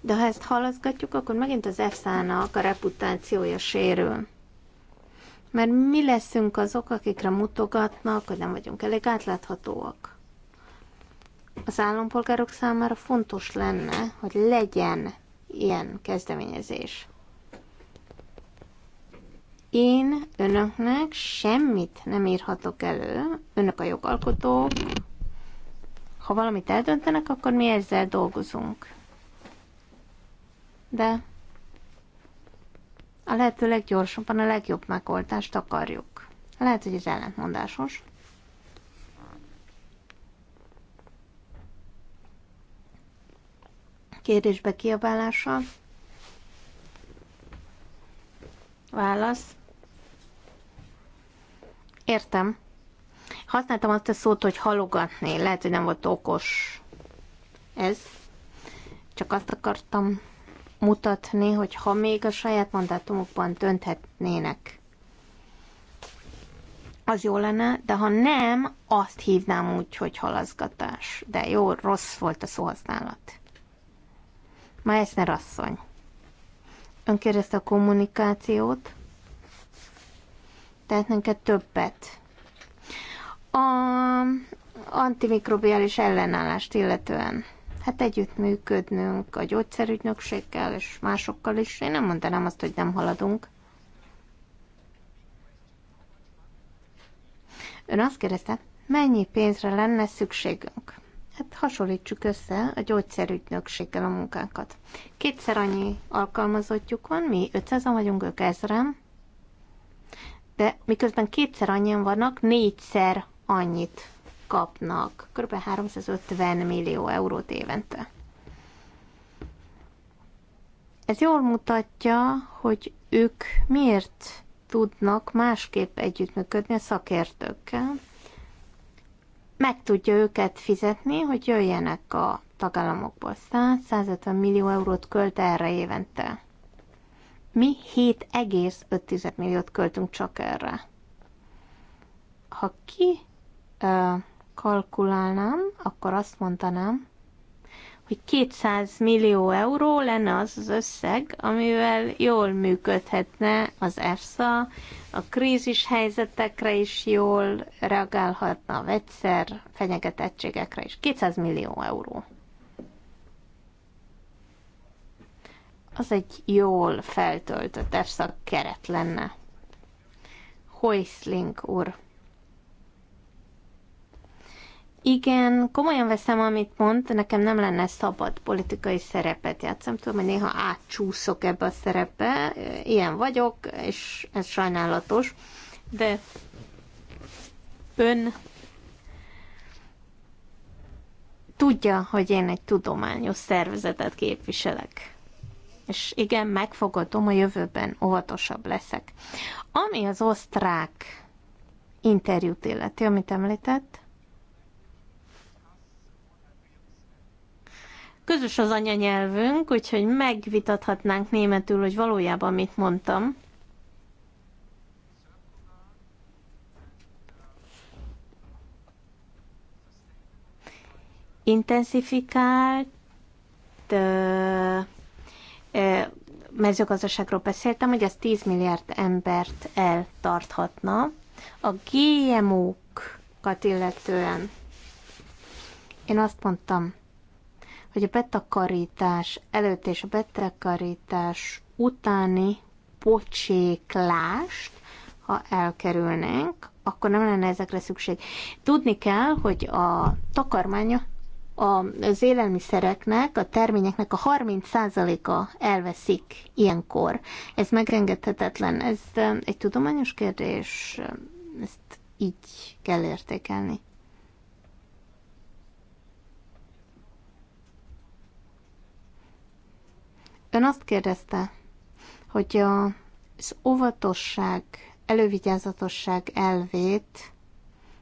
de ha ezt halaszgatjuk, akkor megint az EFSA-nak a reputációja sérül mert mi leszünk azok, akikre mutogatnak, hogy nem vagyunk elég átláthatóak. Az állampolgárok számára fontos lenne, hogy legyen ilyen kezdeményezés. Én önöknek semmit nem írhatok elő, önök a jogalkotók, ha valamit eldöntenek, akkor mi ezzel dolgozunk. De a lehető leggyorsabban a legjobb megoldást akarjuk. Lehet, hogy ez ellentmondásos. Kérdésbe kiabálása. Válasz. Értem. Használtam azt a szót, hogy halogatni. Lehet, hogy nem volt okos ez. Csak azt akartam mutatni, hogy ha még a saját mandátumokban dönthetnének, az jó lenne, de ha nem, azt hívnám úgy, hogy halaszgatás. De jó, rossz volt a szóhasználat. Meissner asszony. Ön kérdezte a kommunikációt, Tehetnénk kell többet. A antimikrobiális ellenállást illetően hát együttműködnünk a gyógyszerügynökséggel és másokkal is. Én nem mondanám azt, hogy nem haladunk. Ön azt kérdezte, mennyi pénzre lenne szükségünk? Hát hasonlítsuk össze a gyógyszerügynökséggel a munkánkat. Kétszer annyi alkalmazottjuk van, mi 500-an vagyunk, ők ezeren, de miközben kétszer annyian vannak, négyszer annyit kapnak kb. 350 millió eurót évente. Ez jól mutatja, hogy ők miért tudnak másképp együttműködni a szakértőkkel. Meg tudja őket fizetni, hogy jöjjenek a tagállamokból. 100-150 millió eurót költ erre évente. Mi 7,5 milliót költünk csak erre. Ha ki kalkulálnám, akkor azt mondanám, hogy 200 millió euró lenne az az összeg, amivel jól működhetne az EFSA, a krízis helyzetekre is jól reagálhatna a vegyszer, fenyegetettségekre is. 200 millió euró. Az egy jól feltöltött EFSA keret lenne. Hoisling úr igen, komolyan veszem, amit mond, nekem nem lenne szabad politikai szerepet játszom, tudom, hogy néha átcsúszok ebbe a szerepbe, ilyen vagyok, és ez sajnálatos, de ön tudja, hogy én egy tudományos szervezetet képviselek. És igen, megfogadom, a jövőben óvatosabb leszek. Ami az osztrák interjút illeti, amit említett, Közös az anyanyelvünk, úgyhogy megvitathatnánk németül, hogy valójában mit mondtam. Intensifikált mezőgazdaságról beszéltem, hogy ez 10 milliárd embert eltarthatna. A GMO-kat illetően én azt mondtam, hogy a betakarítás előtt és a betakarítás utáni pocséklást, ha elkerülnénk, akkor nem lenne ezekre szükség. Tudni kell, hogy a takarmánya az élelmiszereknek, a terményeknek a 30%-a elveszik ilyenkor. Ez megrengethetetlen. Ez eh, egy tudományos kérdés, eh, ezt így kell értékelni. Ön azt kérdezte, hogy az óvatosság, elővigyázatosság elvét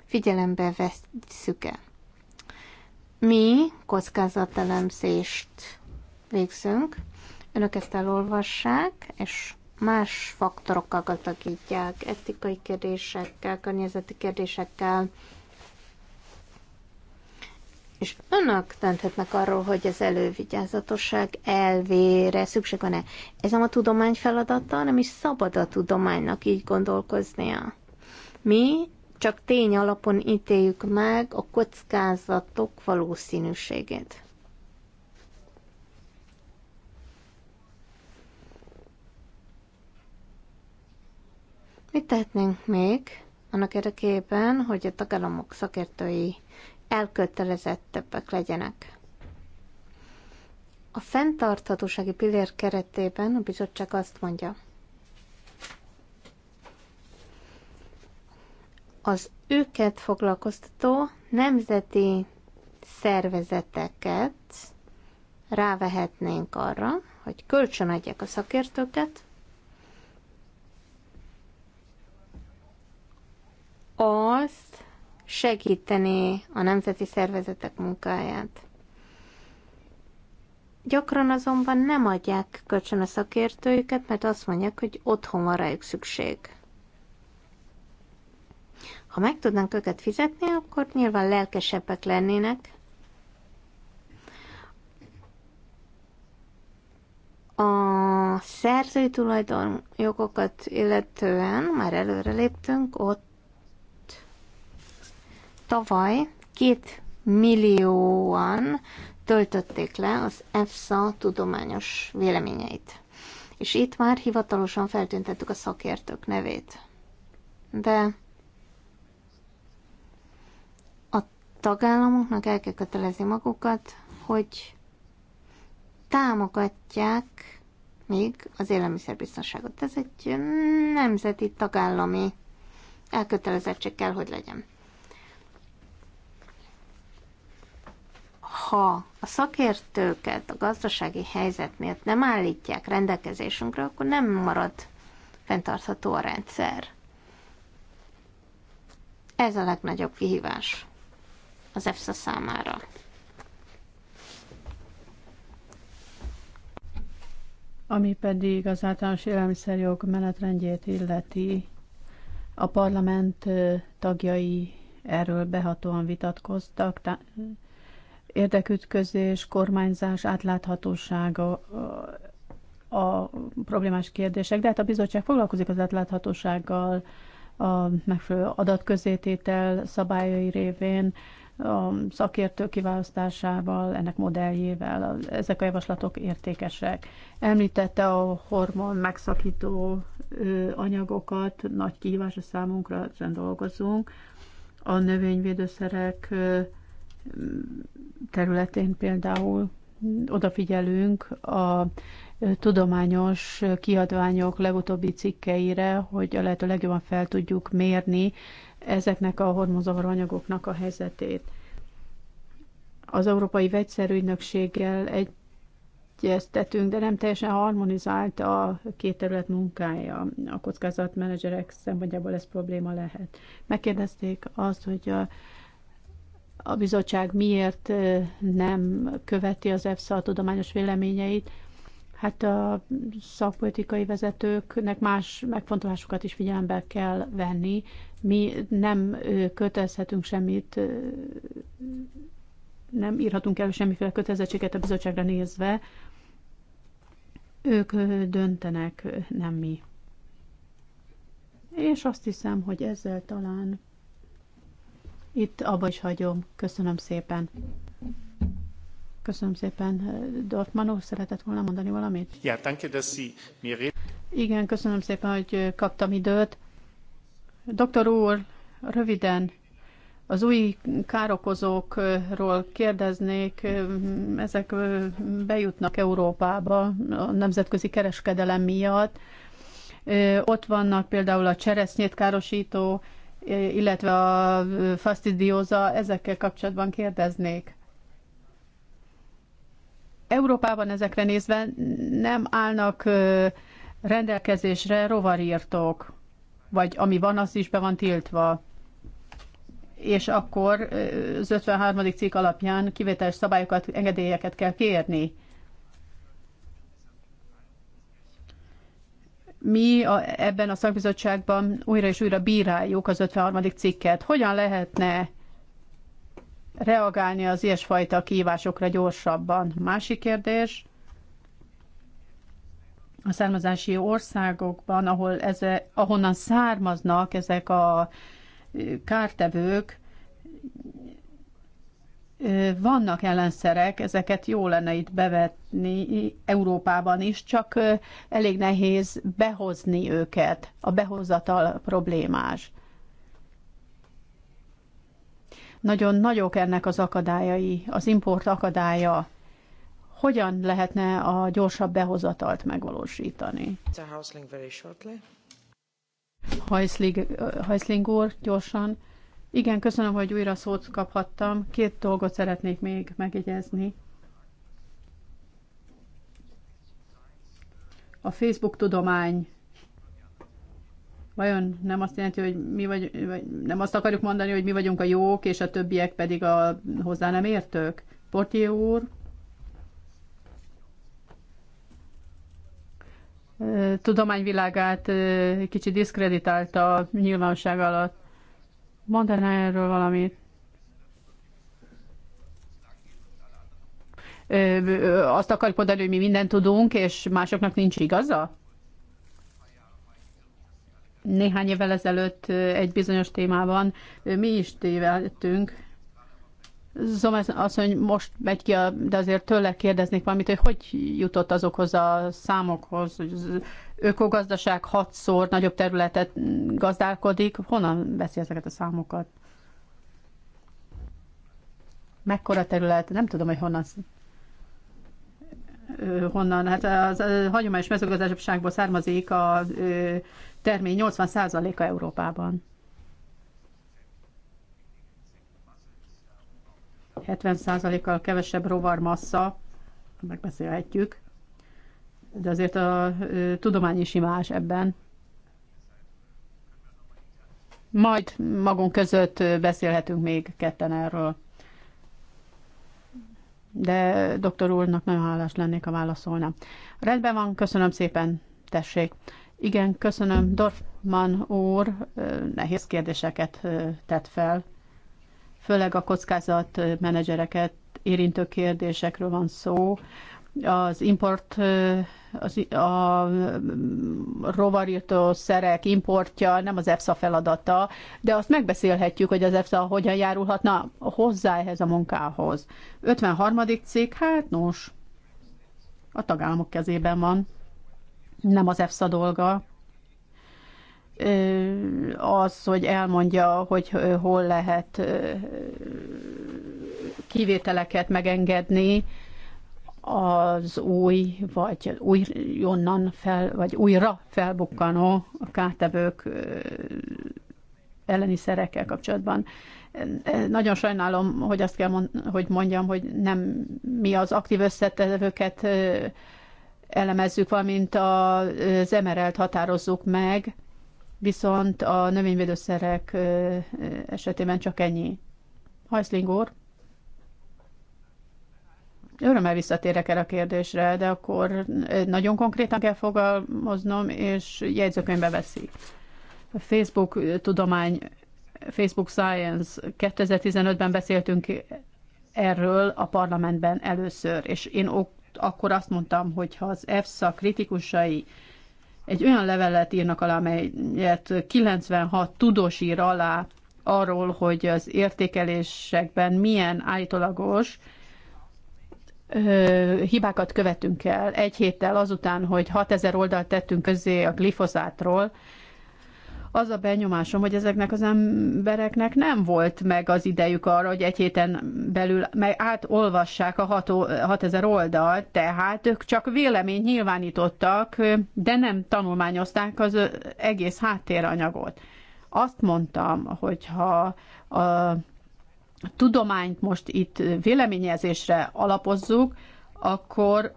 figyelembe vesszük-e. Mi kockázatelemzést végzünk, önök ezt elolvassák, és más faktorokkal gazdagítják, etikai kérdésekkel, környezeti kérdésekkel, és önök dönthetnek arról, hogy az elővigyázatosság elvére szükség van-e. Ez nem a tudomány feladata, hanem is szabad a tudománynak így gondolkoznia. Mi csak tény alapon ítéljük meg a kockázatok valószínűségét. Mit tehetnénk még annak érdekében, hogy a tagállamok szakértői elkötelezettebbek legyenek. A fenntarthatósági pillér keretében a bizottság azt mondja, az őket foglalkoztató nemzeti szervezeteket rávehetnénk arra, hogy kölcsön adják a szakértőket, az segíteni a nemzeti szervezetek munkáját. Gyakran azonban nem adják kölcsön a szakértőjüket, mert azt mondják, hogy otthon van rájuk szükség. Ha meg tudnánk őket fizetni, akkor nyilván lelkesebbek lennének. A szerzői tulajdonjogokat illetően már előre léptünk, ott Tavaly két millióan töltötték le az EFSA tudományos véleményeit. És itt már hivatalosan feltüntettük a szakértők nevét. De a tagállamoknak el kell kötelezni magukat, hogy támogatják még az élelmiszerbiztonságot. Ez egy nemzeti tagállami elkötelezettség kell, hogy legyen. ha a szakértőket a gazdasági helyzet miatt nem állítják rendelkezésünkre, akkor nem marad fenntartható a rendszer. Ez a legnagyobb kihívás az EFSA számára. Ami pedig az általános élelmiszerjog menetrendjét illeti, a parlament tagjai erről behatóan vitatkoztak, érdekütközés, kormányzás, átláthatósága a problémás kérdések, de hát a bizottság foglalkozik az átláthatósággal, a megfelelő adatközététel szabályai révén, a szakértő kiválasztásával, ennek modelljével, ezek a javaslatok értékesek. Említette a hormon megszakító anyagokat, nagy kihívás a számunkra, ezen dolgozunk. A növényvédőszerek területén például odafigyelünk a tudományos kiadványok legutóbbi cikkeire, hogy a lehető legjobban fel tudjuk mérni ezeknek a hormonzavaró anyagoknak a helyzetét. Az Európai Vegyszerügynökséggel egy egyeztetünk, de nem teljesen harmonizált a két terület munkája. A kockázatmenedzserek szempontjából ez probléma lehet. Megkérdezték azt, hogy a a bizottság miért nem követi az EFSA tudományos véleményeit, hát a szakpolitikai vezetőknek más megfontolásokat is figyelembe kell venni. Mi nem kötelezhetünk semmit, nem írhatunk el semmiféle kötelezettséget a bizottságra nézve. Ők döntenek, nem mi. És azt hiszem, hogy ezzel talán itt abba is hagyom. Köszönöm szépen. Köszönöm szépen. Eh, Dortmann úr, szeretett volna mondani valamit? Ja, danke, dass Sie mir Igen, köszönöm szépen, hogy eh, kaptam időt. Doktor úr, röviden az új károkozókról kérdeznék, eh, ezek bejutnak Európába a nemzetközi kereskedelem miatt. Ott vannak például a cseresznyét károsító illetve a fastidioza, ezekkel kapcsolatban kérdeznék. Európában ezekre nézve nem állnak rendelkezésre rovarírtók, vagy ami van, az is be van tiltva. És akkor az 53. cikk alapján kivételes szabályokat, engedélyeket kell kérni. mi a, ebben a szakbizottságban újra és újra bíráljuk az 53. cikket. Hogyan lehetne reagálni az ilyesfajta kívásokra gyorsabban? Másik kérdés, a származási országokban, ahol eze, ahonnan származnak ezek a kártevők, vannak ellenszerek, ezeket jó lenne itt bevetni Európában is, csak elég nehéz behozni őket. A behozatal problémás. Nagyon nagyok ennek az akadályai, az import akadálya. Hogyan lehetne a gyorsabb behozatalt megvalósítani? Hajszling, Heisling úr, gyorsan. Igen, köszönöm, hogy újra szót kaphattam. Két dolgot szeretnék még megjegyezni. A Facebook tudomány vajon nem azt jelenti, hogy mi vagy, vagy nem azt akarjuk mondani, hogy mi vagyunk a jók, és a többiek pedig a hozzá nem értők? Portier úr? tudományvilágát kicsit diszkreditálta a nyilvánosság alatt. Mondaná erről valamit? azt akarjuk mondani, hogy mi mindent tudunk, és másoknak nincs igaza? Néhány évvel ezelőtt egy bizonyos témában mi is tévedtünk, Zomez asszony most megy ki, de azért tőle kérdeznék valamit, hogy hogy jutott azokhoz a számokhoz, hogy az ökogazdaság hatszor nagyobb területet gazdálkodik. Honnan veszi ezeket a számokat? Mekkora terület? Nem tudom, hogy honnan honnan, hát az, a hagyományos mezőgazdaságból származik a termény 80%-a Európában. 70%-kal kevesebb rovarmassa, megbeszélhetjük, de azért a tudomány is imás ebben. Majd magunk között beszélhetünk még ketten erről. De doktor úrnak nagyon hálás lennék, ha válaszolna. Rendben van, köszönöm szépen, tessék. Igen, köszönöm. Dorfman úr nehéz kérdéseket tett fel főleg a kockázat menedzsereket érintő kérdésekről van szó. Az import, az, a rovarító szerek importja nem az EFSA feladata, de azt megbeszélhetjük, hogy az EFSA hogyan járulhatna hozzá ehhez a munkához. 53. cikk, hát nos, a tagállamok kezében van, nem az EFSA dolga, az, hogy elmondja, hogy hol lehet kivételeket megengedni az új, vagy újonnan fel, vagy újra felbukkanó kártevők elleni szerekkel kapcsolatban. Nagyon sajnálom, hogy azt kell mond, hogy mondjam, hogy nem mi az aktív összetevőket elemezzük, valamint az emerelt határozzuk meg, viszont a növényvédőszerek esetében csak ennyi. Hajszling úr, örömmel visszatérek el a kérdésre, de akkor nagyon konkrétan kell fogalmaznom, és jegyzőkönyvbe veszi. A Facebook tudomány, Facebook Science 2015-ben beszéltünk erről a parlamentben először, és én akkor azt mondtam, hogy ha az EFSA kritikusai egy olyan levelet írnak alá, amelyet 96 tudós ír alá arról, hogy az értékelésekben milyen állítólagos ö, hibákat követünk el. Egy héttel azután, hogy 6000 oldalt tettünk közé a glifozátról, az a benyomásom, hogy ezeknek az embereknek nem volt meg az idejük arra, hogy egy héten belül meg átolvassák a 6000 oldalt, tehát ők csak vélemény nyilvánítottak, de nem tanulmányozták az egész háttéranyagot. Azt mondtam, hogyha a tudományt most itt véleményezésre alapozzuk, akkor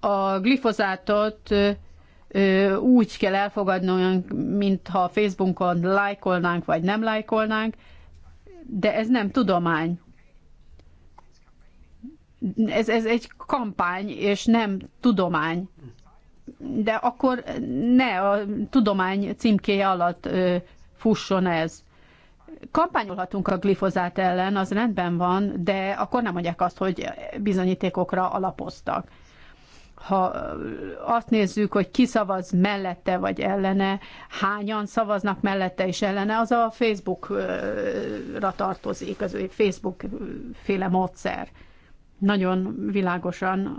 a glifozátot úgy kell olyan, mintha a Facebookon lájkolnánk, vagy nem lájkolnánk, de ez nem tudomány. Ez, ez egy kampány, és nem tudomány. De akkor ne a tudomány címkéje alatt ö, fusson ez. Kampányolhatunk a glifozát ellen, az rendben van, de akkor nem mondják azt, hogy bizonyítékokra alapoztak ha azt nézzük, hogy ki szavaz mellette vagy ellene, hányan szavaznak mellette és ellene, az a Facebookra tartozik, az Facebook féle módszer. Nagyon világosan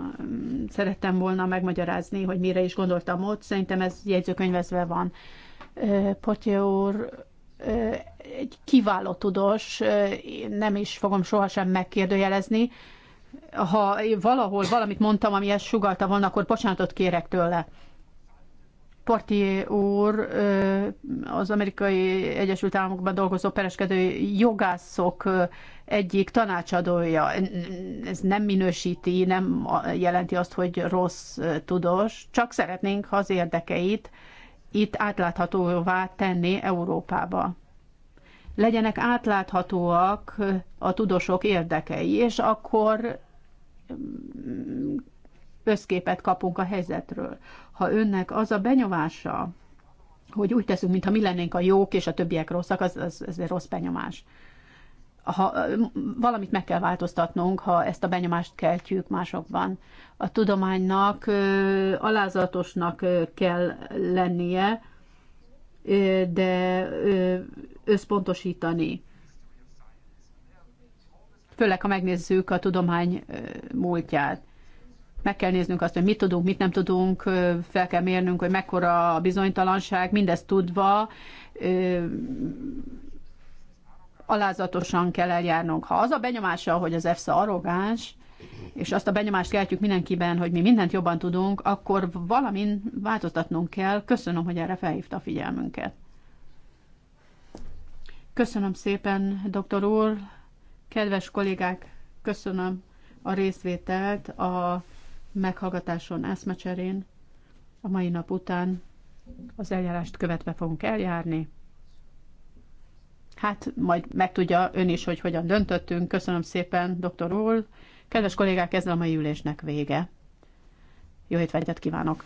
szerettem volna megmagyarázni, hogy mire is gondoltam ott. Szerintem ez jegyzőkönyvezve van. Potye úr, egy kiváló tudós, nem is fogom sohasem megkérdőjelezni, ha valahol valamit mondtam, ami ezt sugalta volna, akkor bocsánatot kérek tőle. Portier úr, az amerikai Egyesült Államokban dolgozó pereskedő jogászok egyik tanácsadója. Ez nem minősíti, nem jelenti azt, hogy rossz tudós, csak szeretnénk, ha az érdekeit itt átláthatóvá tenni Európába. Legyenek átláthatóak a tudósok érdekei, és akkor összképet kapunk a helyzetről. Ha önnek az a benyomása, hogy úgy teszünk, mintha mi lennénk a jók, és a többiek rosszak, az, az, az egy rossz benyomás. Ha, valamit meg kell változtatnunk, ha ezt a benyomást keltjük másokban. A tudománynak alázatosnak kell lennie, de összpontosítani főleg ha megnézzük a tudomány múltját. Meg kell néznünk azt, hogy mit tudunk, mit nem tudunk, fel kell mérnünk, hogy mekkora a bizonytalanság, mindezt tudva alázatosan kell eljárnunk. Ha az a benyomása, hogy az EFSA arrogáns, és azt a benyomást keltjük mindenkiben, hogy mi mindent jobban tudunk, akkor valamin változtatnunk kell. Köszönöm, hogy erre felhívta a figyelmünket. Köszönöm szépen, doktor úr. Kedves kollégák, köszönöm a részvételt a meghallgatáson, eszmecserén. A mai nap után az eljárást követve fogunk eljárni. Hát majd megtudja ön is, hogy hogyan döntöttünk. Köszönöm szépen, doktor úr. Kedves kollégák, ezzel a mai ülésnek vége. Jó hétvágyat kívánok!